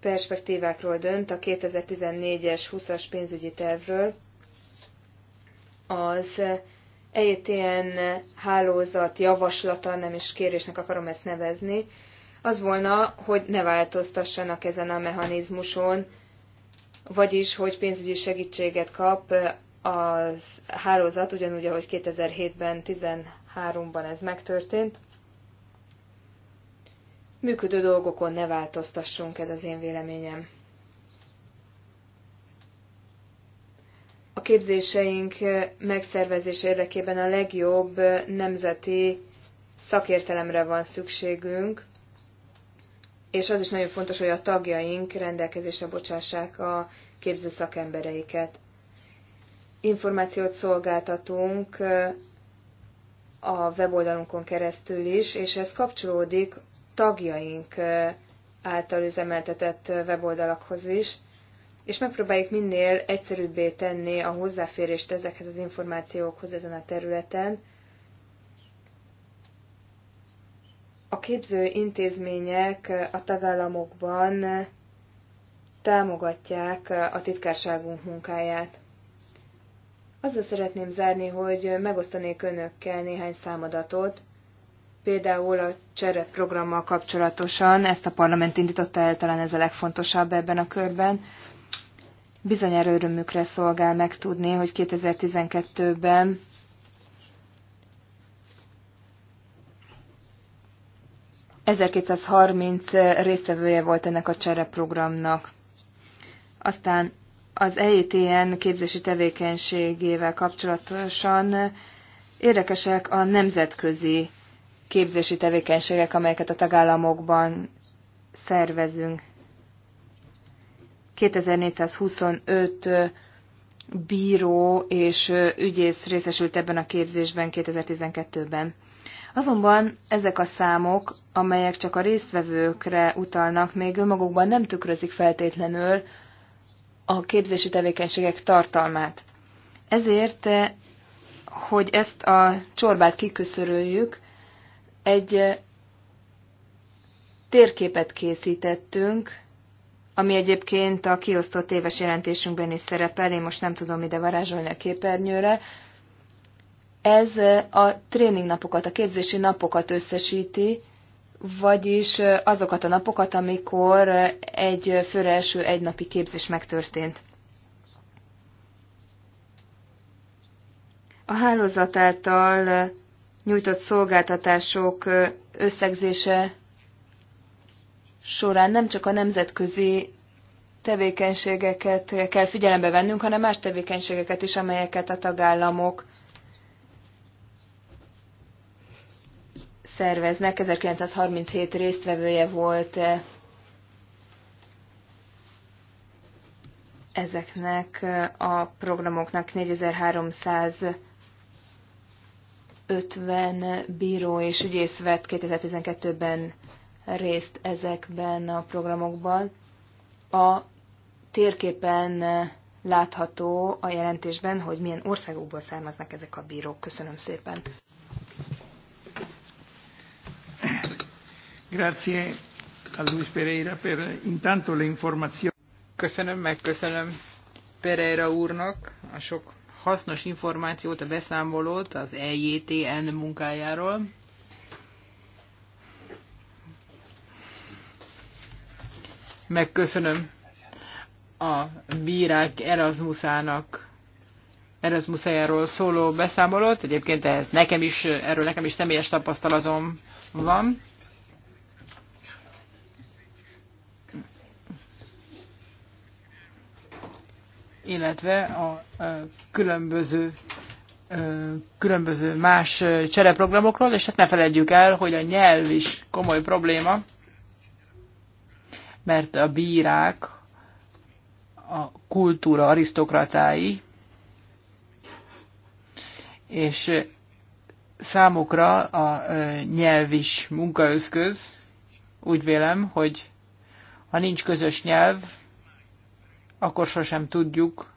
perspektívákról dönt, a 2014-es 20-as pénzügyi tervről, az EITN hálózat javaslata, nem is kérésnek akarom ezt nevezni, az volna, hogy ne változtassanak ezen a mechanizmuson, vagyis hogy pénzügyi segítséget kap a hálózat, ugyanúgy, ahogy 2007-ben, 13-ban ez megtörtént. Működő dolgokon ne változtassunk, ez az én véleményem. A képzéseink megszervezés érdekében a legjobb nemzeti szakértelemre van szükségünk, és az is nagyon fontos, hogy a tagjaink rendelkezésre bocsássák a képző szakembereiket. Információt szolgáltatunk a weboldalunkon keresztül is, és ez kapcsolódik tagjaink által üzemeltetett weboldalakhoz is, és megpróbáljuk minél egyszerűbbé tenni a hozzáférést ezekhez az információkhoz ezen a területen, a képző intézmények a tagállamokban támogatják a titkárságunk munkáját. Azzal szeretném zárni, hogy megosztanék önökkel néhány számadatot, például a csere programmal kapcsolatosan, ezt a parlament indította el, talán ez a legfontosabb ebben a körben. Bizonyára örömükre szolgál megtudni, hogy 2012-ben 1230 résztvevője volt ennek a csereprogramnak. Aztán az EITN képzési tevékenységével kapcsolatosan érdekesek a nemzetközi képzési tevékenységek, amelyeket a tagállamokban szervezünk. 2425 bíró és ügyész részesült ebben a képzésben 2012-ben. Azonban ezek a számok, amelyek csak a résztvevőkre utalnak, még önmagukban nem tükrözik feltétlenül a képzési tevékenységek tartalmát. Ezért, hogy ezt a csorbát kiköszöröljük, egy térképet készítettünk, ami egyébként a kiosztott éves jelentésünkben is szerepel, én most nem tudom ide varázsolni a képernyőre, ez a tréningnapokat, a képzési napokat összesíti, vagyis azokat a napokat, amikor egy főre első egynapi képzés megtörtént. A hálózat által nyújtott szolgáltatások összegzése során nem csak a nemzetközi tevékenységeket kell figyelembe vennünk, hanem más tevékenységeket is, amelyeket a tagállamok szerveznek. 1937 résztvevője volt eh, ezeknek eh, a programoknak 4350 bíró és ügyész vett 2012-ben részt ezekben a programokban. A térképen eh, látható a jelentésben, hogy milyen országokból származnak ezek a bírók. Köszönöm szépen. Grazie a Luis Pereira per intanto le informazioni. Köszönöm, megköszönöm Pereira úrnak a sok hasznos információt, a beszámolót az EJTN munkájáról. Megköszönöm a bírák Erasmusának Erasmusájáról szóló beszámolót. Egyébként ez nekem is, erről nekem is személyes tapasztalatom van. illetve a különböző különböző más csereprogramokról, és hát ne feledjük el, hogy a nyelv is komoly probléma, mert a bírák a kultúra arisztokratái, és számukra a nyelv is munkaeszköz. Úgy vélem, hogy ha nincs közös nyelv, akkor sosem tudjuk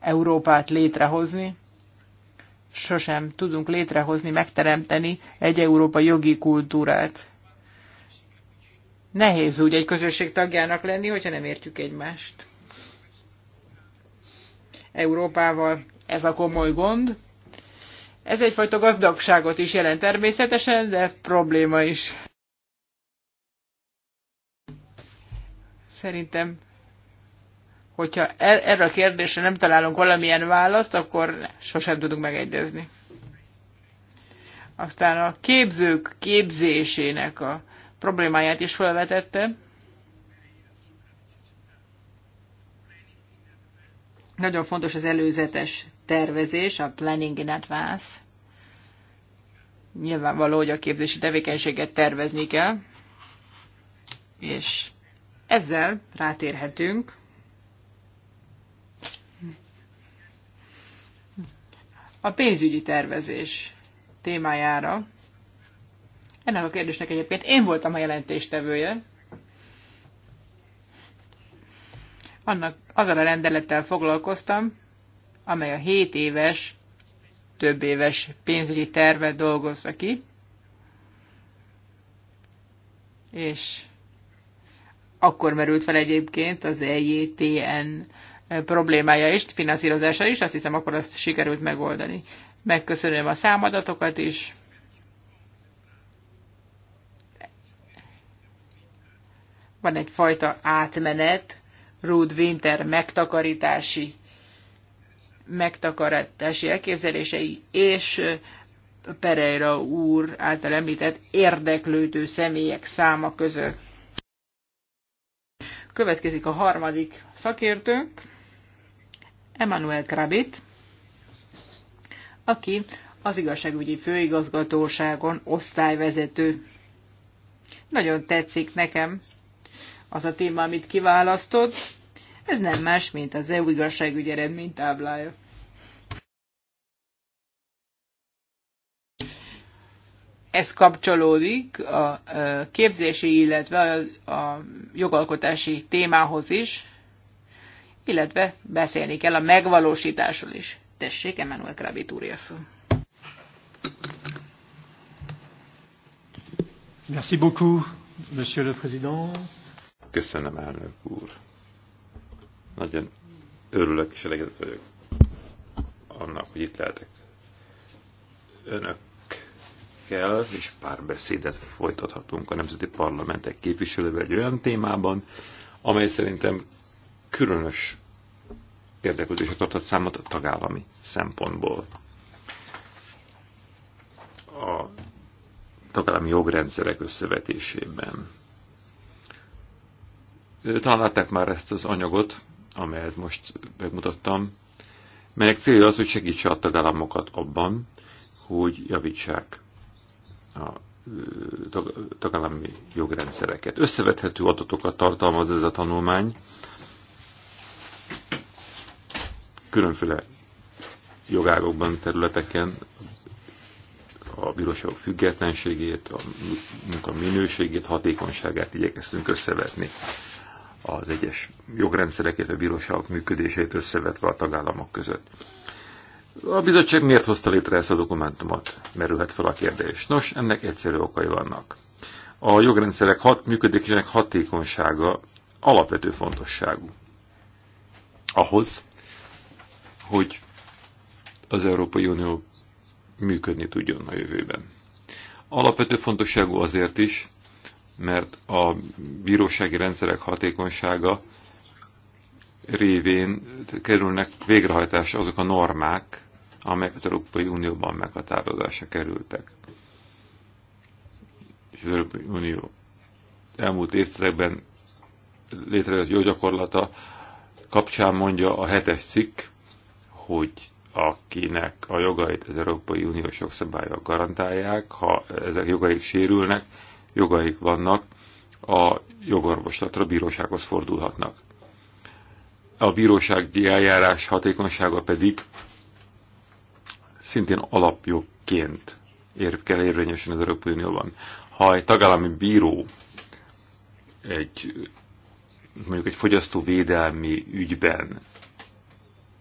Európát létrehozni, sosem tudunk létrehozni, megteremteni egy európai jogi kultúrát. Nehéz úgy egy közösség tagjának lenni, hogyha nem értjük egymást. Európával ez a komoly gond. Ez egyfajta gazdagságot is jelent természetesen, de probléma is. Szerintem hogyha e- erre a kérdésre nem találunk valamilyen választ, akkor sosem tudunk megegyezni. Aztán a képzők képzésének a problémáját is felvetette. Nagyon fontos az előzetes tervezés, a planning in advance. Nyilvánvaló, hogy a képzési tevékenységet tervezni kell, és ezzel rátérhetünk a pénzügyi tervezés témájára. Ennek a kérdésnek egyébként én voltam a jelentéstevője. Annak, azzal a rendelettel foglalkoztam, amely a 7 éves, több éves pénzügyi tervet dolgozza ki, és akkor merült fel egyébként az EJTN problémája is, finanszírozása is, azt hiszem akkor azt sikerült megoldani. Megköszönöm a számadatokat is. Van egyfajta átmenet, Rud Winter megtakarítási megtakarítási elképzelései és Pereira úr által említett érdeklődő személyek száma között. Következik a harmadik szakértőnk. Emmanuel Krabit, aki az igazságügyi főigazgatóságon osztályvezető. Nagyon tetszik nekem az a téma, amit kiválasztott. Ez nem más, mint az EU igazságügyi eredménytáblája. ez kapcsolódik a képzési, illetve a jogalkotási témához is illetve beszélni kell a megvalósításról is. Tessék, Emmanuel Krabit úr szó. Merci beaucoup, monsieur le président. Köszönöm, elnök úr. Nagyon örülök és elegedett vagyok annak, hogy itt lehetek önökkel, és pár beszédet folytathatunk a nemzeti parlamentek képviselővel egy olyan témában, amely szerintem különös érdeklődésre tartott számot a tagállami szempontból. A tagállami jogrendszerek összevetésében. Talán látták már ezt az anyagot, amelyet most megmutattam, melynek célja az, hogy segítse a tagállamokat abban, hogy javítsák a tagállami jogrendszereket. Összevethető adatokat tartalmaz ez a tanulmány, különféle jogágokban, területeken a bíróságok függetlenségét, a munka minőségét, hatékonyságát igyekeztünk összevetni az egyes jogrendszereket, a bíróságok működését összevetve a tagállamok között. A bizottság miért hozta létre ezt a dokumentumot? Merülhet fel a kérdés. Nos, ennek egyszerű okai vannak. A jogrendszerek hat, működésének hatékonysága alapvető fontosságú. Ahhoz, hogy az Európai Unió működni tudjon a jövőben. Alapvető fontosságú azért is, mert a bírósági rendszerek hatékonysága révén kerülnek végrehajtásra azok a normák, amelyek az Európai Unióban meghatározásra kerültek. És az Európai Unió elmúlt évtizedekben létrejött jó gyakorlata kapcsán mondja a hetes cikk, hogy akinek a jogait az Európai Uniós jogszabályok garantálják, ha ezek jogaik sérülnek, jogaik vannak, a jogorvoslatra, a bírósághoz fordulhatnak. A bírósági eljárás hatékonysága pedig szintén alapjogként ér, kell érvényesen az Európai Unióban. Ha egy tagállami bíró egy mondjuk egy fogyasztóvédelmi ügyben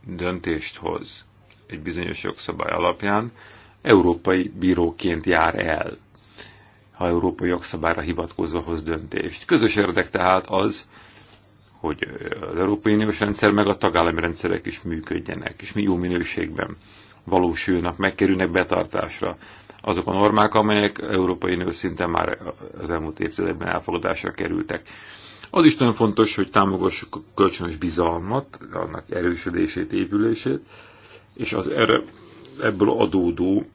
döntést hoz egy bizonyos jogszabály alapján, európai bíróként jár el, ha európai jogszabályra hivatkozva hoz döntést. Közös érdek tehát az, hogy az Európai Uniós rendszer meg a tagállami rendszerek is működjenek, és mi jó minőségben valósulnak, megkerülnek betartásra azok a normák, amelyek Európai Unió szinten már az elmúlt évtizedekben elfogadásra kerültek. Az is nagyon fontos, hogy támogassuk a kölcsönös bizalmat, annak erősödését, épülését, és az erre, ebből adódó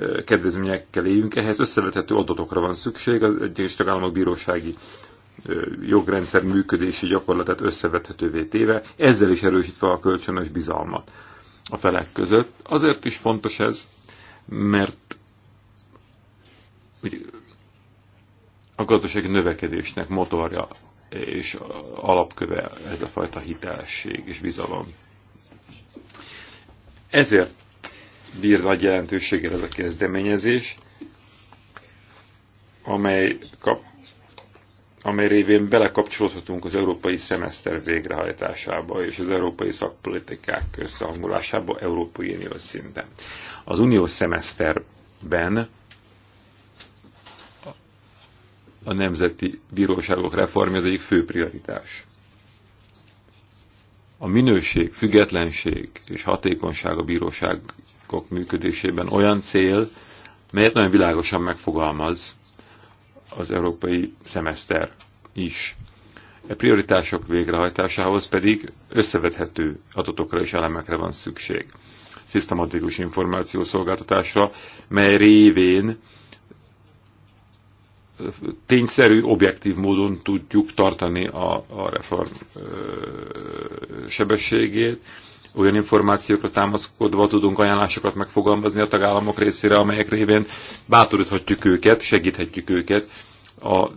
eh, kedvezményekkel éljünk. Ehhez összevethető adatokra van szükség, az egyes tagállamok bírósági eh, jogrendszer működési gyakorlatát összevethetővé téve, ezzel is erősítve a kölcsönös bizalmat a felek között. Azért is fontos ez, mert a gazdasági növekedésnek motorja és alapköve ez a fajta hitelesség és bizalom. Ezért bír nagy jelentőséggel ez a kezdeményezés, amely, kap, amely révén belekapcsolódhatunk az európai szemeszter végrehajtásába és az európai szakpolitikák összehangolásába európai unió szinten. Az uniós szemeszterben a nemzeti bíróságok reformja az egyik fő prioritás. A minőség, függetlenség és hatékonyság a bíróságok működésében olyan cél, melyet nagyon világosan megfogalmaz az európai szemeszter is. E prioritások végrehajtásához pedig összevethető adatokra és elemekre van szükség. Szisztematikus információszolgáltatásra, mely révén tényszerű, objektív módon tudjuk tartani a, a reform sebességét. Olyan információkra támaszkodva tudunk ajánlásokat megfogalmazni a tagállamok részére, amelyek révén bátoríthatjuk őket, segíthetjük őket a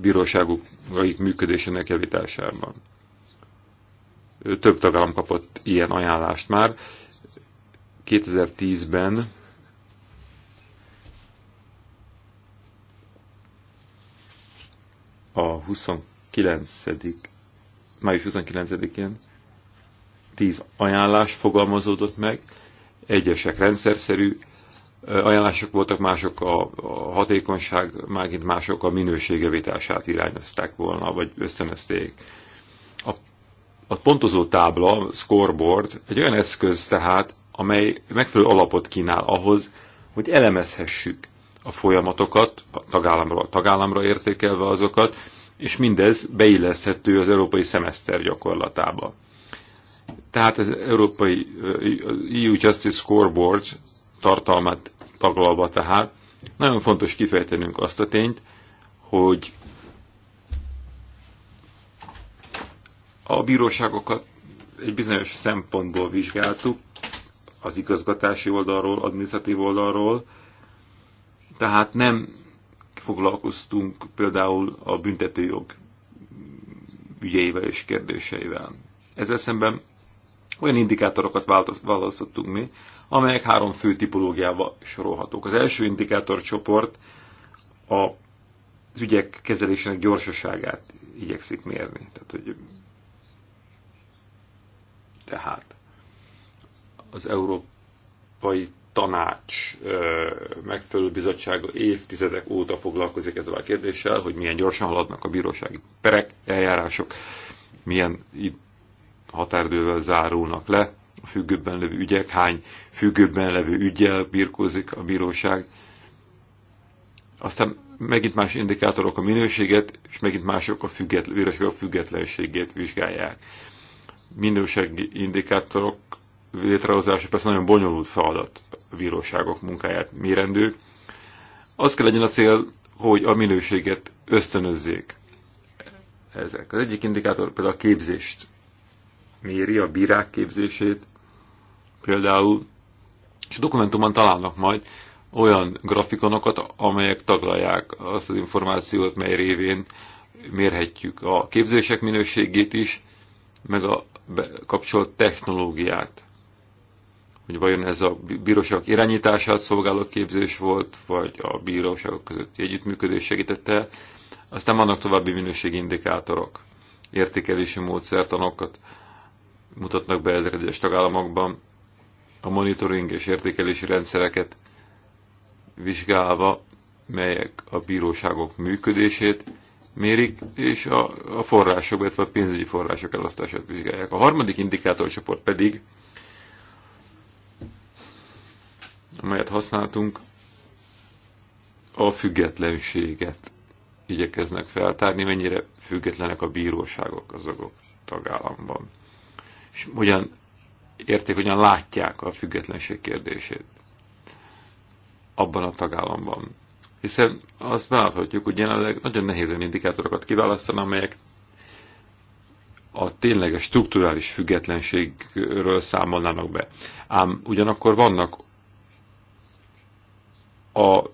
bíróságaik működésének javításában. Több tagállam kapott ilyen ajánlást már. 2010-ben a 29. május 29-én 10 ajánlás fogalmazódott meg, egyesek rendszerszerű ajánlások voltak, mások a, hatékonyság, mágint mások a minőségevítását irányozták volna, vagy ösztönözték. A, a pontozó tábla, scoreboard, egy olyan eszköz tehát, amely megfelelő alapot kínál ahhoz, hogy elemezhessük a folyamatokat, tagállamra, tagállamra értékelve azokat, és mindez beilleszthető az európai szemeszter gyakorlatába. Tehát az európai EU Justice Scoreboard tartalmát taglalva tehát, nagyon fontos kifejtenünk azt a tényt, hogy a bíróságokat egy bizonyos szempontból vizsgáltuk, az igazgatási oldalról, adminisztratív oldalról, tehát nem foglalkoztunk például a büntetőjog ügyeivel és kérdéseivel. Ezzel szemben olyan indikátorokat választottunk mi, amelyek három fő tipológiába sorolhatók. Az első indikátorcsoport a az ügyek kezelésének gyorsaságát igyekszik mérni. Tehát, hogy tehát az európai tanács megfelelő bizottság évtizedek óta foglalkozik ezzel a kérdéssel, hogy milyen gyorsan haladnak a bírósági perek, eljárások, milyen határidővel zárulnak le a függőben levő ügyek, hány függőben levő ügyel birkózik a bíróság. Aztán megint más indikátorok a minőséget, és megint mások a, független, a függetlenségét vizsgálják. Minőségi indikátorok létrehozása persze nagyon bonyolult feladat bíróságok munkáját mérendő. Az kell legyen a cél, hogy a minőséget ösztönözzék ezek. Az egyik indikátor például a képzést méri, a bírák képzését például, és a dokumentumban találnak majd olyan grafikonokat, amelyek taglalják azt az információt, mely révén mérhetjük a képzések minőségét is, meg a kapcsolt technológiát hogy vajon ez a bíróságok irányítását szolgáló képzés volt, vagy a bíróságok közötti együttműködés segítette. Aztán vannak további minőségi indikátorok, értékelési módszertanokat mutatnak be ezek egyes tagállamokban, a monitoring és értékelési rendszereket vizsgálva, melyek a bíróságok működését mérik, és a, a források, illetve a pénzügyi források elosztását vizsgálják. A harmadik indikátorcsoport pedig amelyet használtunk, a függetlenséget igyekeznek feltárni, mennyire függetlenek a bíróságok az azok tagállamban. És hogyan érték, hogyan látják a függetlenség kérdését abban a tagállamban. Hiszen azt beláthatjuk, hogy jelenleg nagyon nehéz olyan indikátorokat kiválasztani, amelyek a tényleges strukturális függetlenségről számolnának be. Ám ugyanakkor vannak a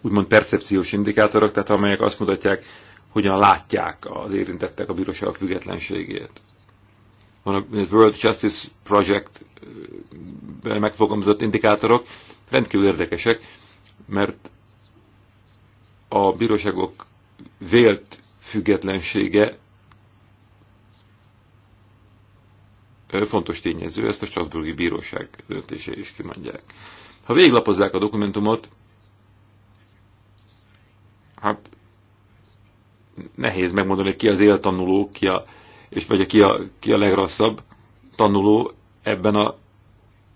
úgymond percepciós indikátorok, tehát amelyek azt mutatják, hogyan látják az érintettek a bíróság függetlenségét. Van a World Justice Project megfogalmazott indikátorok, rendkívül érdekesek, mert a bíróságok vélt függetlensége fontos tényező, ezt a Strasburgi Bíróság döntése is kimondják. Ha véglapozzák a dokumentumot, hát nehéz megmondani, ki az éltanuló, ki a, és vagy ki a, ki a legrosszabb tanuló ebben a,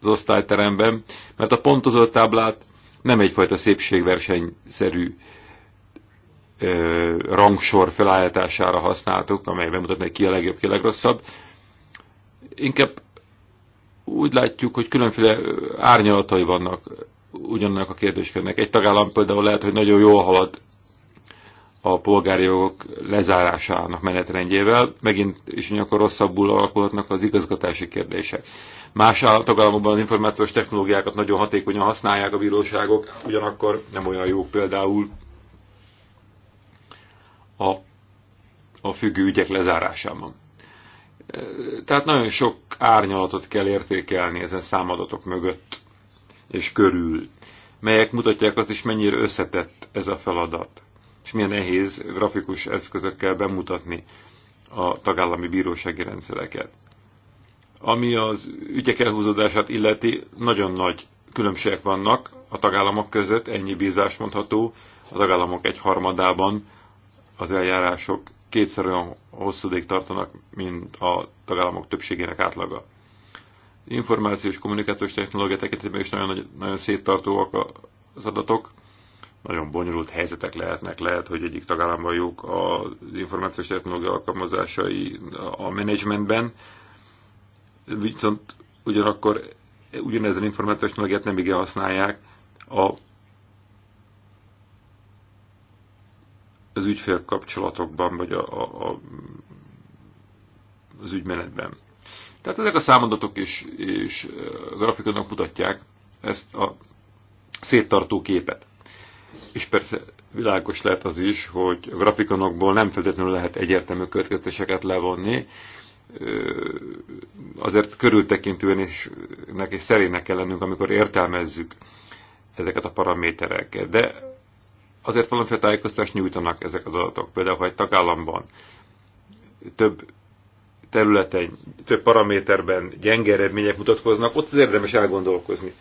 az osztályteremben, mert a pontozott táblát nem egyfajta szépségversenyszerű ö, rangsor felállítására használtuk, amely bemutatni, ki a legjobb, ki a legrosszabb. Inkább úgy látjuk, hogy különféle árnyalatai vannak ugyanannak a kérdéskörnek. Egy tagállam például lehet, hogy nagyon jól halad a polgári jogok lezárásának menetrendjével, megint is akkor rosszabbul alakulhatnak az igazgatási kérdések. Más tagállamokban az információs technológiákat nagyon hatékonyan használják a bíróságok, ugyanakkor nem olyan jók például a, a függő ügyek lezárásában. Tehát nagyon sok árnyalatot kell értékelni ezen számadatok mögött és körül, melyek mutatják azt is, mennyire összetett ez a feladat, és milyen nehéz grafikus eszközökkel bemutatni a tagállami bírósági rendszereket. Ami az ügyek elhúzódását illeti, nagyon nagy különbségek vannak a tagállamok között, ennyi bízás mondható, a tagállamok egyharmadában az eljárások kétszer olyan ideig tartanak, mint a tagállamok többségének átlaga. Információs kommunikációs technológia tekintetében is nagyon, nagyon széttartóak az adatok, nagyon bonyolult helyzetek lehetnek. Lehet, hogy egyik tagállamban jók az információs technológia alkalmazásai a menedzsmentben, viszont ugyanakkor ugyanezen információs technológiát nem igen használják a az ügyfél kapcsolatokban, vagy a, a, a, az ügymenetben. Tehát ezek a számadatok és, és grafikonok mutatják ezt a széttartó képet. És persze világos lehet az is, hogy a grafikonokból nem feltétlenül lehet egyértelmű következtéseket levonni, azért körültekintően és, neki szerének kell lennünk, amikor értelmezzük ezeket a paramétereket. De azért valamiféle tájékoztást nyújtanak ezek az adatok. Például, ha egy tagállamban több területen, több paraméterben gyenge eredmények mutatkoznak, ott az érdemes elgondolkozni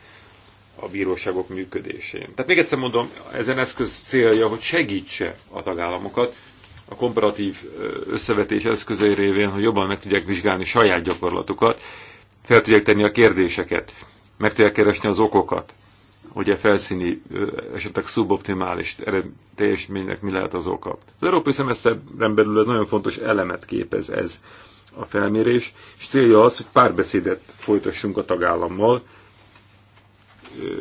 a bíróságok működésén. Tehát még egyszer mondom, ezen eszköz célja, hogy segítse a tagállamokat a komparatív összevetés eszközei révén, hogy jobban meg tudják vizsgálni saját gyakorlatukat, fel tudják tenni a kérdéseket, meg tudják keresni az okokat, hogy a felszíni esetek szuboptimális teljesítménynek mi lehet az oka. Az európai szemeszteren belül egy nagyon fontos elemet képez ez a felmérés, és célja az, hogy párbeszédet folytassunk a tagállammal,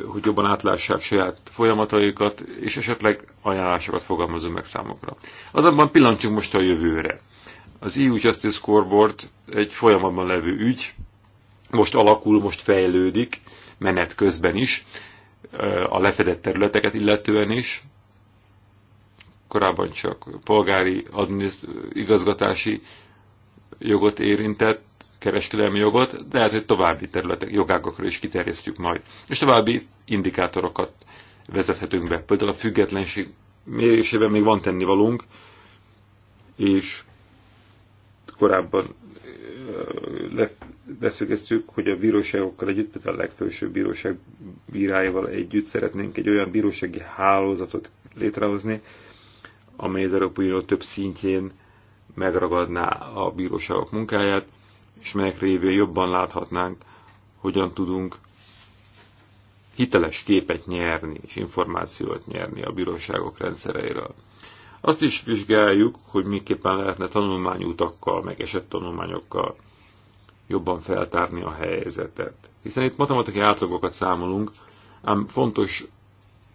hogy jobban átlássák saját folyamataikat, és esetleg ajánlásokat fogalmazunk meg számokra. Azonban pillancsunk most a jövőre. Az EU Justice Scoreboard egy folyamatban levő ügy, most alakul, most fejlődik, menet közben is, a lefedett területeket illetően is, korábban csak polgári igazgatási jogot érintett, kereskedelmi jogot, de lehet, hogy további területek, jogágokra is kiterjesztjük majd. És további indikátorokat vezethetünk be. Például a függetlenség mérésében még van tennivalunk, és korábban beszélgeztük, hogy a bíróságokkal együtt, tehát a legfősőbb bíróság bíráival együtt szeretnénk egy olyan bírósági hálózatot létrehozni, amely az Európai Unió több szintjén megragadná a bíróságok munkáját, és melyek révén jobban láthatnánk, hogyan tudunk hiteles képet nyerni és információt nyerni a bíróságok rendszereiről. Azt is vizsgáljuk, hogy miképpen lehetne tanulmányutakkal, meg esett tanulmányokkal jobban feltárni a helyzetet. Hiszen itt matematikai átlagokat számolunk, ám fontos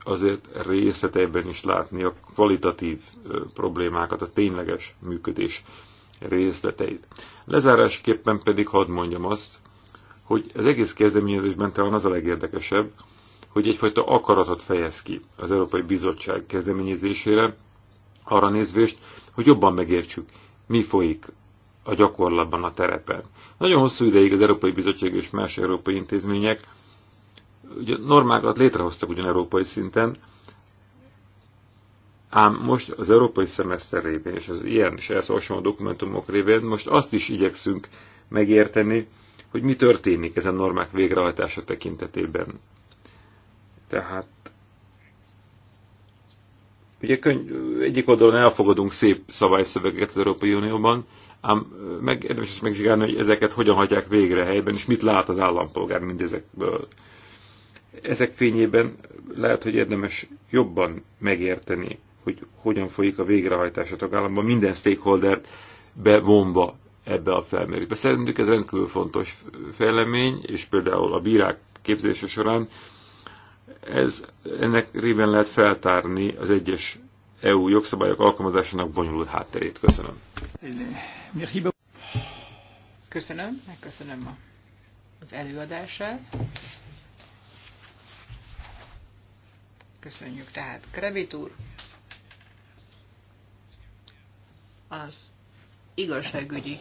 azért részleteiben is látni a kvalitatív problémákat, a tényleges működés részleteit. Lezárásképpen pedig hadd mondjam azt, hogy az egész kezdeményezésben talán az a legérdekesebb, hogy egyfajta akaratot fejez ki az Európai Bizottság kezdeményezésére, arra nézvést, hogy jobban megértsük, mi folyik a gyakorlatban, a terepen. Nagyon hosszú ideig az Európai Bizottság és más európai intézmények ugye, normákat létrehoztak ugyan európai szinten, ám most az európai szemeszter révén és az ilyen és ehhez hasonló dokumentumok révén most azt is igyekszünk megérteni, hogy mi történik ezen normák végrehajtása tekintetében. Tehát Ugye könyv, egyik oldalon elfogadunk szép szabályszövegeket az Európai Unióban, Ám meg, érdemes ezt megvizsgálni, hogy ezeket hogyan hagyják végre helyben, és mit lát az állampolgár mindezekből. Ezek fényében lehet, hogy érdemes jobban megérteni, hogy hogyan folyik a végrehajtás a tagállamban, minden stakeholdert bevonva ebbe a felmérésbe. Szerintük ez rendkívül fontos fejlemény, és például a bírák képzése során ez, ennek révén lehet feltárni az egyes EU jogszabályok alkalmazásának bonyolult hátterét. Köszönöm. Köszönöm, megköszönöm az előadását. Köszönjük tehát Krevit úr. Az igazságügyi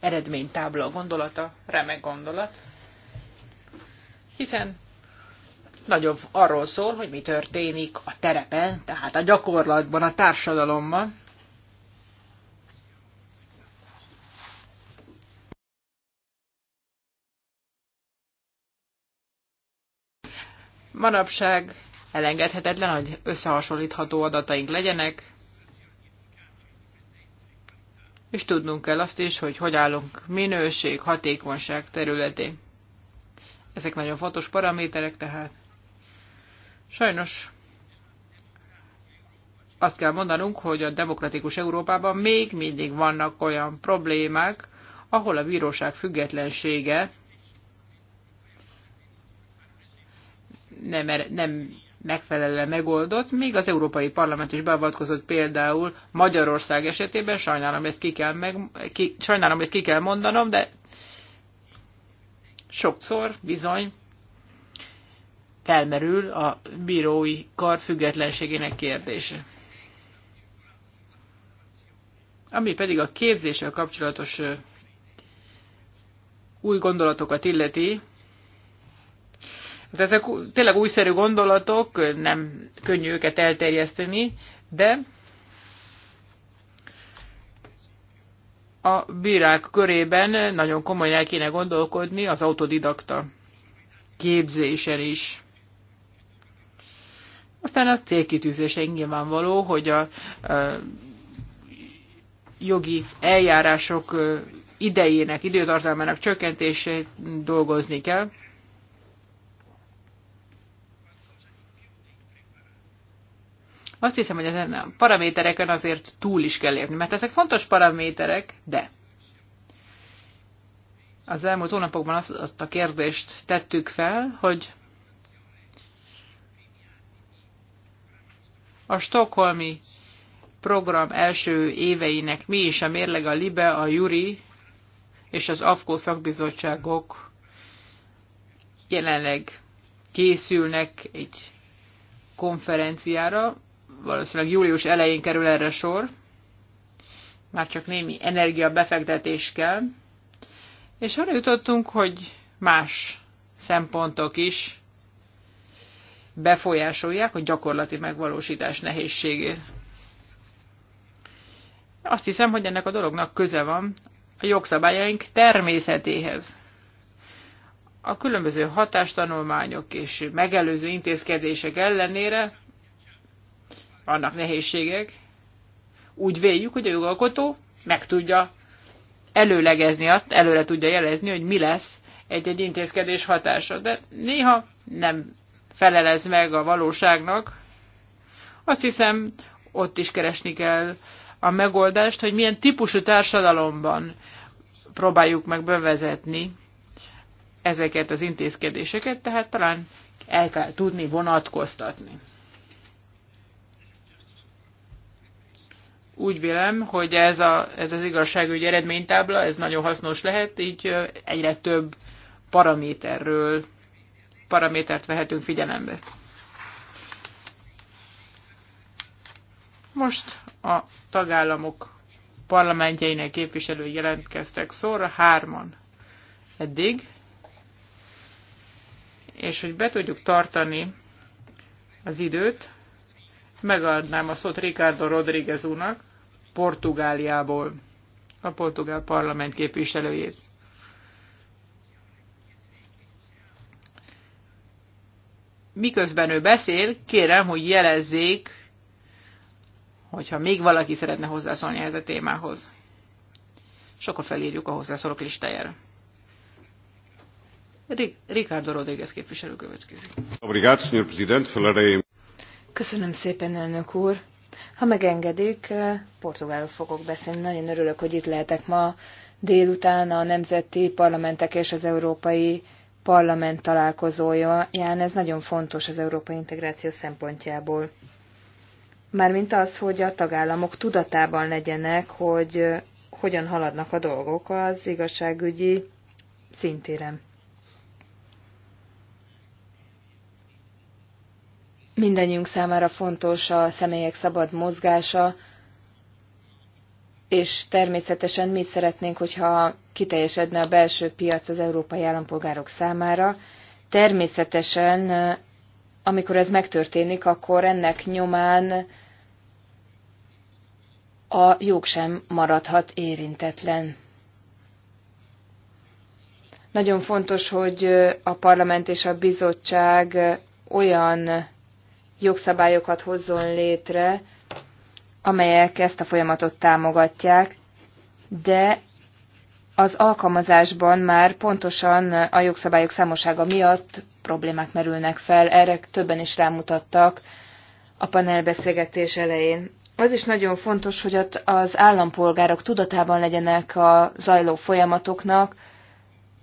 eredménytábla gondolata, remek gondolat, hiszen nagyon arról szól, hogy mi történik a terepen, tehát a gyakorlatban, a társadalomban. Manapság elengedhetetlen, hogy összehasonlítható adataink legyenek, és tudnunk kell azt is, hogy hogy állunk minőség, hatékonyság területén. Ezek nagyon fontos paraméterek tehát. Sajnos azt kell mondanunk, hogy a demokratikus Európában még mindig vannak olyan problémák, ahol a bíróság függetlensége nem, er- nem megfelelően megoldott, míg az Európai Parlament is beavatkozott például Magyarország esetében, sajnálom, ezt ki kell, meg, ki, sajnálom, ezt ki kell mondanom, de sokszor bizony felmerül a bírói kar függetlenségének kérdése. Ami pedig a képzéssel kapcsolatos új gondolatokat illeti, de hát ezek tényleg újszerű gondolatok, nem könnyű őket elterjeszteni, de a bírák körében nagyon komolyan el kéne gondolkodni az autodidakta képzésen is. Aztán a célkitűzése nyilvánvaló, hogy a, a jogi eljárások idejének, időtartalmának csökkentését dolgozni kell. Azt hiszem, hogy ezen a paramétereken azért túl is kell érni, mert ezek fontos paraméterek, de az elmúlt hónapokban azt, azt a kérdést tettük fel, hogy A stokholmi program első éveinek mi is a mérleg a LIBE, a JURI és az AFKO szakbizottságok jelenleg készülnek egy konferenciára, valószínűleg július elején kerül erre sor, már csak némi energia befektetés kell, és arra jutottunk, hogy más szempontok is befolyásolják a gyakorlati megvalósítás nehézségét. Azt hiszem, hogy ennek a dolognak köze van a jogszabályaink természetéhez. A különböző hatástanulmányok és megelőző intézkedések ellenére vannak nehézségek. Úgy véljük, hogy a jogalkotó meg tudja előlegezni azt, előre tudja jelezni, hogy mi lesz egy-egy intézkedés hatása. De néha nem felelez meg a valóságnak. Azt hiszem, ott is keresni kell a megoldást, hogy milyen típusú társadalomban próbáljuk meg bevezetni ezeket az intézkedéseket, tehát talán el kell tudni vonatkoztatni. Úgy vélem, hogy ez, a, ez az igazságügyi eredménytábla, ez nagyon hasznos lehet, így egyre több paraméterről paramétert vehetünk figyelembe. Most a tagállamok parlamentjeinek képviselői jelentkeztek szóra, hárman eddig, és hogy be tudjuk tartani az időt, megadnám a szót Ricardo Rodriguez úrnak, Portugáliából, a portugál parlament képviselőjét. miközben ő beszél, kérem, hogy jelezzék, hogyha még valaki szeretne hozzászólni ehhez a témához. És akkor felírjuk a hozzászólók listájára. Ricardo Rodriguez képviselő következik. Köszönöm szépen, elnök úr. Ha megengedik, eh, portugálul fogok beszélni. Nagyon örülök, hogy itt lehetek ma délután a nemzeti parlamentek és az európai parlament találkozóján, ez nagyon fontos az európai integráció szempontjából. Mármint az, hogy a tagállamok tudatában legyenek, hogy hogyan haladnak a dolgok az igazságügyi szintéren. Mindennyiunk számára fontos a személyek szabad mozgása, és természetesen mi szeretnénk, hogyha kiteljesedne a belső piac az európai állampolgárok számára. Természetesen, amikor ez megtörténik, akkor ennek nyomán a jog sem maradhat érintetlen. Nagyon fontos, hogy a parlament és a bizottság olyan jogszabályokat hozzon létre, amelyek ezt a folyamatot támogatják, de az alkalmazásban már pontosan a jogszabályok számossága miatt problémák merülnek fel, erre többen is rámutattak a panelbeszélgetés elején. Az is nagyon fontos, hogy az állampolgárok tudatában legyenek a zajló folyamatoknak,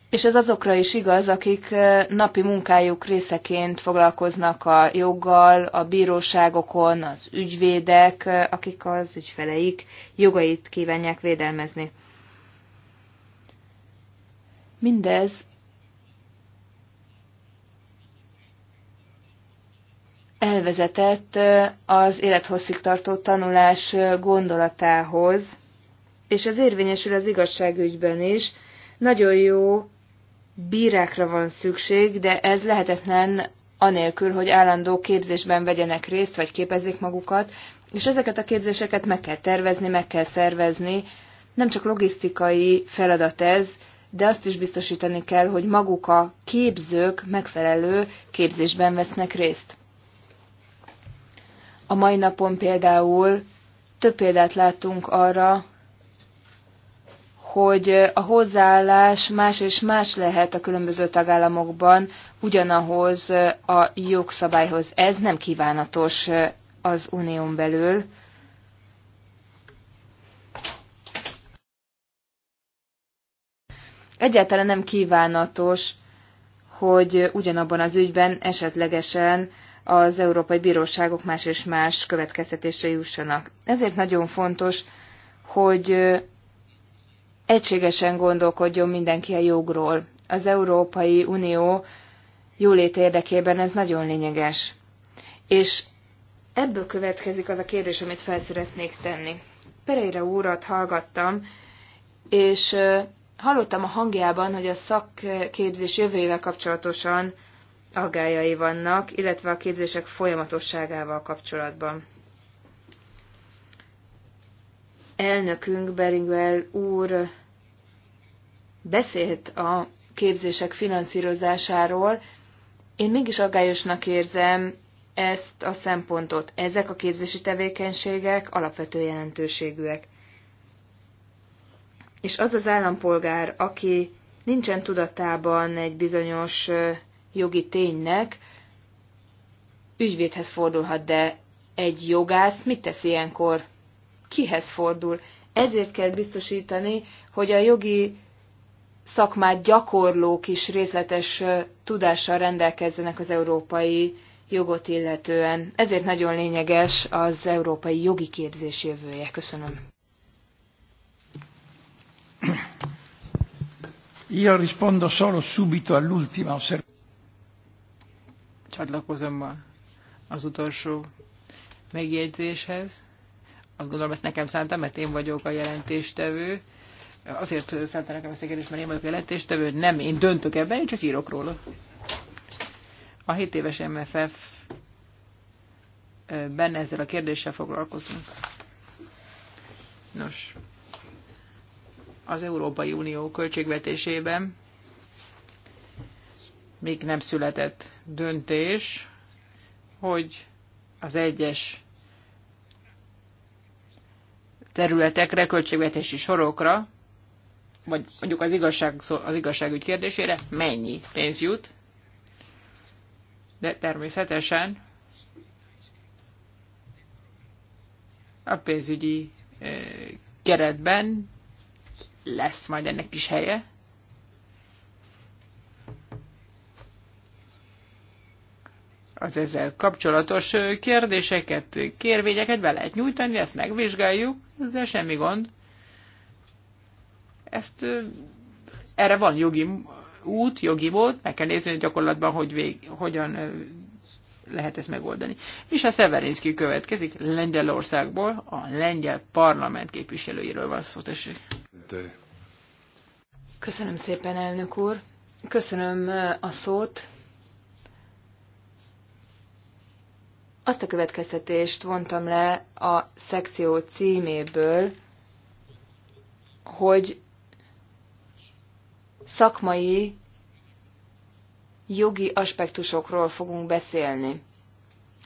és ez azokra is igaz, akik napi munkájuk részeként foglalkoznak a joggal, a bíróságokon, az ügyvédek, akik az ügyfeleik jogait kívánják védelmezni. Mindez elvezetett az élethosszígtartó tanulás gondolatához, és ez érvényesül az igazságügyben is. Nagyon jó bírákra van szükség, de ez lehetetlen anélkül, hogy állandó képzésben vegyenek részt, vagy képezzék magukat, és ezeket a képzéseket meg kell tervezni, meg kell szervezni. Nem csak logisztikai feladat ez, de azt is biztosítani kell, hogy maguk a képzők megfelelő képzésben vesznek részt. A mai napon például több példát látunk arra, hogy a hozzáállás más és más lehet a különböző tagállamokban ugyanahoz a jogszabályhoz. Ez nem kívánatos az unión belül. Egyáltalán nem kívánatos, hogy ugyanabban az ügyben esetlegesen az európai bíróságok más és más következtetése jussanak. Ezért nagyon fontos, hogy egységesen gondolkodjon mindenki a jogról. Az Európai Unió jólét érdekében ez nagyon lényeges. És ebből következik az a kérdés, amit fel szeretnék tenni. Pereira úrat hallgattam, és hallottam a hangjában, hogy a szakképzés jövőjével kapcsolatosan aggájai vannak, illetve a képzések folyamatosságával kapcsolatban elnökünk Beringwell úr beszélt a képzések finanszírozásáról, én mégis aggályosnak érzem ezt a szempontot. Ezek a képzési tevékenységek alapvető jelentőségűek. És az az állampolgár, aki nincsen tudatában egy bizonyos jogi ténynek, ügyvédhez fordulhat, de egy jogász mit tesz ilyenkor? kihez fordul. Ezért kell biztosítani, hogy a jogi szakmát gyakorlók is részletes tudással rendelkezzenek az európai jogot illetően. Ezért nagyon lényeges az európai jogi képzés jövője. Köszönöm. Io rispondo solo subito all'ultima osservazione. Csatlakozom az utolsó megjegyzéshez azt gondolom, ezt nekem szántam, mert én vagyok a jelentéstevő. Azért szántam nekem ezt a kérdést, mert én vagyok a jelentéstevő. Nem, én döntök ebben, én csak írok róla. A 7 éves MFF benne ezzel a kérdéssel foglalkozunk. Nos, az Európai Unió költségvetésében még nem született döntés, hogy az egyes területekre, költségvetési sorokra, vagy mondjuk az, igazság, az igazságügy kérdésére mennyi pénz jut, de természetesen a pénzügyi eh, keretben lesz majd ennek is helye. az ezzel kapcsolatos kérdéseket, kérvényeket be lehet nyújtani, ezt megvizsgáljuk, ez semmi gond. Ezt erre van jogi út, jogi mód, meg kell nézni hogy gyakorlatban, hogy vég, hogyan lehet ezt megoldani. a Szeverinszki következik Lengyelországból, a lengyel parlament képviselőiről van szó, tessék. Köszönöm szépen, elnök úr. Köszönöm a szót. Azt a következtetést vontam le a szekció címéből, hogy szakmai jogi aspektusokról fogunk beszélni.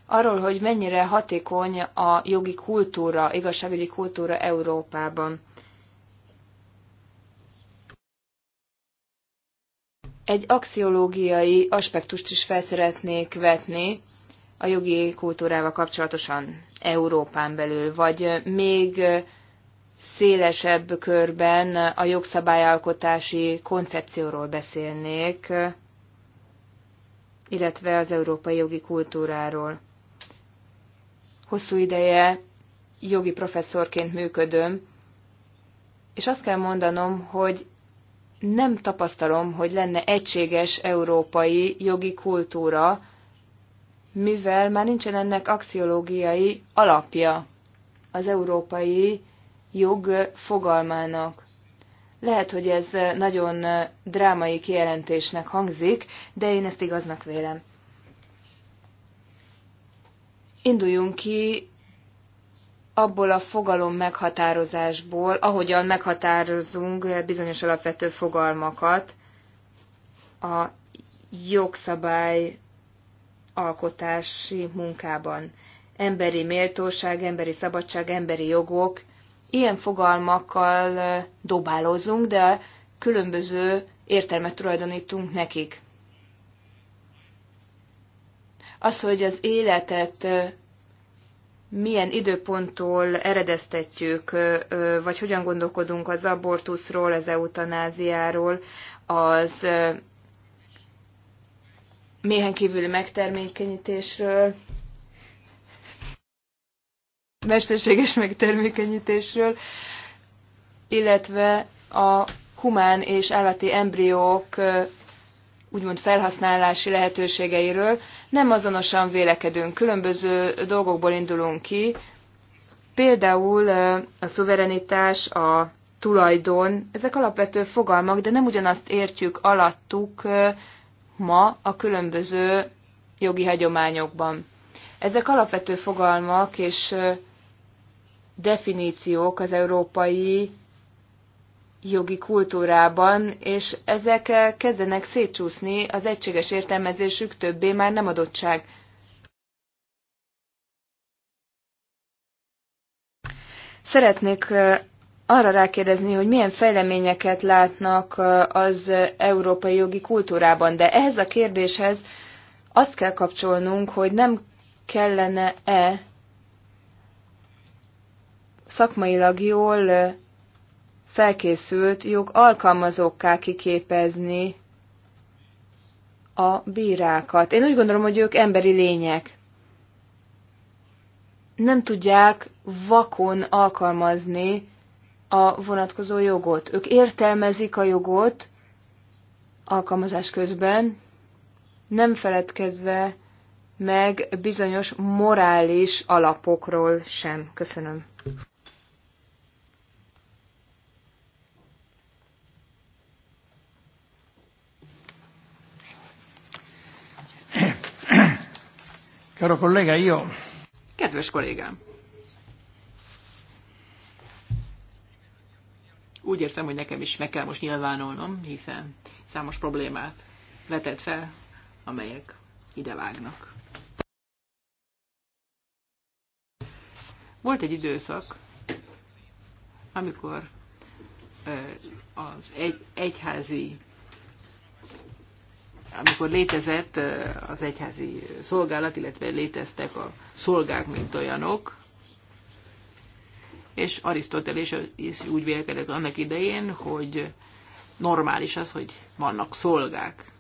Arról, hogy mennyire hatékony a jogi kultúra, igazságügyi kultúra Európában. Egy axiológiai aspektust is felszeretnék vetni, a jogi kultúrával kapcsolatosan Európán belül, vagy még szélesebb körben a jogszabályalkotási koncepcióról beszélnék, illetve az európai jogi kultúráról. Hosszú ideje jogi professzorként működöm, és azt kell mondanom, hogy nem tapasztalom, hogy lenne egységes európai jogi kultúra, mivel már nincsen ennek axiológiai alapja az európai jog fogalmának. Lehet, hogy ez nagyon drámai kijelentésnek hangzik, de én ezt igaznak vélem. Induljunk ki abból a fogalom meghatározásból, ahogyan meghatározunk bizonyos alapvető fogalmakat a jogszabály alkotási munkában. Emberi méltóság, emberi szabadság, emberi jogok, ilyen fogalmakkal dobálózunk, de különböző értelmet tulajdonítunk nekik. Az, hogy az életet milyen időponttól eredeztetjük, vagy hogyan gondolkodunk az abortuszról, az eutanáziáról, az méhen kívüli megtermékenyítésről, mesterséges megtermékenyítésről, illetve a humán és állati embriók úgymond felhasználási lehetőségeiről nem azonosan vélekedünk, különböző dolgokból indulunk ki, például a szuverenitás, a tulajdon, ezek alapvető fogalmak, de nem ugyanazt értjük alattuk, ma a különböző jogi hagyományokban. Ezek alapvető fogalmak és definíciók az európai jogi kultúrában, és ezek kezdenek szétcsúszni, az egységes értelmezésük többé már nem adottság. Szeretnék arra rákérdezni, hogy milyen fejleményeket látnak az európai jogi kultúrában. De ehhez a kérdéshez azt kell kapcsolnunk, hogy nem kellene-e szakmailag jól felkészült jog alkalmazókká kiképezni a bírákat. Én úgy gondolom, hogy ők emberi lények. Nem tudják vakon alkalmazni a vonatkozó jogot. Ők értelmezik a jogot alkalmazás közben, nem feledkezve meg bizonyos morális alapokról sem. Köszönöm. Caro collega, io... Kedves kollégám! Úgy érzem, hogy nekem is meg kell most nyilvánulnom, hiszen számos problémát vetett fel, amelyek ide vágnak. Volt egy időszak, amikor az egy, egyházi, amikor létezett az egyházi szolgálat, illetve léteztek a szolgák, mint olyanok, és Arisztotelés is úgy vélekedett annak idején, hogy normális az, hogy vannak szolgák.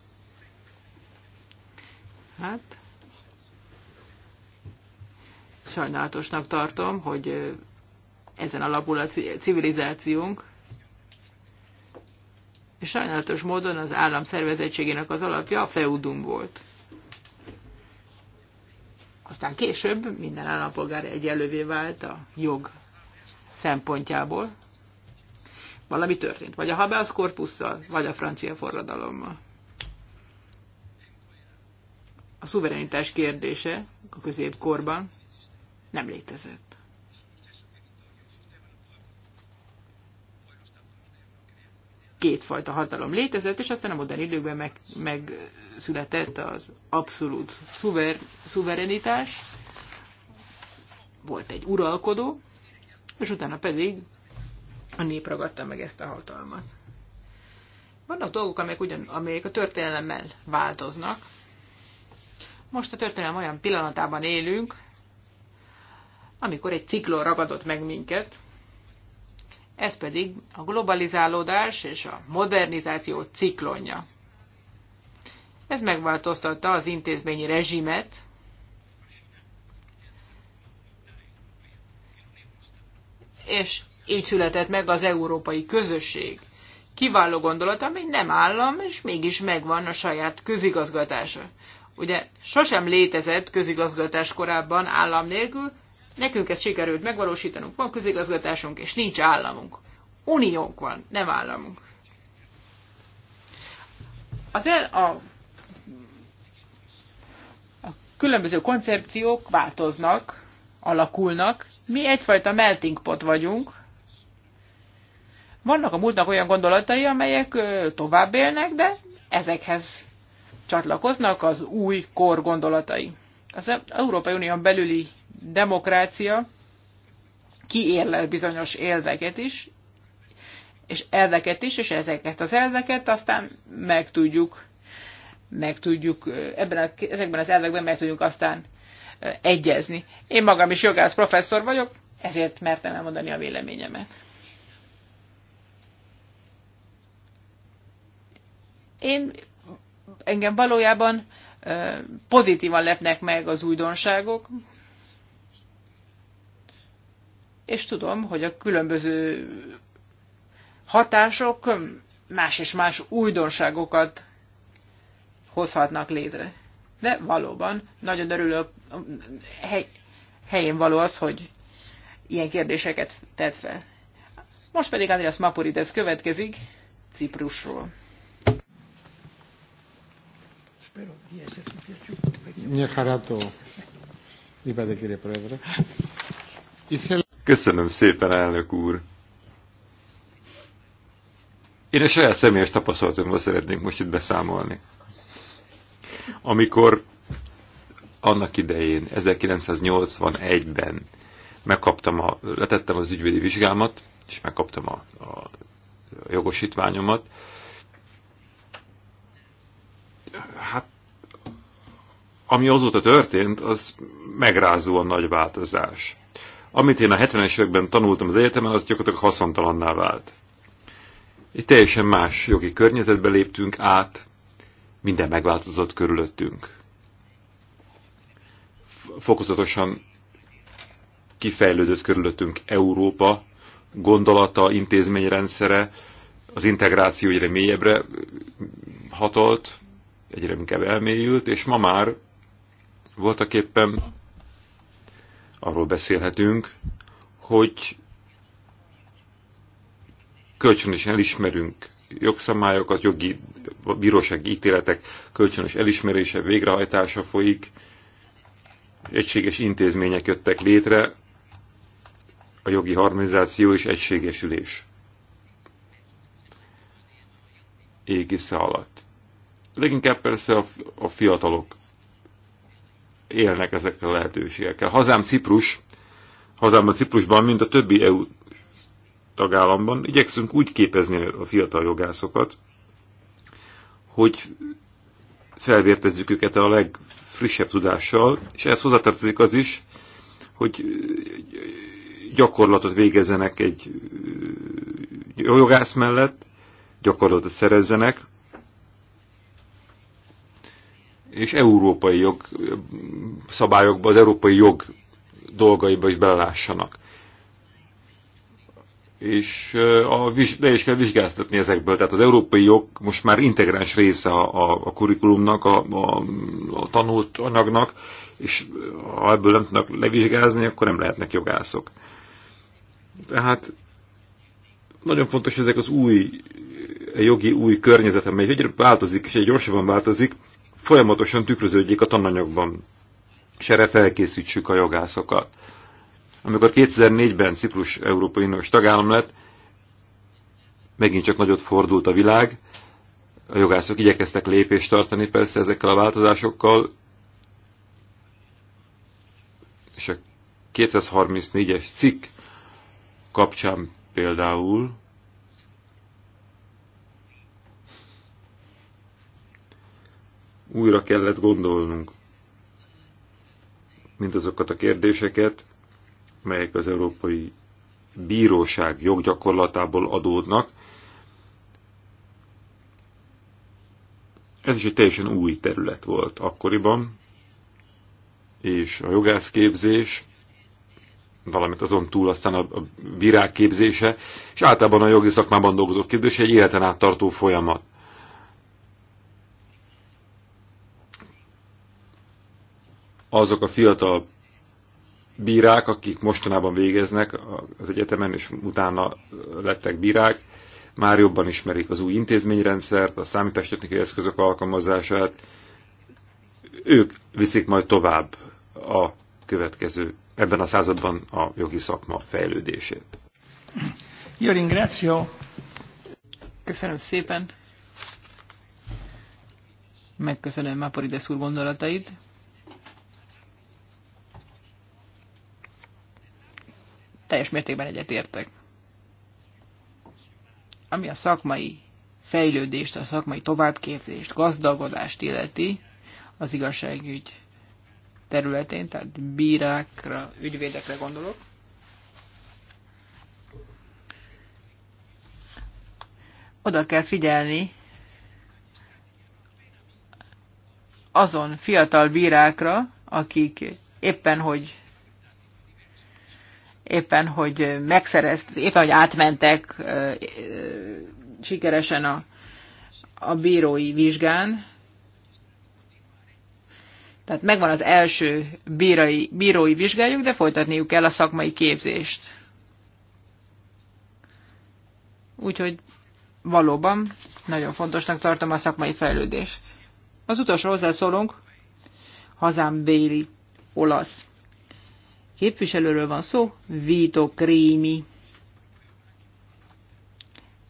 Hát, sajnálatosnak tartom, hogy ezen alapul a civilizációnk, és sajnálatos módon az állam szervezettségének az alapja a feudum volt. Aztán később minden állampolgár egyelővé vált a jog szempontjából valami történt. Vagy a habeas corpusszal, vagy a francia forradalommal. A szuverenitás kérdése a középkorban nem létezett. kétfajta hatalom létezett, és aztán a modern időkben meg, megszületett az abszolút szuver, szuverenitás. Volt egy uralkodó, és utána pedig a nép ragadta meg ezt a hatalmat. Vannak dolgok, amelyek, ugyan, amelyek a történelemmel változnak. Most a történelem olyan pillanatában élünk, amikor egy ciklon ragadott meg minket, ez pedig a globalizálódás és a modernizáció ciklonja. Ez megváltoztatta az intézményi rezsimet, és így született meg az európai közösség. Kiváló gondolat, ami nem állam, és mégis megvan a saját közigazgatása. Ugye sosem létezett közigazgatás korábban állam nélkül, nekünk ezt sikerült megvalósítanunk, van közigazgatásunk, és nincs államunk. Uniónk van, nem államunk. Az el, a különböző koncepciók változnak, alakulnak, mi egyfajta melting pot vagyunk. Vannak a múltnak olyan gondolatai, amelyek tovább élnek, de ezekhez csatlakoznak az új kor gondolatai. Az Európai Unión belüli demokrácia kiérlel bizonyos élveket is, és elveket is, és ezeket az elveket aztán meg tudjuk, meg tudjuk ebben a, ezekben az elvekben meg tudjuk aztán egyezni. Én magam is jogász professzor vagyok, ezért mertem elmondani a véleményemet. Én engem valójában pozitívan lepnek meg az újdonságok, és tudom, hogy a különböző hatások más és más újdonságokat hozhatnak létre de valóban nagyon örülök, hely, helyén való az, hogy ilyen kérdéseket tett fel. Most pedig Andreas Mapurides következik Ciprusról. Köszönöm szépen, elnök úr! Én a saját személyes tapasztalatomról szeretnék most itt beszámolni. Amikor annak idején, 1981-ben megkaptam a, letettem az ügyvédi vizsgámat, és megkaptam a, a jogosítványomat, hát ami azóta történt, az megrázóan nagy változás. Amit én a 70-es években tanultam az egyetemen, az gyakorlatilag haszontalanná vált. Itt teljesen más jogi környezetbe léptünk át, minden megváltozott körülöttünk. Fokozatosan kifejlődött körülöttünk Európa, gondolata, intézményrendszere, az integráció egyre mélyebbre hatolt, egyre inkább elmélyült, és ma már voltak éppen arról beszélhetünk, hogy kölcsönösen elismerünk jogszabályokat, jogi bírósági ítéletek kölcsönös elismerése, végrehajtása folyik, egységes intézmények jöttek létre, a jogi harmonizáció és egységesülés égisze alatt. Leginkább persze a fiatalok élnek ezekkel a lehetőségekkel. Hazám Ciprus, hazámban Ciprusban, mint a többi EU tagállamban. Igyekszünk úgy képezni a fiatal jogászokat, hogy felvértezzük őket a legfrissebb tudással, és ehhez hozzátartozik az is, hogy gyakorlatot végezzenek egy jogász mellett, gyakorlatot szerezzenek, és európai jog szabályokba, az európai jog dolgaiba is belássanak és a, le is kell vizsgáztatni ezekből. Tehát az európai jog most már integráns része a, a, a kurikulumnak, a, a, a tanult anyagnak, és ha ebből nem tudnak levizsgázni, akkor nem lehetnek jogászok. Tehát nagyon fontos ezek az új e jogi új környezet, amely egyre változik, és egy gyorsabban változik, folyamatosan tükröződjék a tananyagban. És erre felkészítsük a jogászokat. Amikor 2004-ben Ciprus Európai Uniós tagállam lett, megint csak nagyot fordult a világ, a jogászok igyekeztek lépést tartani persze ezekkel a változásokkal, és a 234-es cikk kapcsán például újra kellett gondolnunk mindazokat a kérdéseket, melyek az Európai Bíróság joggyakorlatából adódnak. Ez is egy teljesen új terület volt akkoriban, és a jogászképzés, valamint azon túl aztán a virágképzése, képzése, és általában a jogi szakmában dolgozók képzése egy életen át tartó folyamat. Azok a fiatal bírák, akik mostanában végeznek az egyetemen, és utána lettek bírák, már jobban ismerik az új intézményrendszert, a számítástechnikai eszközök alkalmazását, ők viszik majd tovább a következő, ebben a században a jogi szakma fejlődését. Jörin ringráció! Köszönöm szépen! Megköszönöm Máporides úr gondolatait. teljes mértékben egyetértek. Ami a szakmai fejlődést, a szakmai továbbképzést, gazdagodást illeti az igazságügy területén, tehát bírákra, ügyvédekre gondolok. Oda kell figyelni azon fiatal bírákra, akik éppen hogy éppen, hogy megszerezt, éppen, hogy átmentek sikeresen a, a bírói vizsgán. Tehát megvan az első bírai, bírói vizsgáljuk, de folytatniuk kell a szakmai képzést. Úgyhogy valóban nagyon fontosnak tartom a szakmai fejlődést. Az utolsó hozzászólunk, hazám béli olasz képviselőről van szó, Vito Krémi.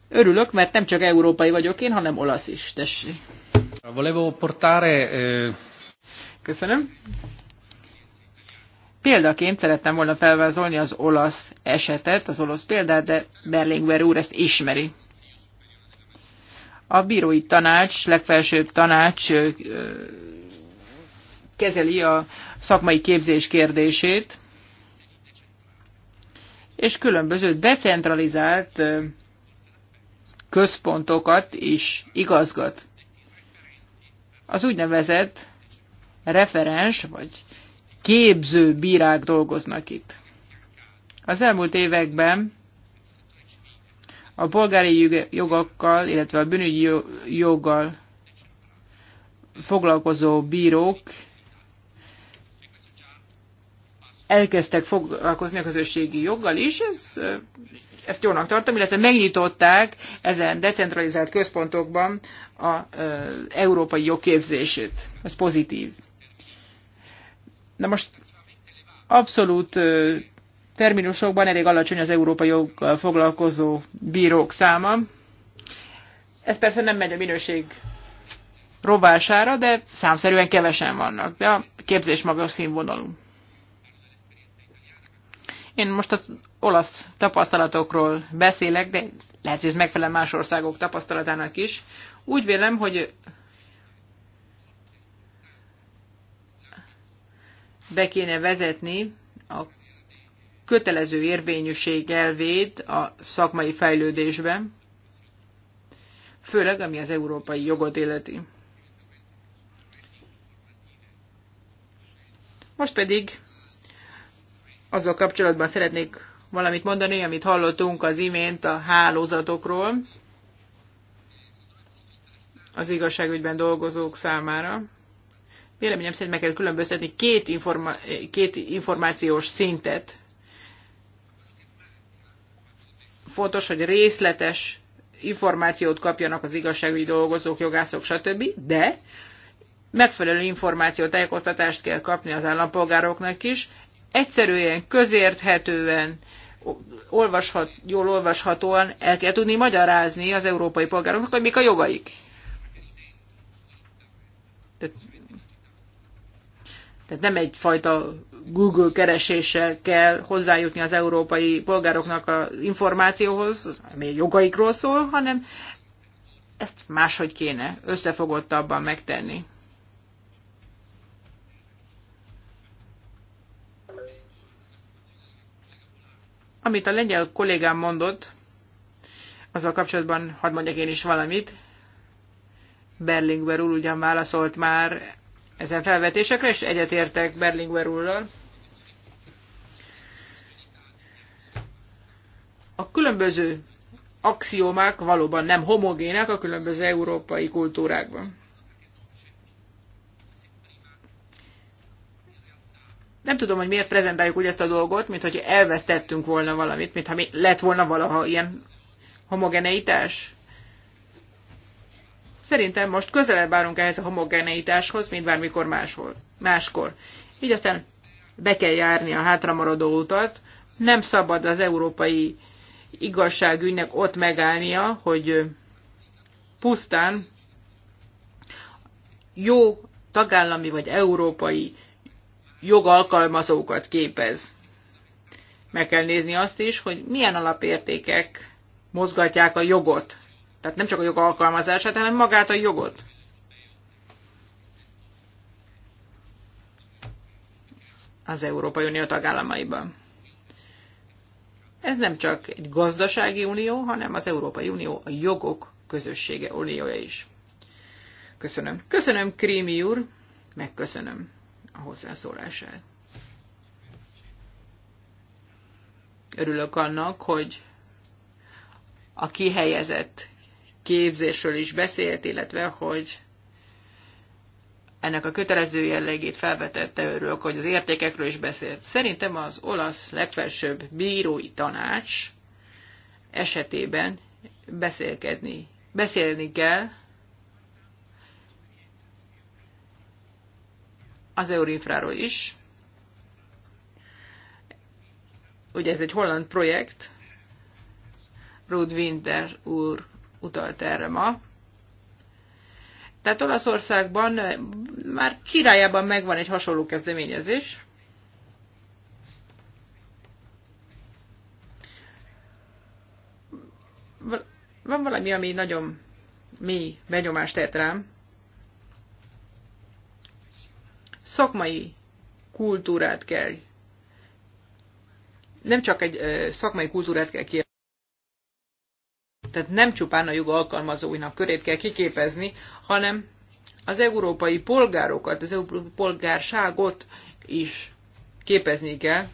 Örülök, mert nem csak európai vagyok én, hanem olasz is, tessék. Volevo portare... Eh, Köszönöm. Példaként szerettem volna felvázolni az olasz esetet, az olasz példát, de Berlinguer úr ezt ismeri. A bírói tanács, legfelsőbb tanács eh, kezeli a szakmai képzés kérdését, és különböző decentralizált központokat is igazgat. Az úgynevezett referens vagy képző bírák dolgoznak itt. Az elmúlt években a polgári jogokkal, illetve a bűnügyi joggal foglalkozó bírók elkezdtek foglalkozni a közösségi joggal is, ez, ezt jónak tartom, illetve megnyitották ezen decentralizált központokban az európai jogképzését. Ez pozitív. Na most abszolút terminusokban elég alacsony az európai joggal foglalkozó bírók száma. Ez persze nem megy a minőség robására, de számszerűen kevesen vannak, de a képzés magas színvonalú. Én most az olasz tapasztalatokról beszélek, de lehet, hogy ez megfelel más országok tapasztalatának is. Úgy vélem, hogy be kéne vezetni a kötelező érvényűség elvét a szakmai fejlődésben, főleg ami az európai jogot illeti. Most pedig azzal kapcsolatban szeretnék valamit mondani, amit hallottunk az imént a hálózatokról az igazságügyben dolgozók számára. Véleményem szerint meg kell különböztetni két, informa- két információs szintet. Fontos, hogy részletes információt kapjanak az igazságügyi dolgozók, jogászok, stb., de megfelelő információ, tájékoztatást kell kapni az állampolgároknak is egyszerűen, közérthetően, olvashat, jól olvashatóan el kell tudni magyarázni az európai polgároknak, hogy mik a jogaik. Tehát, tehát nem egyfajta Google kereséssel kell hozzájutni az európai polgároknak az információhoz, ami a jogaikról szól, hanem ezt máshogy kéne összefogottabban megtenni. Amit a lengyel kollégám mondott, azzal kapcsolatban hadd mondjak én is valamit. Berlingber úr ugyan válaszolt már ezen felvetésekre, és egyetértek Berlingber úrral. A különböző axiómák valóban nem homogének a különböző európai kultúrákban. nem tudom, hogy miért prezentáljuk úgy ezt a dolgot, mint hogy elvesztettünk volna valamit, mintha mi, lett volna valaha ilyen homogeneitás. Szerintem most közelebb állunk ehhez a homogeneitáshoz, mint bármikor máshol, máskor. Így aztán be kell járni a hátramaradó utat, nem szabad az európai igazságügynek ott megállnia, hogy pusztán jó tagállami vagy európai jogalkalmazókat képez. Meg kell nézni azt is, hogy milyen alapértékek mozgatják a jogot. Tehát nem csak a jogalkalmazását, hanem magát a jogot. az Európai Unió tagállamaiban. Ez nem csak egy gazdasági unió, hanem az Európai Unió a jogok közössége uniója is. Köszönöm. Köszönöm, Krémi úr, megköszönöm a hozzászólását. Örülök annak, hogy a kihelyezett képzésről is beszélt, illetve hogy ennek a kötelező jellegét felvetette örülök, hogy az értékekről is beszélt. Szerintem az olasz legfelsőbb bírói tanács esetében beszélkedni, beszélni kell az Eurinfráról is. Ugye ez egy holland projekt, Rud Winter úr utalt erre ma. Tehát Olaszországban eh, már királyában megvan egy hasonló kezdeményezés. Van valami, ami nagyon mély benyomást tett rám, szakmai kultúrát kell, nem csak egy szakmai kultúrát kell kérni. tehát nem csupán a jog alkalmazóinak körét kell kiképezni, hanem az európai polgárokat, az európai polgárságot is képezni kell,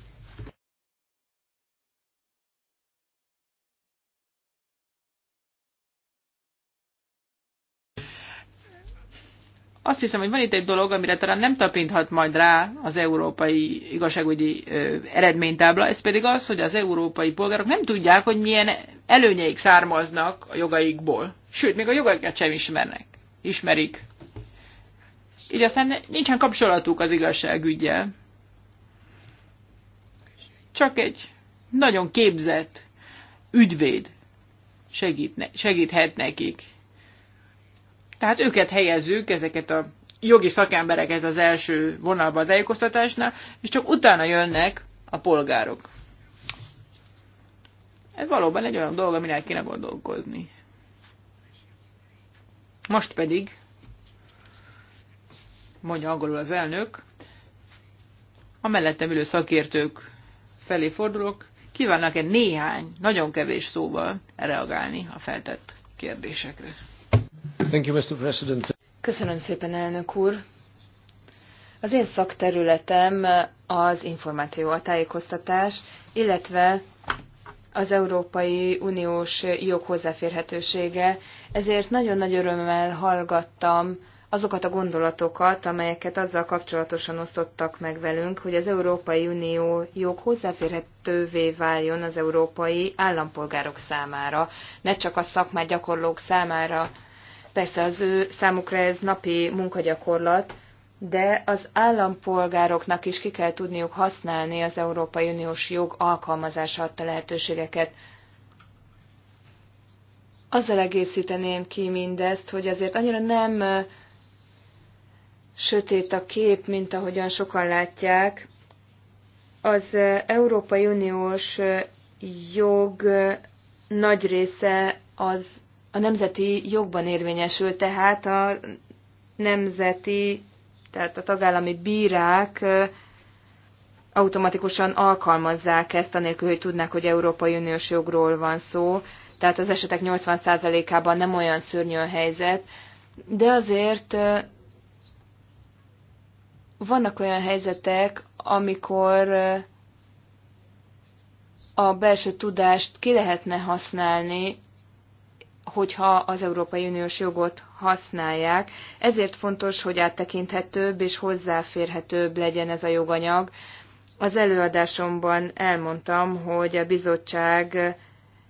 Azt hiszem, hogy van itt egy dolog, amire talán nem tapinthat majd rá az európai igazságügyi ö, eredménytábla, ez pedig az, hogy az európai polgárok nem tudják, hogy milyen előnyeik származnak a jogaikból. Sőt, még a jogaikat sem ismernek, ismerik. Így aztán nincsen kapcsolatuk az igazságügyjel. Csak egy nagyon képzett ügyvéd segít, segíthet nekik. Tehát őket helyezzük, ezeket a jogi szakembereket az első vonalba a tájékoztatásnál, és csak utána jönnek a polgárok. Ez valóban egy olyan dolog, aminek kéne gondolkozni. Most pedig, mondja angolul az elnök, a mellettem ülő szakértők felé fordulok, kívánnak egy néhány, nagyon kevés szóval reagálni a feltett kérdésekre. Köszönöm szépen, elnök úr. Az én szakterületem az információ, a tájékoztatás, illetve az Európai Uniós jog hozzáférhetősége, ezért nagyon nagy örömmel hallgattam azokat a gondolatokat, amelyeket azzal kapcsolatosan osztottak meg velünk, hogy az Európai Unió jog hozzáférhetővé váljon az európai állampolgárok számára, ne csak a szakmát gyakorlók számára Persze az ő számukra ez napi munkagyakorlat, de az állampolgároknak is ki kell tudniuk használni az Európai Uniós jog alkalmazása adta lehetőségeket. Azzal egészíteném ki mindezt, hogy azért annyira nem sötét a kép, mint ahogyan sokan látják. Az Európai Uniós jog nagy része az a nemzeti jogban érvényesül, tehát a nemzeti, tehát a tagállami bírák automatikusan alkalmazzák ezt, anélkül, hogy tudnák, hogy Európai Uniós jogról van szó. Tehát az esetek 80%-ában nem olyan szörnyű a helyzet, de azért vannak olyan helyzetek, amikor a belső tudást ki lehetne használni hogyha az Európai Uniós jogot használják. Ezért fontos, hogy áttekinthetőbb és hozzáférhetőbb legyen ez a joganyag. Az előadásomban elmondtam, hogy a bizottság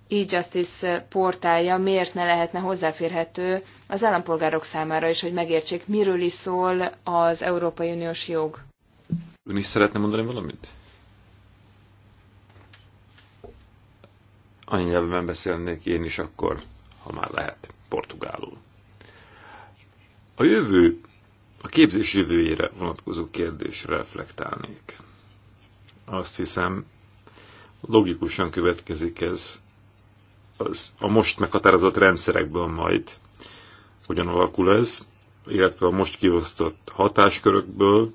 e-justice portálja miért ne lehetne hozzáférhető az állampolgárok számára is, hogy megértsék, miről is szól az Európai Uniós jog. Ön is szeretne mondani valamit? Annyi nyelven beszélnék én is akkor ha már lehet, portugálul. A jövő, a képzés jövőjére vonatkozó kérdésre reflektálnék. Azt hiszem, logikusan következik ez az, a most meghatározott rendszerekből majd, hogyan alakul ez, illetve a most kiosztott hatáskörökből,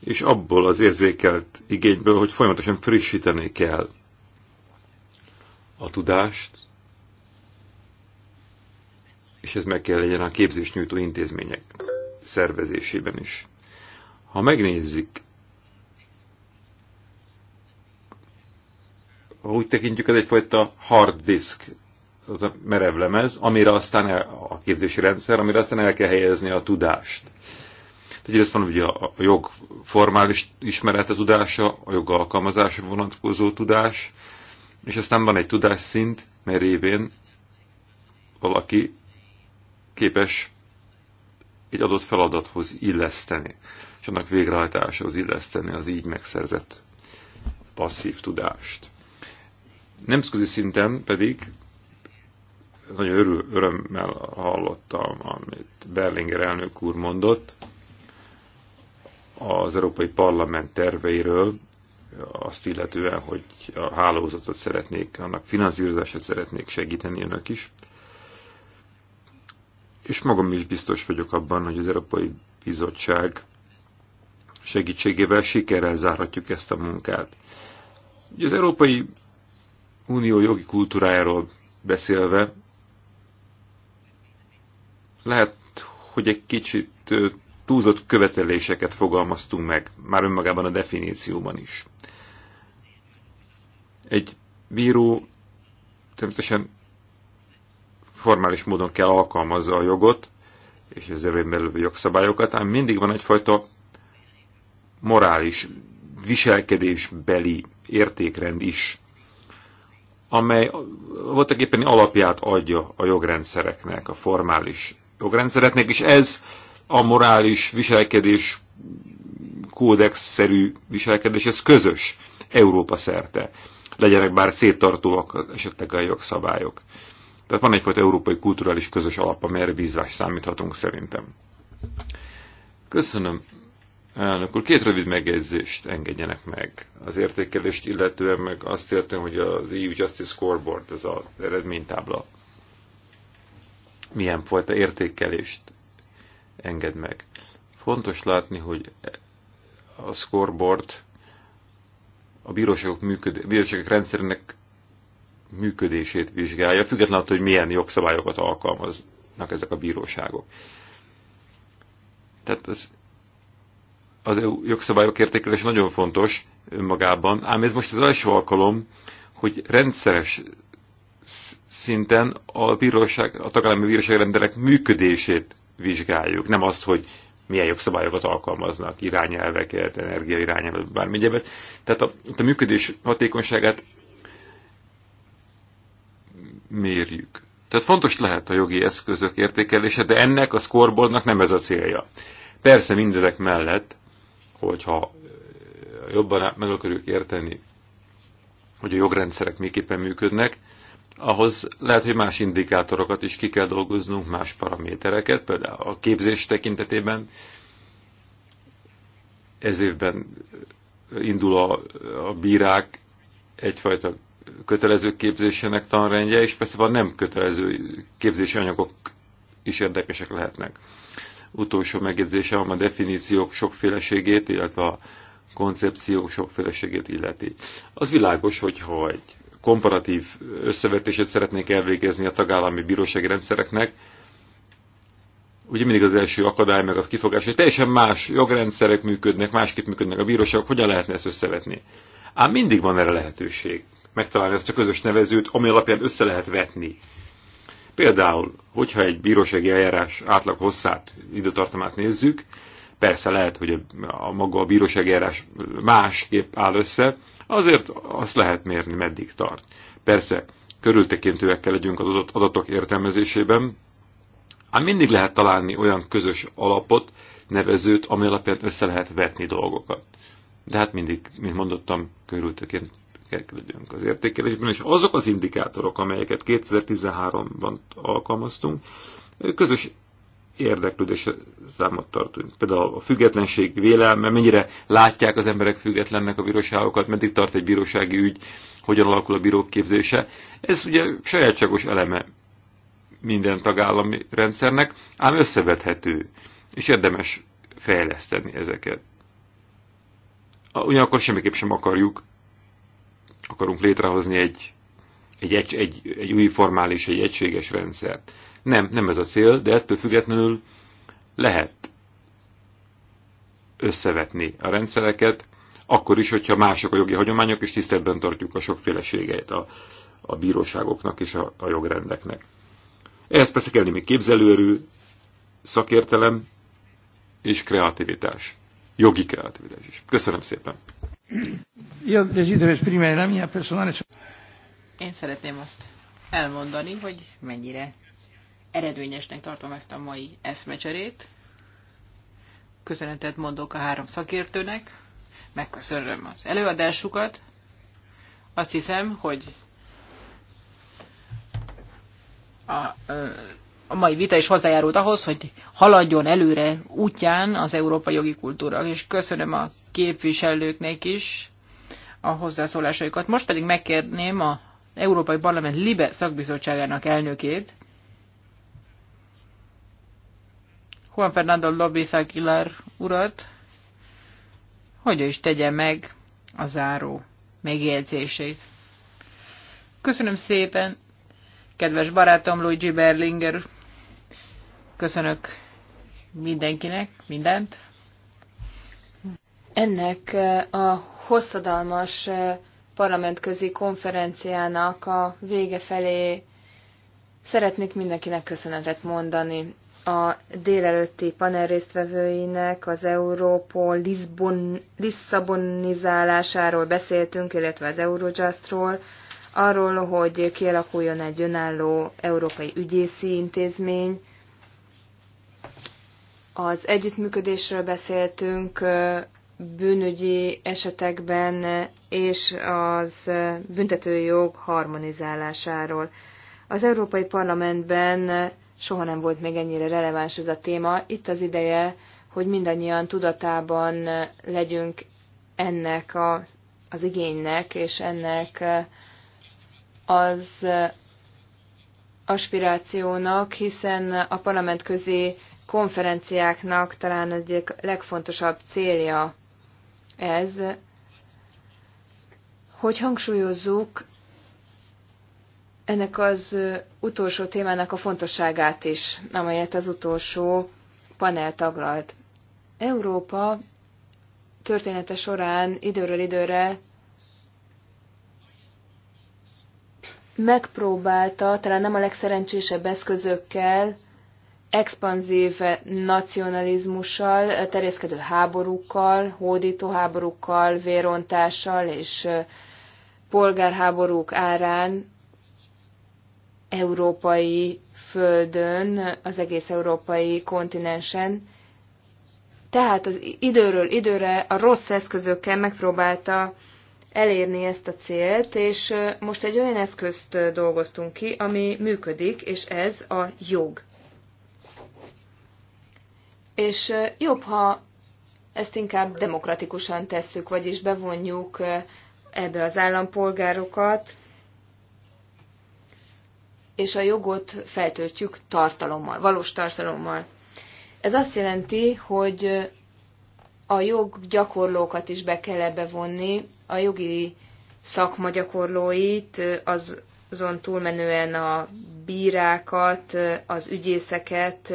és abból az érzékelt igényből, hogy folyamatosan frissíteni kell a tudást, és ez meg kell legyen a képzésnyújtó intézmények szervezésében is. Ha megnézzük, ha úgy tekintjük, ez egyfajta hard disk, az a merev lemez, amire aztán el, a képzési rendszer, amire aztán el kell helyezni a tudást. Tehát ezt van ugye a jog formális ismerete tudása, a jog alkalmazásra vonatkozó tudás, és aztán van egy tudásszint, mert révén valaki képes egy adott feladathoz illeszteni, és annak végrehajtásához illeszteni az így megszerzett passzív tudást. Nemzközi szinten pedig nagyon örül, örömmel hallottam, amit Berlinger elnök úr mondott az Európai Parlament terveiről, azt illetően, hogy a hálózatot szeretnék, annak finanszírozását szeretnék segíteni önök is és magam is biztos vagyok abban, hogy az Európai Bizottság segítségével sikerrel zárhatjuk ezt a munkát. Az Európai Unió jogi kultúrájáról beszélve lehet, hogy egy kicsit túlzott követeléseket fogalmaztunk meg, már önmagában a definícióban is. Egy bíró természetesen formális módon kell alkalmazza a jogot, és az erőn belül jogszabályokat, ám mindig van egyfajta morális, viselkedésbeli értékrend is, amely voltak éppen alapját adja a jogrendszereknek, a formális jogrendszereknek, és ez a morális viselkedés kódex-szerű viselkedés, ez közös Európa szerte. Legyenek bár széttartóak esetleg a jogszabályok. Tehát van egyfajta európai kulturális közös alap, amelyre bízás számíthatunk szerintem. Köszönöm. Elnök úr, két rövid megjegyzést engedjenek meg. Az értékelést illetően meg azt értem, hogy az EU Justice Scoreboard, ez az eredménytábla, milyen fajta értékelést enged meg. Fontos látni, hogy a scoreboard a bíróságok, működ, bíróságok rendszerének működését vizsgálja, függetlenül attól, hogy milyen jogszabályokat alkalmaznak ezek a bíróságok. Tehát az, az e EU jogszabályok értékelés nagyon fontos önmagában, ám ez most az első alkalom, hogy rendszeres szinten a, bíróság, a tagállami bíróságrendelek működését vizsgáljuk, nem azt, hogy milyen jogszabályokat alkalmaznak, irányelveket, energia bármilyen. bármi Tehát a, a működés hatékonyságát mérjük. Tehát fontos lehet a jogi eszközök értékelése, de ennek a scoreboardnak nem ez a célja. Persze mindezek mellett, hogyha jobban meg akarjuk érteni, hogy a jogrendszerek miképpen működnek, ahhoz lehet, hogy más indikátorokat is ki kell dolgoznunk, más paramétereket, például a képzés tekintetében. Ez évben indul a, a bírák egyfajta kötelező képzésének tanrendje, és persze van nem kötelező képzési anyagok is érdekesek lehetnek. Utolsó megjegyzésem a definíciók sokféleségét, illetve a koncepciók sokféleségét illeti. Az világos, hogyha egy komparatív összevetését szeretnék elvégezni a tagállami bírósági rendszereknek, ugye mindig az első akadály, meg a kifogás, hogy teljesen más jogrendszerek működnek, másképp működnek a bíróságok, hogyan lehetne ezt összevetni. Ám mindig van erre lehetőség megtalálni ezt a közös nevezőt, ami alapján össze lehet vetni. Például, hogyha egy bírósági eljárás átlag hosszát, időtartamát nézzük, persze lehet, hogy a, a maga a bírósági eljárás másképp áll össze, azért azt lehet mérni, meddig tart. Persze, körültekintőek kell legyünk az adatok értelmezésében, ám mindig lehet találni olyan közös alapot, nevezőt, ami alapján össze lehet vetni dolgokat. De hát mindig, mint mondottam, körültekintő érdekelkedünk az értékelésben, és azok az indikátorok, amelyeket 2013-ban alkalmaztunk, közös érdeklődés számot tartunk. Például a függetlenség vélelme, mennyire látják az emberek függetlennek a bíróságokat, meddig tart egy bírósági ügy, hogyan alakul a bírók képzése. Ez ugye sajátságos eleme minden tagállami rendszernek, ám összevethető, és érdemes fejleszteni ezeket. Ugyanakkor semmiképp sem akarjuk akarunk létrehozni egy, egy, egy, egy, egy új formális, egy egységes rendszert. Nem, nem ez a cél, de ettől függetlenül lehet összevetni a rendszereket, akkor is, hogyha mások a jogi hagyományok, és tiszteletben tartjuk a sokféleségeit a, a bíróságoknak és a, a jogrendeknek. Ehhez persze kell némi képzelőerő, szakértelem és kreativitás. Jogi kreativitás is. Köszönöm szépen! Én szeretném azt elmondani, hogy mennyire eredményesnek tartom ezt a mai eszmecserét. Köszönetet mondok a három szakértőnek, megköszönöm az előadásukat. Azt hiszem, hogy a, a mai vita is hozzájárult ahhoz, hogy haladjon előre útján az európai jogi kultúra. És köszönöm a képviselőknek is a hozzászólásaikat. Most pedig megkérném a Európai Parlament Libe szakbizottságának elnökét, Juan Fernando López Aguilar urat, hogy ő is tegye meg a záró megjegyzését. Köszönöm szépen, kedves barátom Luigi Berlinger, köszönök mindenkinek mindent, ennek a hosszadalmas parlamentközi konferenciának a vége felé szeretnék mindenkinek köszönetet mondani. A délelőtti panel résztvevőinek az Európol Lisbon, Lisszabonizálásáról beszéltünk, illetve az Eurojustról, arról, hogy kialakuljon egy önálló európai ügyészi intézmény, az együttműködésről beszéltünk, bűnügyi esetekben és az büntetőjog harmonizálásáról. Az Európai Parlamentben soha nem volt még ennyire releváns ez a téma. Itt az ideje, hogy mindannyian tudatában legyünk ennek a, az igénynek, és ennek az aspirációnak, hiszen a parlament közé konferenciáknak talán egyik legfontosabb célja ez, hogy hangsúlyozzuk ennek az utolsó témának a fontosságát is, amelyet az utolsó panel taglalt. Európa története során időről időre megpróbálta, talán nem a legszerencsésebb eszközökkel, expanzív nacionalizmussal, terjeszkedő háborúkkal, hódító háborúkkal, vérontással és polgárháborúk árán európai földön, az egész európai kontinensen. Tehát az időről időre a rossz eszközökkel megpróbálta elérni ezt a célt, és most egy olyan eszközt dolgoztunk ki, ami működik, és ez a jog és jobb, ha ezt inkább demokratikusan tesszük, vagyis bevonjuk ebbe az állampolgárokat, és a jogot feltöltjük tartalommal, valós tartalommal. Ez azt jelenti, hogy a jog gyakorlókat is be kell ebbe vonni, a jogi szakma gyakorlóit, azon túlmenően a bírákat, az ügyészeket,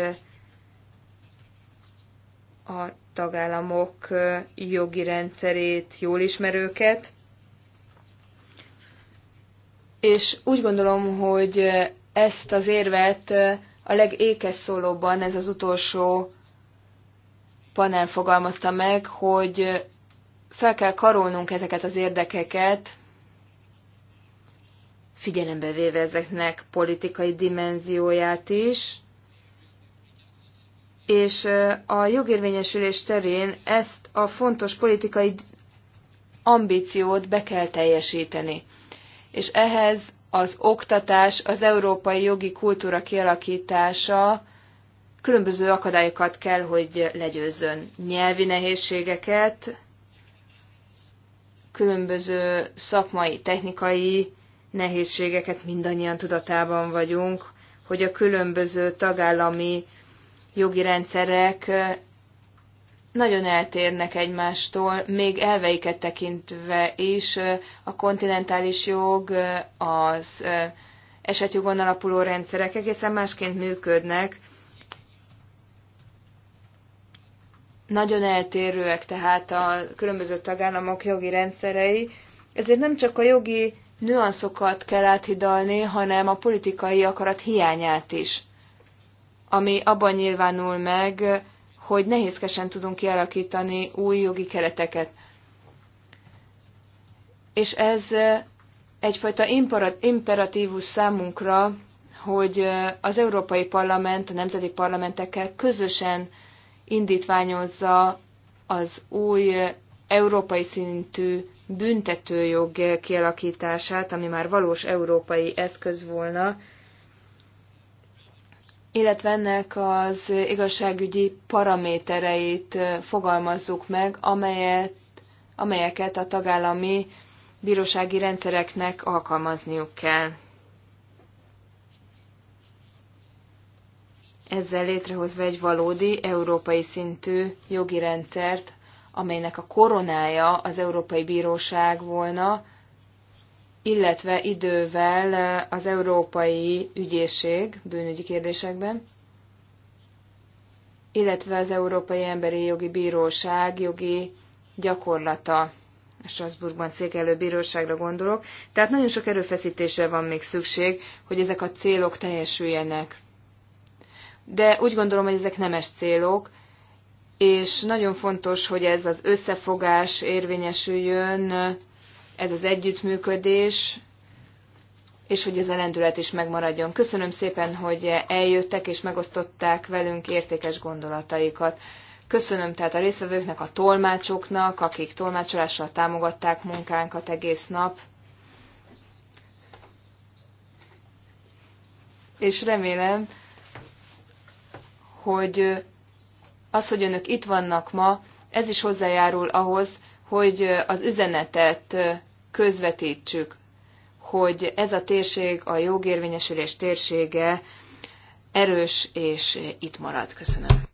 a tagállamok jogi rendszerét, jól ismerőket. És úgy gondolom, hogy ezt az érvet a legékes szólóban ez az utolsó panel fogalmazta meg, hogy fel kell karolnunk ezeket az érdekeket, figyelembe véve ezeknek politikai dimenzióját is, és a jogérvényesülés terén ezt a fontos politikai ambíciót be kell teljesíteni. És ehhez az oktatás, az európai jogi kultúra kialakítása különböző akadályokat kell, hogy legyőzön. Nyelvi nehézségeket, különböző szakmai, technikai nehézségeket mindannyian tudatában vagyunk, hogy a különböző tagállami jogi rendszerek nagyon eltérnek egymástól, még elveiket tekintve is. A kontinentális jog, az esetjogon alapuló rendszerek egészen másként működnek. Nagyon eltérőek tehát a különböző tagállamok jogi rendszerei, ezért nem csak a jogi nüanszokat kell áthidalni, hanem a politikai akarat hiányát is ami abban nyilvánul meg, hogy nehézkesen tudunk kialakítani új jogi kereteket. És ez eh, egyfajta imperatívus számunkra, hogy eh, az Európai Parlament a nemzeti parlamentekkel közösen indítványozza az új eh, európai szintű büntetőjog kialakítását, ami már valós európai eszköz volna, illetve ennek az igazságügyi paramétereit fogalmazzuk meg, amelyet, amelyeket a tagállami bírósági rendszereknek alkalmazniuk kell. Ezzel létrehozva egy valódi európai szintű jogi rendszert, amelynek a koronája az Európai Bíróság volna, illetve idővel az Európai Ügyészség bűnügyi kérdésekben, illetve az Európai Emberi Jogi Bíróság jogi gyakorlata. Strasbourgban székelő bíróságra gondolok. Tehát nagyon sok erőfeszítésre van még szükség, hogy ezek a célok teljesüljenek. De úgy gondolom, hogy ezek nemes célok, és nagyon fontos, hogy ez az összefogás érvényesüljön, ez az együttműködés, és hogy ez a lendület is megmaradjon. Köszönöm szépen, hogy eljöttek és megosztották velünk értékes gondolataikat. Köszönöm tehát a részvevőknek, a tolmácsoknak, akik tolmácsolással támogatták munkánkat egész nap. És remélem, hogy az, hogy önök itt vannak ma, ez is hozzájárul ahhoz, hogy az üzenetet közvetítsük, hogy ez a térség, a jogérvényesülés térsége erős, és itt marad. Köszönöm.